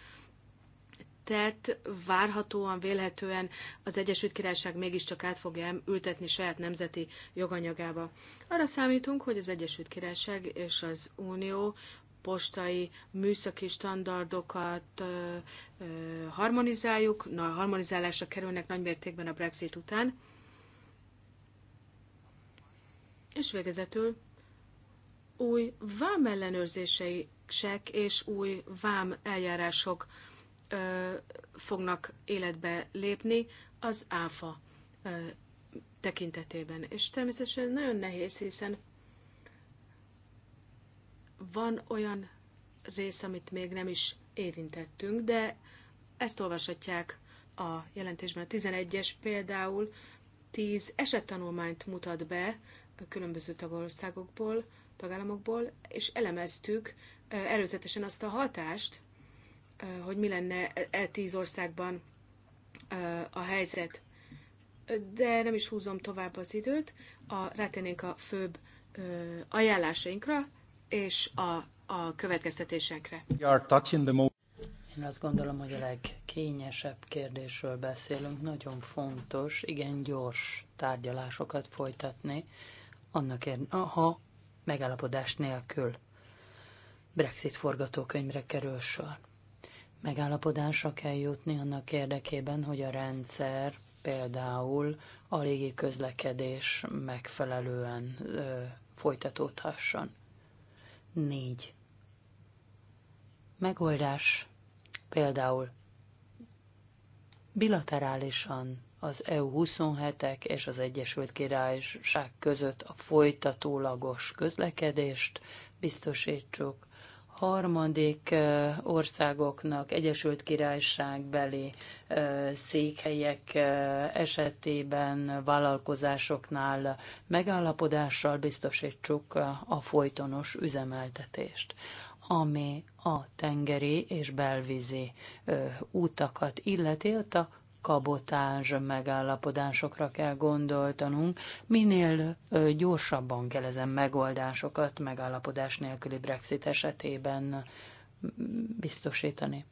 tehát várhatóan, vélhetően az Egyesült Királyság mégiscsak át fogja ültetni saját nemzeti joganyagába. Arra számítunk, hogy az Egyesült Királyság és az Unió postai műszaki standardokat ö, ö, harmonizáljuk, na, harmonizálásra kerülnek nagymértékben a Brexit után. És végezetül új vámellenőrzései és új vám eljárások ö, fognak életbe lépni az áfa ö, tekintetében. És természetesen nagyon nehéz, hiszen van olyan rész, amit még nem is érintettünk, de ezt olvashatják a jelentésben. A 11-es például 10 esettanulmányt mutat be a különböző tagországokból, tagállamokból, és elemeztük előzetesen azt a hatást, hogy mi lenne e, e tíz országban a helyzet. De nem is húzom tovább az időt, a, rátennénk a főbb ajánlásainkra és a, a következtetésekre. Én azt gondolom, hogy a legkényesebb kérdésről beszélünk. Nagyon fontos, igen gyors tárgyalásokat folytatni, annak ér, ha megállapodás nélkül Brexit forgatókönyvre kerül sor megállapodásra kell jutni annak érdekében, hogy a rendszer például a légi közlekedés megfelelően ö, folytatódhasson. 4. Megoldás például bilaterálisan az EU27-ek és az Egyesült Királyság között a folytatólagos közlekedést biztosítsuk, harmadik országoknak, Egyesült Királyság beli székhelyek esetében, vállalkozásoknál megállapodással biztosítsuk a folytonos üzemeltetést ami a tengeri és belvízi utakat illeti, ott a kabotás megállapodásokra kell gondoltanunk, minél gyorsabban kell ezen megoldásokat megállapodás nélküli Brexit esetében biztosítani.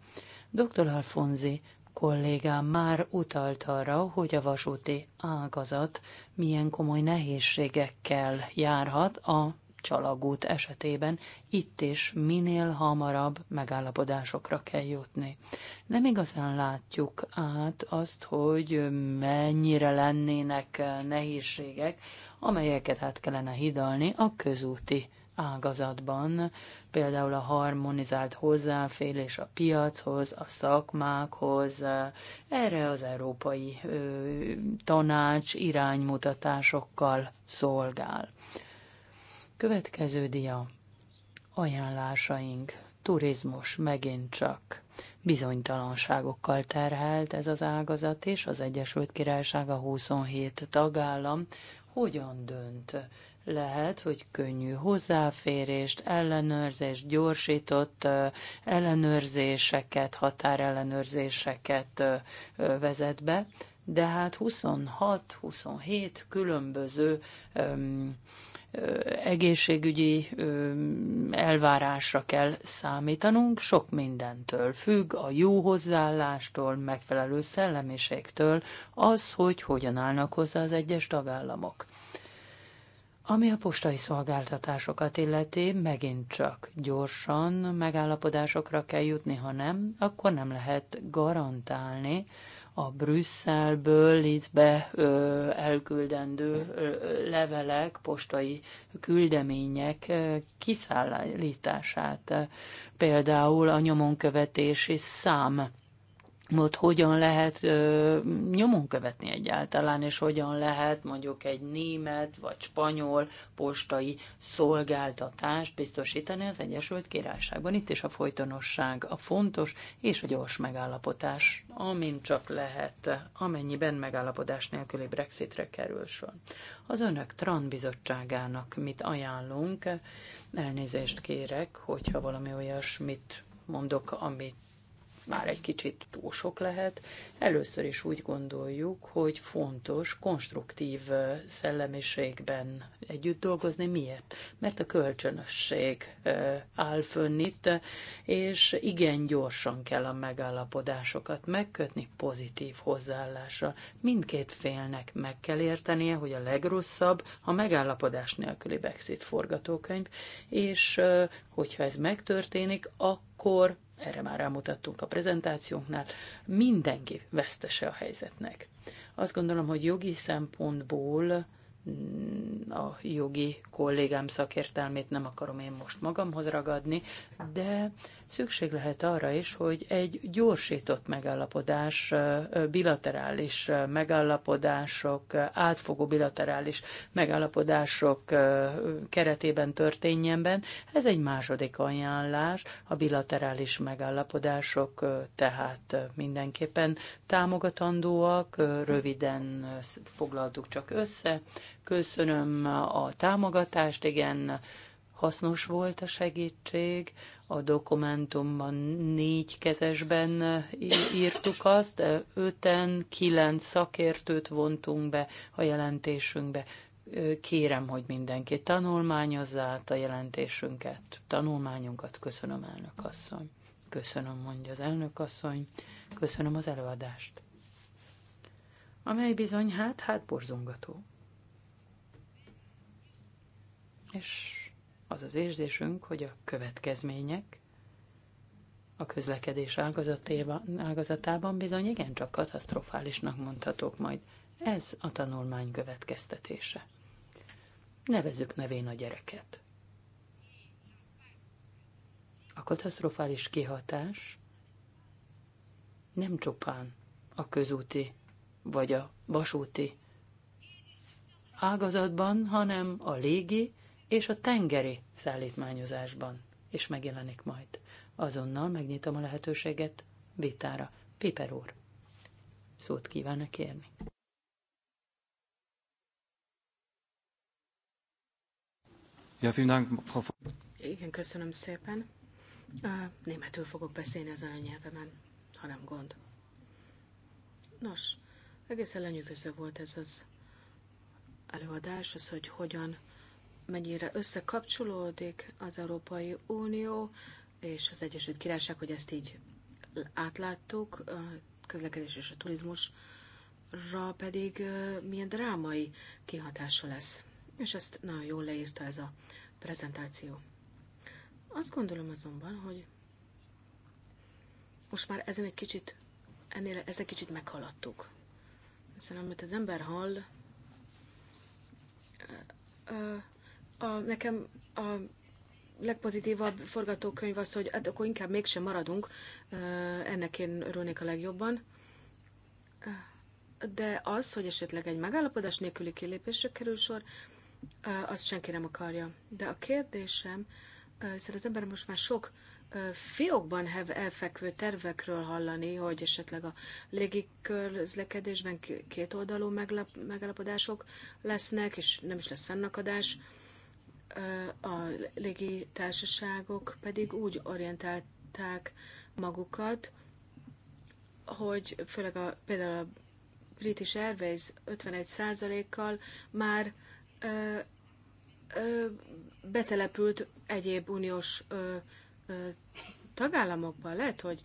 Dr. Alfonzi kollégám már utalt arra, hogy a vasúti ágazat milyen komoly nehézségekkel járhat a csalagút esetében itt is minél hamarabb megállapodásokra kell jutni. Nem igazán látjuk át azt, hogy mennyire lennének nehézségek, amelyeket hát kellene hidalni a közúti ágazatban, például a harmonizált hozzáférés a piachoz, a szakmákhoz, erre az európai ö, tanács iránymutatásokkal szolgál. Következő dia. Ajánlásaink. Turizmus megint csak. Bizonytalanságokkal terhelt ez az ágazat, és az Egyesült Királyság a 27 tagállam hogyan dönt? Lehet, hogy könnyű hozzáférést, ellenőrzést, gyorsított ellenőrzéseket, határellenőrzéseket vezet be, de hát 26-27 különböző egészségügyi elvárásra kell számítanunk, sok mindentől függ, a jó hozzáállástól, megfelelő szellemiségtől, az, hogy hogyan állnak hozzá az egyes tagállamok. Ami a postai szolgáltatásokat illeti, megint csak gyorsan megállapodásokra kell jutni, ha nem, akkor nem lehet garantálni, a Brüsszelből Lizbe elküldendő levelek, postai küldemények kiszállítását, például a nyomonkövetési szám ott hogyan lehet ö, nyomon követni egyáltalán, és hogyan lehet mondjuk egy német vagy spanyol postai szolgáltatást biztosítani az Egyesült Királyságban. Itt is a folytonosság a fontos, és a gyors megállapotás, amint csak lehet, amennyiben megállapodás nélküli Brexitre kerül sor. Az önök Tran bizottságának mit ajánlunk? Elnézést kérek, hogyha valami olyasmit mondok, amit már egy kicsit túl sok lehet. Először is úgy gondoljuk, hogy fontos konstruktív szellemiségben együtt dolgozni. Miért? Mert a kölcsönösség áll fönn itt, és igen gyorsan kell a megállapodásokat megkötni pozitív hozzáállással. Mindkét félnek meg kell értenie, hogy a legrosszabb a megállapodás nélküli Brexit forgatókönyv, és hogyha ez megtörténik, akkor erre már rámutattunk a prezentációnknál, mindenki vesztese a helyzetnek. Azt gondolom, hogy jogi szempontból mm, a jogi kollégám szakértelmét nem akarom én most magamhoz ragadni, de szükség lehet arra is, hogy egy gyorsított megállapodás, bilaterális megállapodások, átfogó bilaterális megállapodások keretében történjen ben. Ez egy második ajánlás, a bilaterális megállapodások tehát mindenképpen támogatandóak, röviden foglaltuk csak össze. Köszönöm a támogatást, igen, hasznos volt a segítség, a dokumentumban négy kezesben eh, írtuk azt, de öten kilenc szakértőt vontunk be a jelentésünkbe. Kérem, hogy mindenki tanulmányozza át a jelentésünket, tanulmányunkat. Köszönöm, elnök asszony. Köszönöm, mondja az elnök asszony. Köszönöm az előadást. Amely bizony hát, hát borzongató. És az az érzésünk, hogy a következmények a közlekedés ágazatában, bizony igencsak katasztrofálisnak mondhatók majd. Ez a tanulmány következtetése. Nevezük nevén a gyereket. A katasztrofális kihatás nem csupán a közúti vagy a vasúti ágazatban, hanem a légi és a tengeri szállítmányozásban is megjelenik majd. Azonnal megnyitom a lehetőséget vitára. Piper úr, szót kívánna kérni. Ja, vielen Dank, Igen, köszönöm szépen. A németül fogok beszélni az anyanyelvemen, ha nem gond. Nos, egészen lenyűgöző volt ez az előadás, az, hogy hogyan mennyire összekapcsolódik az Európai Unió és az Egyesült Királyság, hogy ezt így átláttuk, a közlekedés és a turizmusra pedig milyen drámai kihatása lesz. És ezt nagyon jól leírta ez a prezentáció. Azt gondolom azonban, hogy most már ezen egy kicsit, ennél ezen egy kicsit meghaladtuk. Hiszen amit az ember hall, a, nekem a legpozitívabb forgatókönyv az, hogy hát akkor inkább mégsem maradunk, ennek én örülnék a legjobban. De az, hogy esetleg egy megállapodás nélküli kilépésre kerül sor, azt senki nem akarja. De a kérdésem, hiszen az ember most már sok fiókban elfekvő tervekről hallani, hogy esetleg a légikörzlekedésben két oldalú megállapodások lesznek, és nem is lesz fennakadás. Mm a légitársaságok pedig úgy orientálták magukat, hogy főleg a, például a British Airways 51%-kal már ö, ö, betelepült egyéb uniós ö, ö, tagállamokban. Lehet, hogy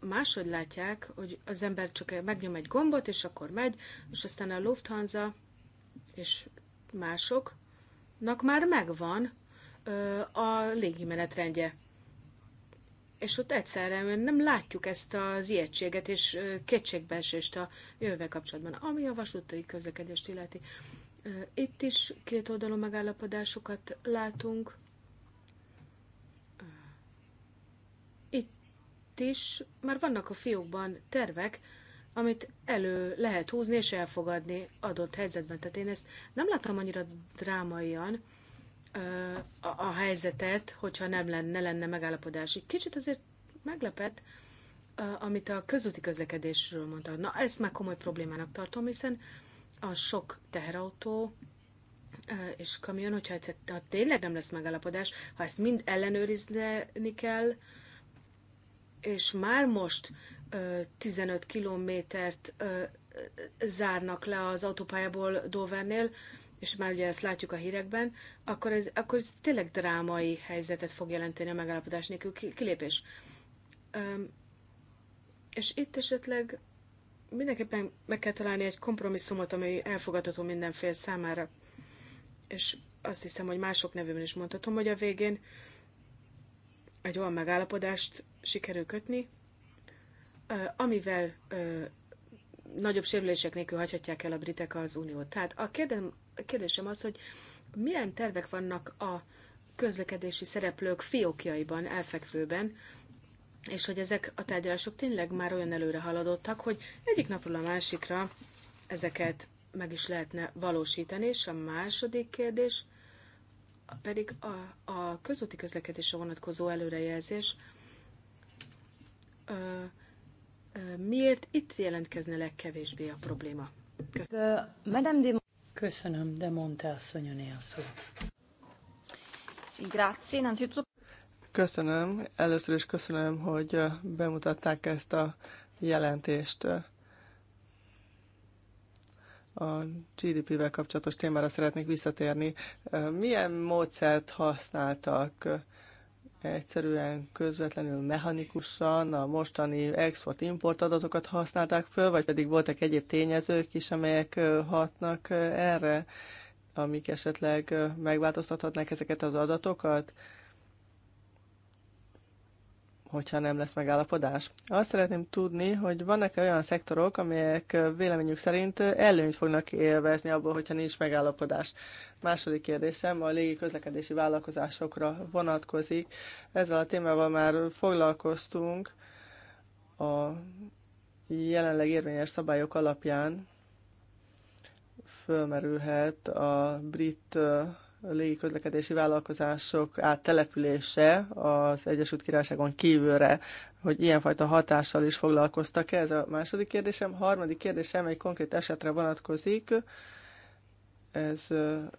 máshogy látják, hogy az ember csak megnyom egy gombot, és akkor megy, és aztán a Lufthansa és mások nak már megvan ö, a légi menetrendje. És ott egyszerre nem látjuk ezt az ijegységet és kétségbeesést a jövővel kapcsolatban, ami a vasúti közlekedést illeti. Itt is két oldalú megállapodásokat látunk. Itt is már vannak a fiókban tervek, amit elő lehet húzni és elfogadni adott helyzetben. Tehát én ezt nem látom annyira drámaian a, a helyzetet, hogyha nem lenne, lenne megállapodás. Így kicsit azért meglepett, amit a közúti közlekedésről mondta. Na, ezt már komoly problémának tartom, hiszen a sok teherautó és kamion, hogyha egyszer, ha tényleg nem lesz megállapodás, ha ezt mind ellenőrizni kell, és már most 15 kilométert zárnak le az autópályából Dovernél, és már ugye ezt látjuk a hírekben, akkor ez, akkor ez tényleg drámai helyzetet fog jelenteni a megállapodás nélkül kilépés. És itt esetleg mindenképpen meg kell találni egy kompromisszumot, ami elfogadható mindenfél számára. És azt hiszem, hogy mások nevében is mondhatom, hogy a végén egy olyan megállapodást sikerül kötni, amivel nagyobb sérülések nélkül hagyhatják el a britek az uniót. Tehát a kérdésem az, hogy milyen tervek vannak a közlekedési szereplők fiókjaiban, elfekvőben, és hogy ezek a tárgyalások tényleg már olyan előre haladottak, hogy egyik napról a másikra ezeket meg is lehetne valósítani, és a második kérdés pedig a, a közúti közlekedésre vonatkozó előrejelzés. Ö, miért itt jelentkezne legkevésbé a probléma? Köszönöm. Köszönöm, de mondta szonyoné a szó. Köszönöm. Először is köszönöm, hogy bemutatták ezt a jelentést. A GDP-vel kapcsolatos témára szeretnék visszatérni. Milyen módszert használtak? egyszerűen közvetlenül mechanikusan a mostani export-import adatokat használták föl, vagy pedig voltak egyéb tényezők is, amelyek hatnak erre, amik esetleg megváltoztathatnák ezeket az adatokat? hogyha nem lesz megállapodás. Azt szeretném tudni, hogy vannak-e olyan szektorok, amelyek véleményük szerint előnyt fognak élvezni abból, hogyha nincs megállapodás. Második kérdésem a légi közlekedési vállalkozásokra vonatkozik. Ezzel a témával már foglalkoztunk a jelenleg érvényes szabályok alapján fölmerülhet a brit légi közlekedési vállalkozások áttelepülése az Egyesült Királyságon kívülre, hogy ilyenfajta hatással is foglalkoztak -e? Ez a második kérdésem. Harmadik kérdésem egy konkrét esetre vonatkozik. Ez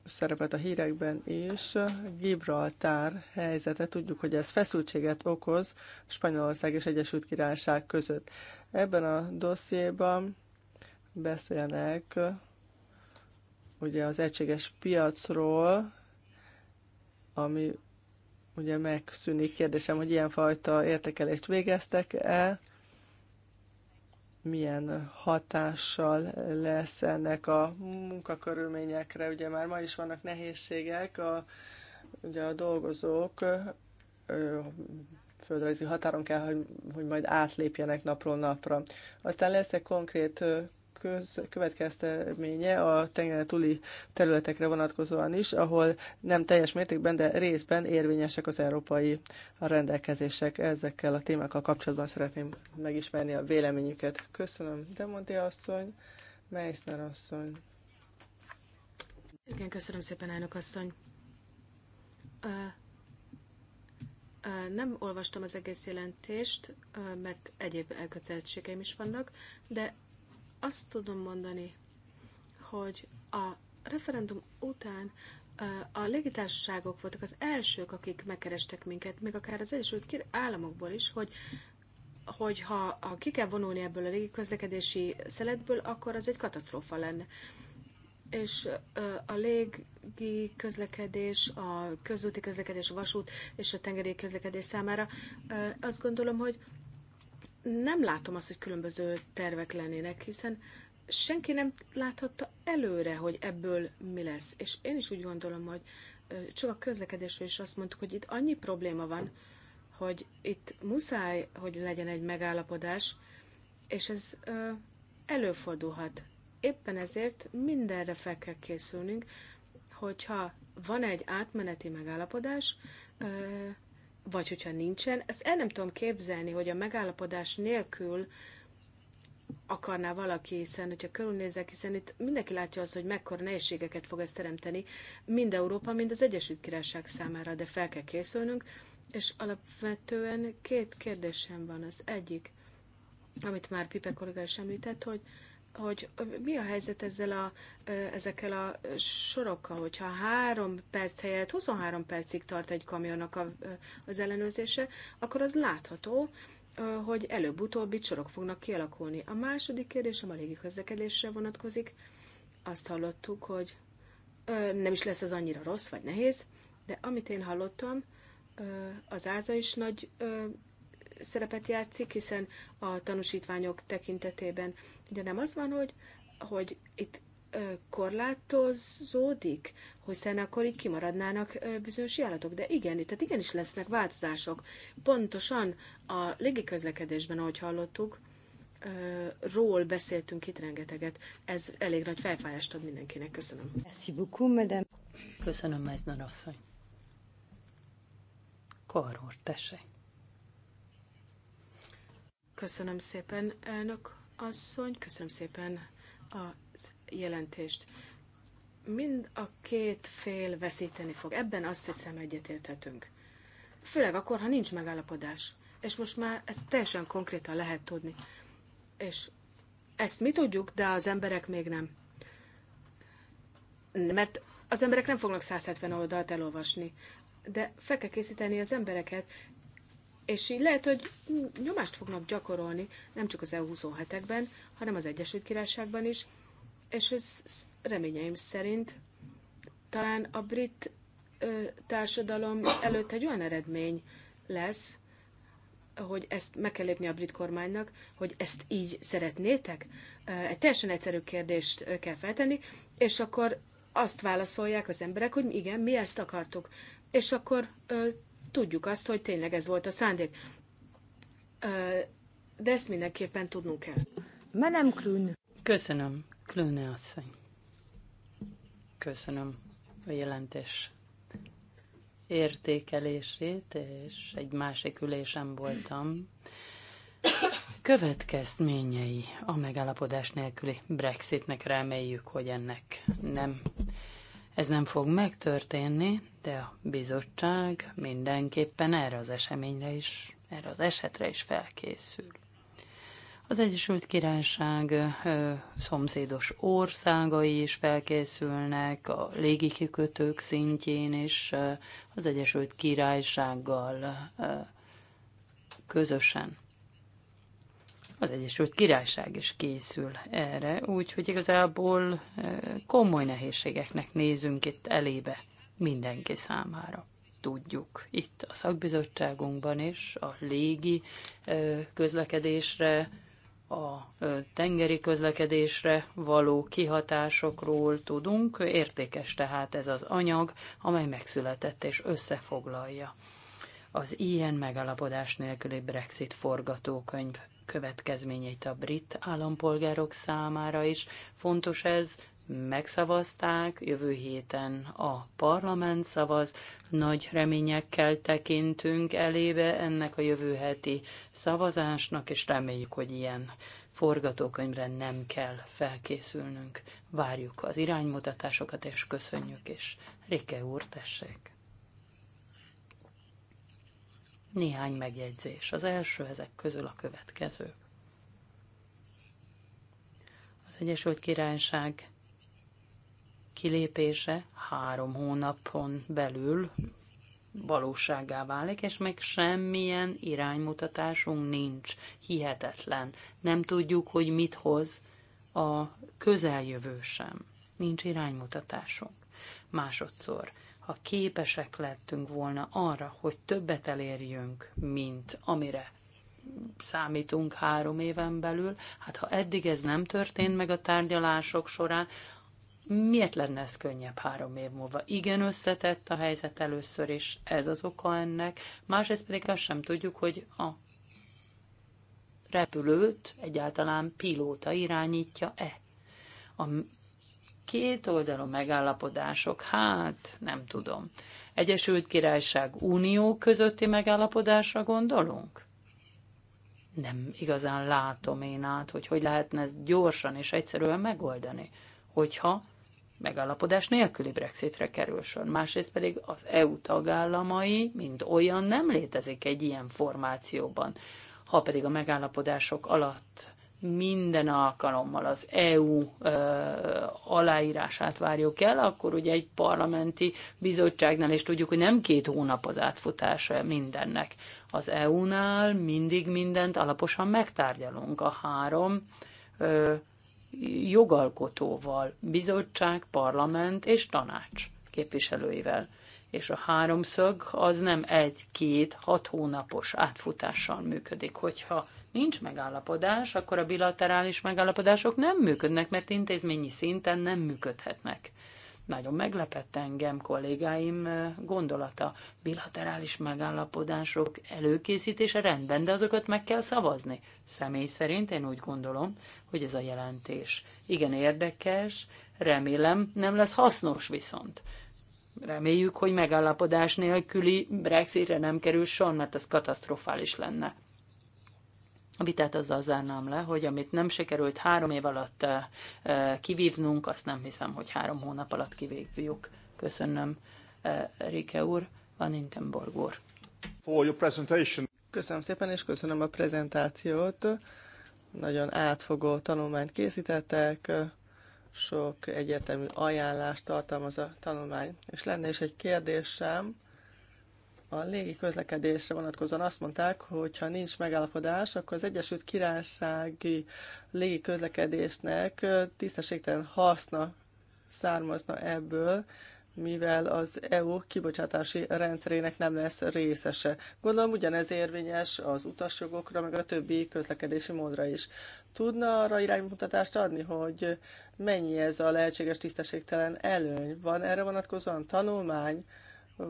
szerepelt a hírekben is. Gibraltár helyzete. Tudjuk, hogy ez feszültséget okoz Spanyolország és Egyesült Királyság között. Ebben a dossziéban beszélnek ugye az egységes piacról, ami ugye megszűnik. Kérdésem, hogy ilyenfajta értékelést végeztek el, milyen hatással lesz ennek a munkakörülményekre. Ugye már ma is vannak nehézségek, a, ugye a dolgozók ö, földrajzi határon kell, hogy, hogy majd átlépjenek napról napra. Aztán lesz-e konkrét köz, következteménye a tenger túli területekre vonatkozóan is, ahol nem teljes mértékben, de részben érvényesek az európai rendelkezések. Ezekkel a témákkal kapcsolatban szeretném megismerni a véleményüket. Köszönöm, Demonté asszony, Meissner asszony. Igen, köszönöm szépen, elnök asszony. Uh, nem olvastam az egész jelentést, mert egyéb elkötelezettségeim is vannak, de azt tudom mondani, hogy a referendum után eh, a légitársaságok voltak az elsők, akik megkerestek minket, még akár az első államokból is, hogy hogyha ha ki kell vonulni ebből a légiközlekedési szeletből, akkor az egy katasztrófa lenne. És eh, a légi közlekedés, a közúti közlekedés, a vasút és a tengeri közlekedés számára eh, azt gondolom, hogy nem látom azt, hogy különböző tervek lennének, hiszen senki nem láthatta előre, hogy ebből mi lesz. És én is úgy gondolom, hogy csak a közlekedésről is azt mondtuk, hogy itt annyi probléma van, hogy itt muszáj, hogy legyen egy megállapodás, és ez ö, előfordulhat. Éppen ezért mindenre fel kell készülnünk, hogyha van egy átmeneti megállapodás, ö, vagy hogyha nincsen, ezt el nem tudom képzelni, hogy a megállapodás nélkül akarná valaki, hiszen hogyha körülnézek, hiszen itt mindenki látja azt, hogy mekkora nehézségeket fog ez teremteni, mind Európa, mind az Egyesült Királyság számára, de fel kell készülnünk, és alapvetően két kérdésem van. Az egyik, amit már Pipe kollega is említett, hogy hogy mi a helyzet ezzel a, ezekkel a sorokkal, hogyha három perc helyett 23 percig tart egy kamionnak a, az ellenőrzése, akkor az látható, hogy előbb-utóbb itt sorok fognak kialakulni. A második kérdésem a közlekedésre vonatkozik. Azt hallottuk, hogy nem is lesz az annyira rossz vagy nehéz, de amit én hallottam, az áza is nagy szerepet játszik, hiszen a tanúsítványok tekintetében ugye nem az van, hogy, hogy itt korlátozódik, hiszen akkor így kimaradnának bizonyos jelatok. De igen, tehát igenis lesznek változások. Pontosan a légiközlekedésben, ahogy hallottuk, ról beszéltünk itt rengeteget. Ez elég nagy felfájást ad mindenkinek. Köszönöm. Merci beaucoup, madame. Köszönöm, Meissner asszony. Karor, tessék. Köszönöm szépen, elnök asszony, köszönöm szépen az jelentést. Mind a két fél veszíteni fog. Ebben azt hiszem egyetérthetünk. Főleg akkor, ha nincs megállapodás. És most már ezt teljesen konkrétan lehet tudni. És ezt mi tudjuk, de az emberek még nem. Mert az emberek nem fognak 170 oldalt elolvasni de fel kell készíteni az embereket, és így lehet, hogy nyomást fognak gyakorolni, nem csak az EU27-ekben, hanem az Egyesült Királyságban is, és ez reményeim szerint talán a brit ö, társadalom előtt egy olyan eredmény lesz, hogy ezt meg kell lépni a brit kormánynak, hogy ezt így szeretnétek? Egy teljesen egyszerű kérdést kell feltenni, és akkor azt válaszolják az emberek, hogy igen, mi ezt akartuk. És akkor tudjuk azt, hogy tényleg ez volt a szándék. De ezt mindenképpen tudnunk kell. Menem Klün. Köszönöm, Klüne asszony. Köszönöm a jelentés értékelését, és egy másik ülésen voltam. Következményei a megállapodás nélküli Brexitnek reméljük, hogy ennek nem ez nem fog megtörténni, de a bizottság mindenképpen erre az eseményre is, erre az esetre is felkészül. Az Egyesült Királyság ö, szomszédos országai is felkészülnek, a légikikötők szintjén is ö, az Egyesült Királysággal ö, közösen az Egyesült Királyság is készül erre, úgyhogy igazából eh, komoly nehézségeknek nézünk itt elébe mindenki számára. Tudjuk itt a szakbizottságunkban is a légi eh, közlekedésre, a eh, tengeri közlekedésre való kihatásokról tudunk, értékes tehát ez az anyag, amely megszületett és összefoglalja az ilyen megalapodás nélküli Brexit forgatókönyv következményeit a brit állampolgárok számára is. Fontos ez, megszavazták, jövő héten a parlament szavaz, nagy reményekkel tekintünk elébe ennek a jövő heti szavazásnak, és reméljük, hogy ilyen forgatókönyvre nem kell felkészülnünk. Várjuk az iránymutatásokat, és köszönjük és Rike úr, tessék! Néhány megjegyzés. Az első ezek közül a következő. Az Egyesült Királyság kilépése három hónapon belül valóságá válik, és még semmilyen iránymutatásunk nincs. Hihetetlen. Nem tudjuk, hogy mit hoz a közeljövő sem. Nincs iránymutatásunk. Másodszor ha képesek lettünk volna arra, hogy többet elérjünk, mint amire számítunk három éven belül, hát ha eddig ez nem történt meg a tárgyalások során, miért lenne ez könnyebb három év múlva? Igen, összetett a helyzet először is, ez az oka ennek, másrészt pedig azt sem tudjuk, hogy a repülőt egyáltalán pilóta irányítja-e. A Két oldalú megállapodások, hát nem tudom. Egyesült Királyság Unió közötti megállapodásra gondolunk? Nem igazán látom én át, hogy hogy lehetne ezt gyorsan és egyszerűen megoldani, hogyha megállapodás nélküli Brexitre kerül sor. Másrészt pedig az EU tagállamai, mint olyan, nem létezik egy ilyen formációban. Ha pedig a megállapodások alatt minden alkalommal az EU ö, aláírását várjuk el, akkor ugye egy parlamenti bizottságnál is tudjuk, hogy nem két hónap az átfutása mindennek. Az EU-nál mindig mindent alaposan megtárgyalunk a három ö, jogalkotóval, bizottság, parlament és tanács képviselőivel. És a háromszög az nem egy-két, hat hónapos átfutással működik, hogyha nincs megállapodás, akkor a bilaterális megállapodások nem működnek, mert intézményi szinten nem működhetnek. Nagyon meglepett engem kollégáim gondolata. Bilaterális megállapodások előkészítése rendben, de azokat meg kell szavazni. Személy szerint én úgy gondolom, hogy ez a jelentés igen érdekes, remélem nem lesz hasznos viszont. Reméljük, hogy megállapodás nélküli Brexitre nem kerül son, mert ez katasztrofális lenne a vitát azzal zárnám le, hogy amit nem sikerült három év alatt kivívnunk, azt nem hiszem, hogy három hónap alatt kivívjuk. Köszönöm, Rike úr, Van Inkenborg úr. For your presentation. Köszönöm szépen, és köszönöm a prezentációt. Nagyon átfogó tanulmányt készítettek, sok egyértelmű ajánlást tartalmaz a tanulmány. És lenne is egy kérdésem, a légi közlekedésre vonatkozóan azt mondták, hogy ha nincs megállapodás, akkor az Egyesült Királysági légi közlekedésnek tisztességtelen haszna származna ebből, mivel az EU kibocsátási rendszerének nem lesz részese. Gondolom ugyanez érvényes az utasjogokra, meg a többi közlekedési módra is. Tudna arra iránymutatást adni, hogy mennyi ez a lehetséges tisztességtelen előny? Van erre vonatkozóan tanulmány?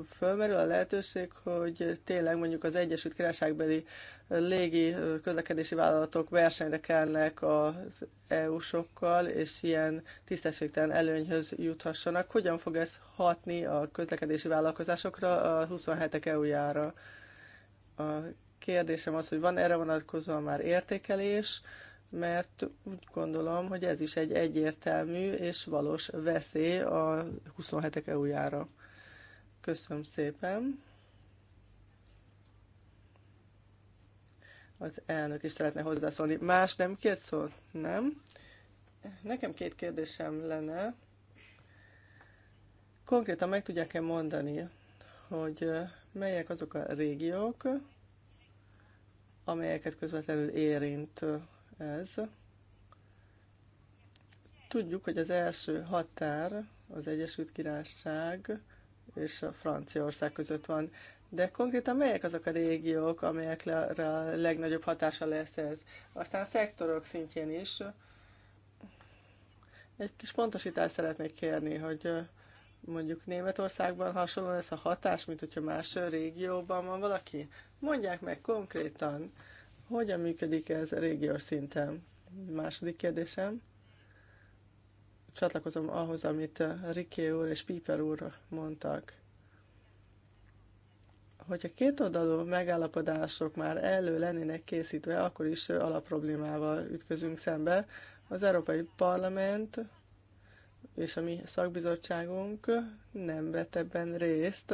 fölmerül a lehetőség, hogy tényleg mondjuk az Egyesült Királyságbeli légi közlekedési vállalatok versenyre kelnek az EU-sokkal, és ilyen tisztességtelen előnyhöz juthassanak. Hogyan fog ez hatni a közlekedési vállalkozásokra a 27-ek EU-jára? A kérdésem az, hogy van erre vonatkozóan már értékelés, mert úgy gondolom, hogy ez is egy egyértelmű és valós veszély a 27-ek EU-jára. Köszönöm szépen. Az elnök is szeretne hozzászólni. Más nem kért szó? Nem. Nekem két kérdésem lenne. Konkrétan meg tudják-e mondani, hogy melyek azok a régiók, amelyeket közvetlenül érint ez? Tudjuk, hogy az első határ az Egyesült Királyság és a Franciaország között van. De konkrétan melyek azok a régiók, amelyekre a legnagyobb hatása lesz ez? Aztán a szektorok szintjén is egy kis pontosítást szeretnék kérni, hogy mondjuk Németországban hasonló lesz a hatás, mint hogyha más régióban van valaki. Mondják meg konkrétan, hogyan működik ez régiós szinten. Második kérdésem csatlakozom ahhoz, amit eh, Riké úr és Piper úr mondtak. Hogyha oldalú megállapodások már elő lennének készítve, akkor is eh, alapproblémával ütközünk szembe. Az Európai Parlament és a mi szakbizottságunk nem vett ebben részt,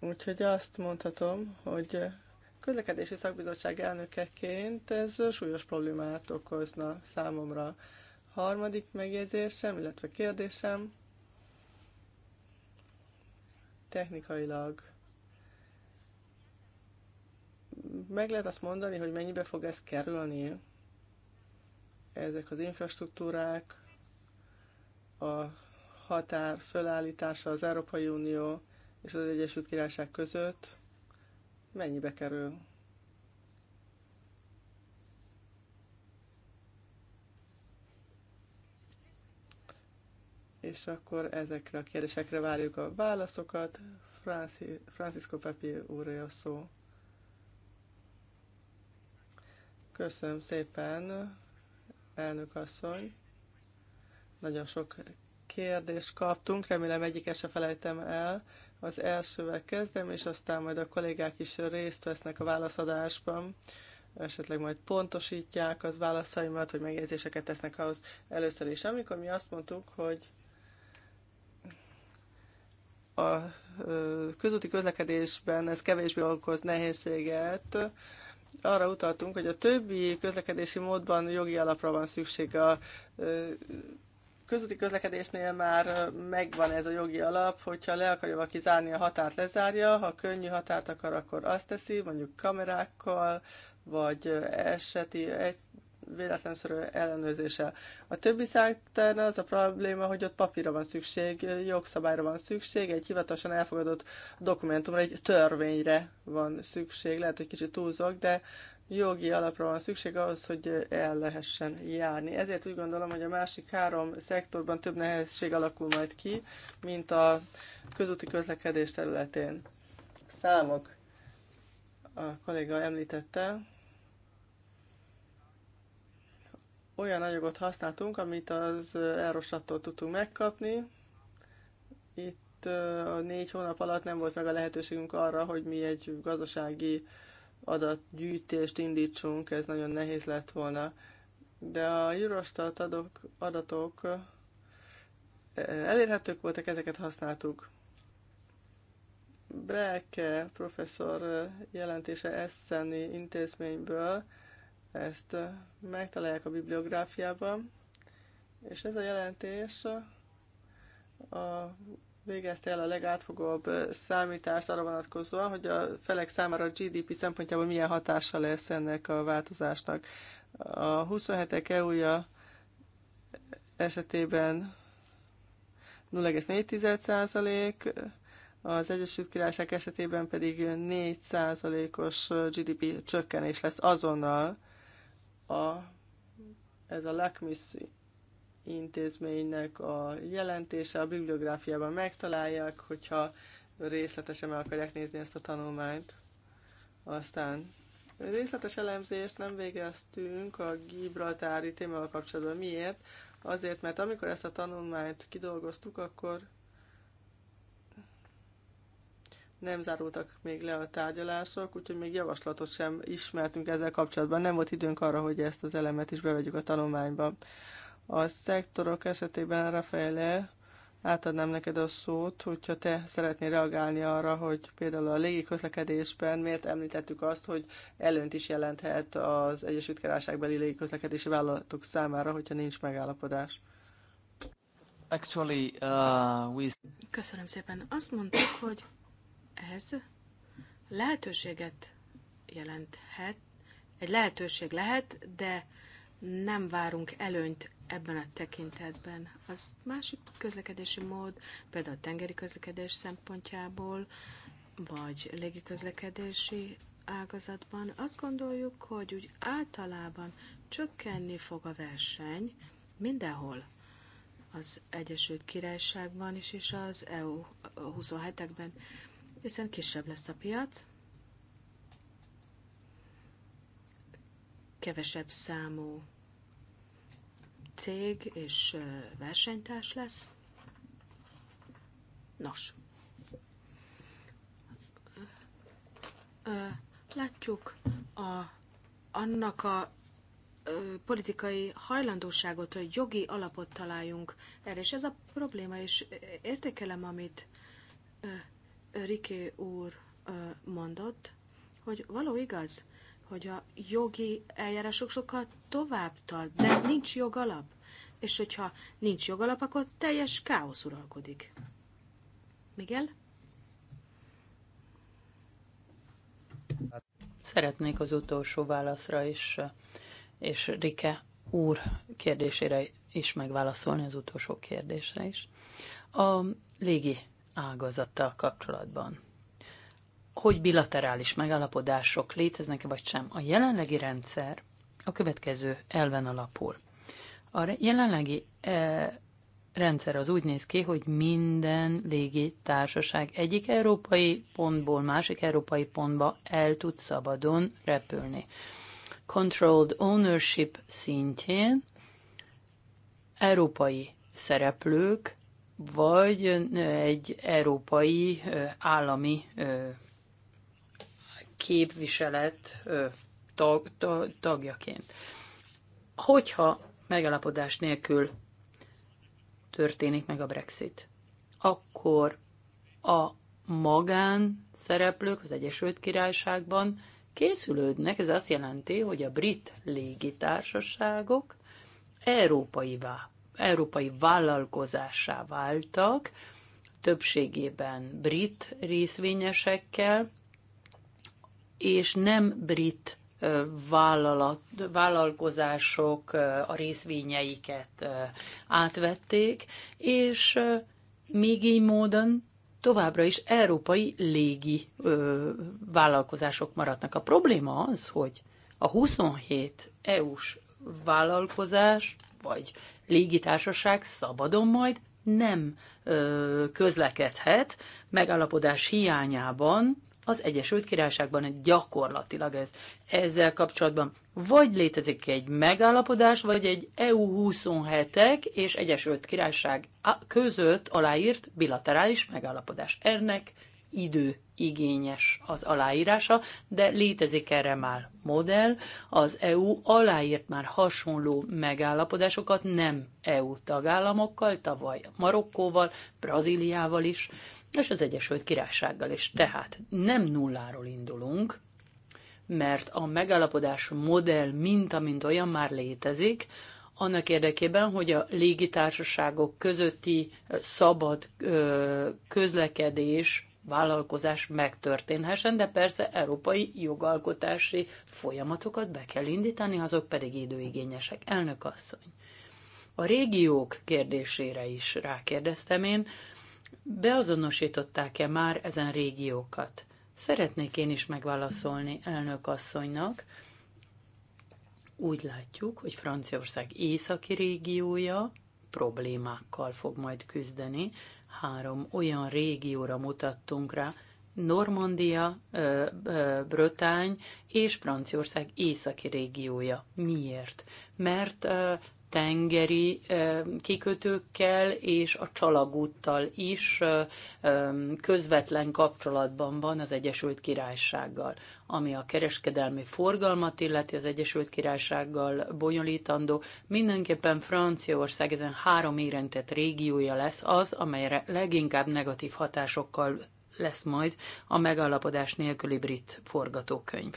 úgyhogy azt mondhatom, hogy közlekedési szakbizottság elnökeként ez súlyos problémát okozna számomra. Harmadik megjegyzésem, illetve kérdésem technikailag meg lehet azt mondani, hogy mennyibe fog ez kerülni, ezek az infrastruktúrák, a határ fölállítása az Európai Unió és az Egyesült Királyság között mennyibe kerül? és akkor ezekre a kérdésekre várjuk a válaszokat. Franci, Francisco Pepi úrja a szó. Köszönöm szépen, elnök asszony. Nagyon sok kérdést kaptunk, remélem egyiket se felejtem el. Az elsővel kezdem, és aztán majd a kollégák is részt vesznek a válaszadásban esetleg majd pontosítják az válaszaimat, hogy megjegyzéseket tesznek ahhoz először is. Amikor mi azt mondtuk, hogy a közúti közlekedésben ez kevésbé okoz nehézséget. Arra utaltunk, hogy a többi közlekedési módban jogi alapra van szükség. A közúti közlekedésnél már megvan ez a jogi alap, hogyha le akarja valaki zárni a határt, lezárja, ha könnyű határt akar, akkor azt teszi, mondjuk kamerákkal, vagy eseti véletlenszerű ellenőrzése. A többi szágtárnál az a probléma, hogy ott papírra van szükség, jogszabályra van szükség, egy hivatalosan elfogadott dokumentumra, egy törvényre van szükség. Lehet, hogy kicsit túlzok, de jogi alapra van szükség ahhoz, hogy el lehessen járni. Ezért úgy gondolom, hogy a másik három szektorban több nehézség alakul majd ki, mint a közúti közlekedés területén. Számok. A kolléga említette, olyan anyagot használtunk, amit az elrosattól tudtunk megkapni. Itt a négy hónap alatt nem volt meg a lehetőségünk arra, hogy mi egy gazdasági adatgyűjtést indítsunk, ez nagyon nehéz lett volna. De a Eurostat adok, adatok elérhetők voltak, ezeket használtuk. Breke professzor jelentése Esszeni intézményből ezt megtalálják a bibliográfiában, és ez a jelentés a, végezte el a legátfogóbb számítást arra vonatkozóan, hogy a felek számára a GDP szempontjából milyen hatása lesz ennek a változásnak. A 27-ek EU-ja esetében 0,4 az Egyesült Királyság esetében pedig 4%-os GDP csökkenés lesz azonnal. A, ez a LACMIS intézménynek a jelentése, a bibliográfiában megtalálják, hogyha részletesen meg akarják nézni ezt a tanulmányt. Aztán részletes elemzést nem végeztünk a Gibraltári témával kapcsolatban. Miért? Azért, mert amikor ezt a tanulmányt kidolgoztuk, akkor nem zárultak még le a tárgyalások, úgyhogy még javaslatot sem ismertünk ezzel kapcsolatban. Nem volt időnk arra, hogy ezt az elemet is bevegyük a tanulmányba. A szektorok esetében, Rafaele, átadnám neked a szót, hogyha te szeretnél reagálni arra, hogy például a légiközlekedésben miért említettük azt, hogy előnt is jelenthet az Egyesült Királyságbeli légiközlekedési vállalatok számára, hogyha nincs megállapodás. Actually, uh, we... Köszönöm szépen. Azt mondtuk, hogy ez lehetőséget jelenthet, egy lehetőség lehet, de nem várunk előnyt ebben a tekintetben. Az másik közlekedési mód, például a tengeri közlekedés szempontjából, vagy légiközlekedési ágazatban azt gondoljuk, hogy úgy általában csökkenni fog a verseny mindenhol. Az Egyesült Királyságban is, és az EU 27-ekben hiszen kisebb lesz a piac, kevesebb számú cég és versenytárs lesz. Nos, látjuk a, annak a politikai hajlandóságot, hogy jogi alapot találjunk erre, és ez a probléma, és értékelem, amit Riké úr mondott, hogy való igaz, hogy a jogi eljárások sokkal tovább tart, de nincs jogalap. És hogyha nincs jogalap, akkor teljes káosz uralkodik. Miguel? Szeretnék az utolsó válaszra is, és Rike úr kérdésére is megválaszolni az utolsó kérdésre is. A légi ágazattal kapcsolatban. Hogy bilaterális megállapodások léteznek-e vagy sem, a jelenlegi rendszer a következő elven alapul. A jelenlegi e, rendszer az úgy néz ki, hogy minden légitársaság egyik európai pontból másik európai pontba el tud szabadon repülni. Controlled ownership szintjén európai szereplők vagy egy európai állami képviselet tag, tagjaként. Hogyha megalapodás nélkül történik meg a Brexit, akkor a magán szereplők az Egyesült Királyságban készülődnek, ez azt jelenti, hogy a brit légitársaságok európaivá európai vállalkozássá váltak, többségében brit részvényesekkel, és nem brit vállalat, vállalkozások a részvényeiket átvették, és még így módon továbbra is európai légi vállalkozások maradnak. A probléma az, hogy a 27 EU-s vállalkozás, vagy légitársaság szabadon majd nem ö, közlekedhet megállapodás hiányában az Egyesült Királyságban gyakorlatilag ez. Ezzel kapcsolatban vagy létezik egy megállapodás, vagy egy EU 27-ek és Egyesült Királyság között aláírt bilaterális megállapodás. Ennek időigényes az aláírása, de létezik erre már modell. Az EU aláírt már hasonló megállapodásokat nem EU tagállamokkal, tavaly Marokkóval, Brazíliával is, és az Egyesült Királysággal is. Tehát nem nulláról indulunk, mert a megállapodás modell minta, mint olyan már létezik, annak érdekében, hogy a légitársaságok közötti szabad közlekedés vállalkozás megtörténhessen, de persze európai jogalkotási folyamatokat be kell indítani, azok pedig időigényesek. Elnök asszony. A régiók kérdésére is rákérdeztem én, beazonosították-e már ezen régiókat? Szeretnék én is megválaszolni elnök asszonynak. Úgy látjuk, hogy Franciaország északi régiója problémákkal fog majd küzdeni, három olyan régióra mutattunk rá, Normandia, Brötány és Franciaország északi régiója. Miért? Mert tengeri kikötőkkel és a csalagúttal is közvetlen kapcsolatban van az Egyesült Királysággal, ami a kereskedelmi forgalmat illeti az Egyesült Királysággal bonyolítandó. Mindenképpen Franciaország ezen három érintett régiója lesz az, amelyre leginkább negatív hatásokkal lesz majd a megállapodás nélküli brit forgatókönyv.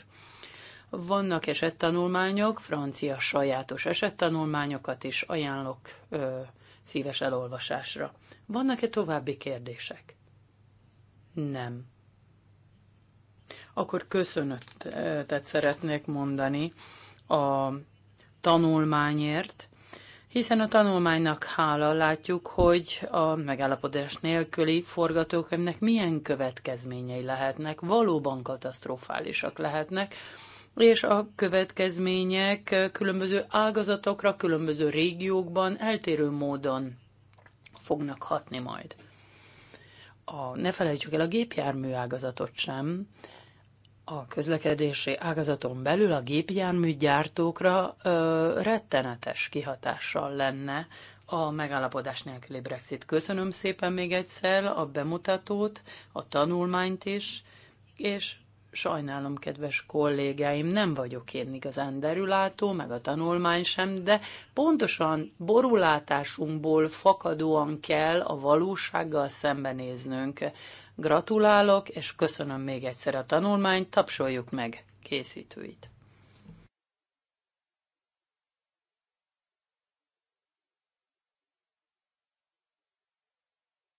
Vannak esettanulmányok, francia sajátos esettanulmányokat is ajánlok ö, szíves elolvasásra. Vannak-e további kérdések? Nem. Akkor köszönetet szeretnék mondani a tanulmányért, hiszen a tanulmánynak hála látjuk, hogy a megállapodás nélküli forgatókönyvnek milyen következményei lehetnek, valóban katasztrofálisak lehetnek, és a következmények különböző ágazatokra, különböző régiókban eltérő módon fognak hatni majd. A, ne felejtsük el a gépjármű ágazatot sem. A közlekedési ágazaton belül a gyártókra ö, rettenetes kihatással lenne a megállapodás nélküli Brexit. Köszönöm szépen még egyszer a bemutatót, a tanulmányt is, és sajnálom, kedves kollégáim, nem vagyok én igazán derülátó, meg a tanulmány sem, de pontosan borulátásunkból fakadóan kell a valósággal szembenéznünk. Gratulálok, és köszönöm még egyszer a tanulmányt, tapsoljuk meg készítőit.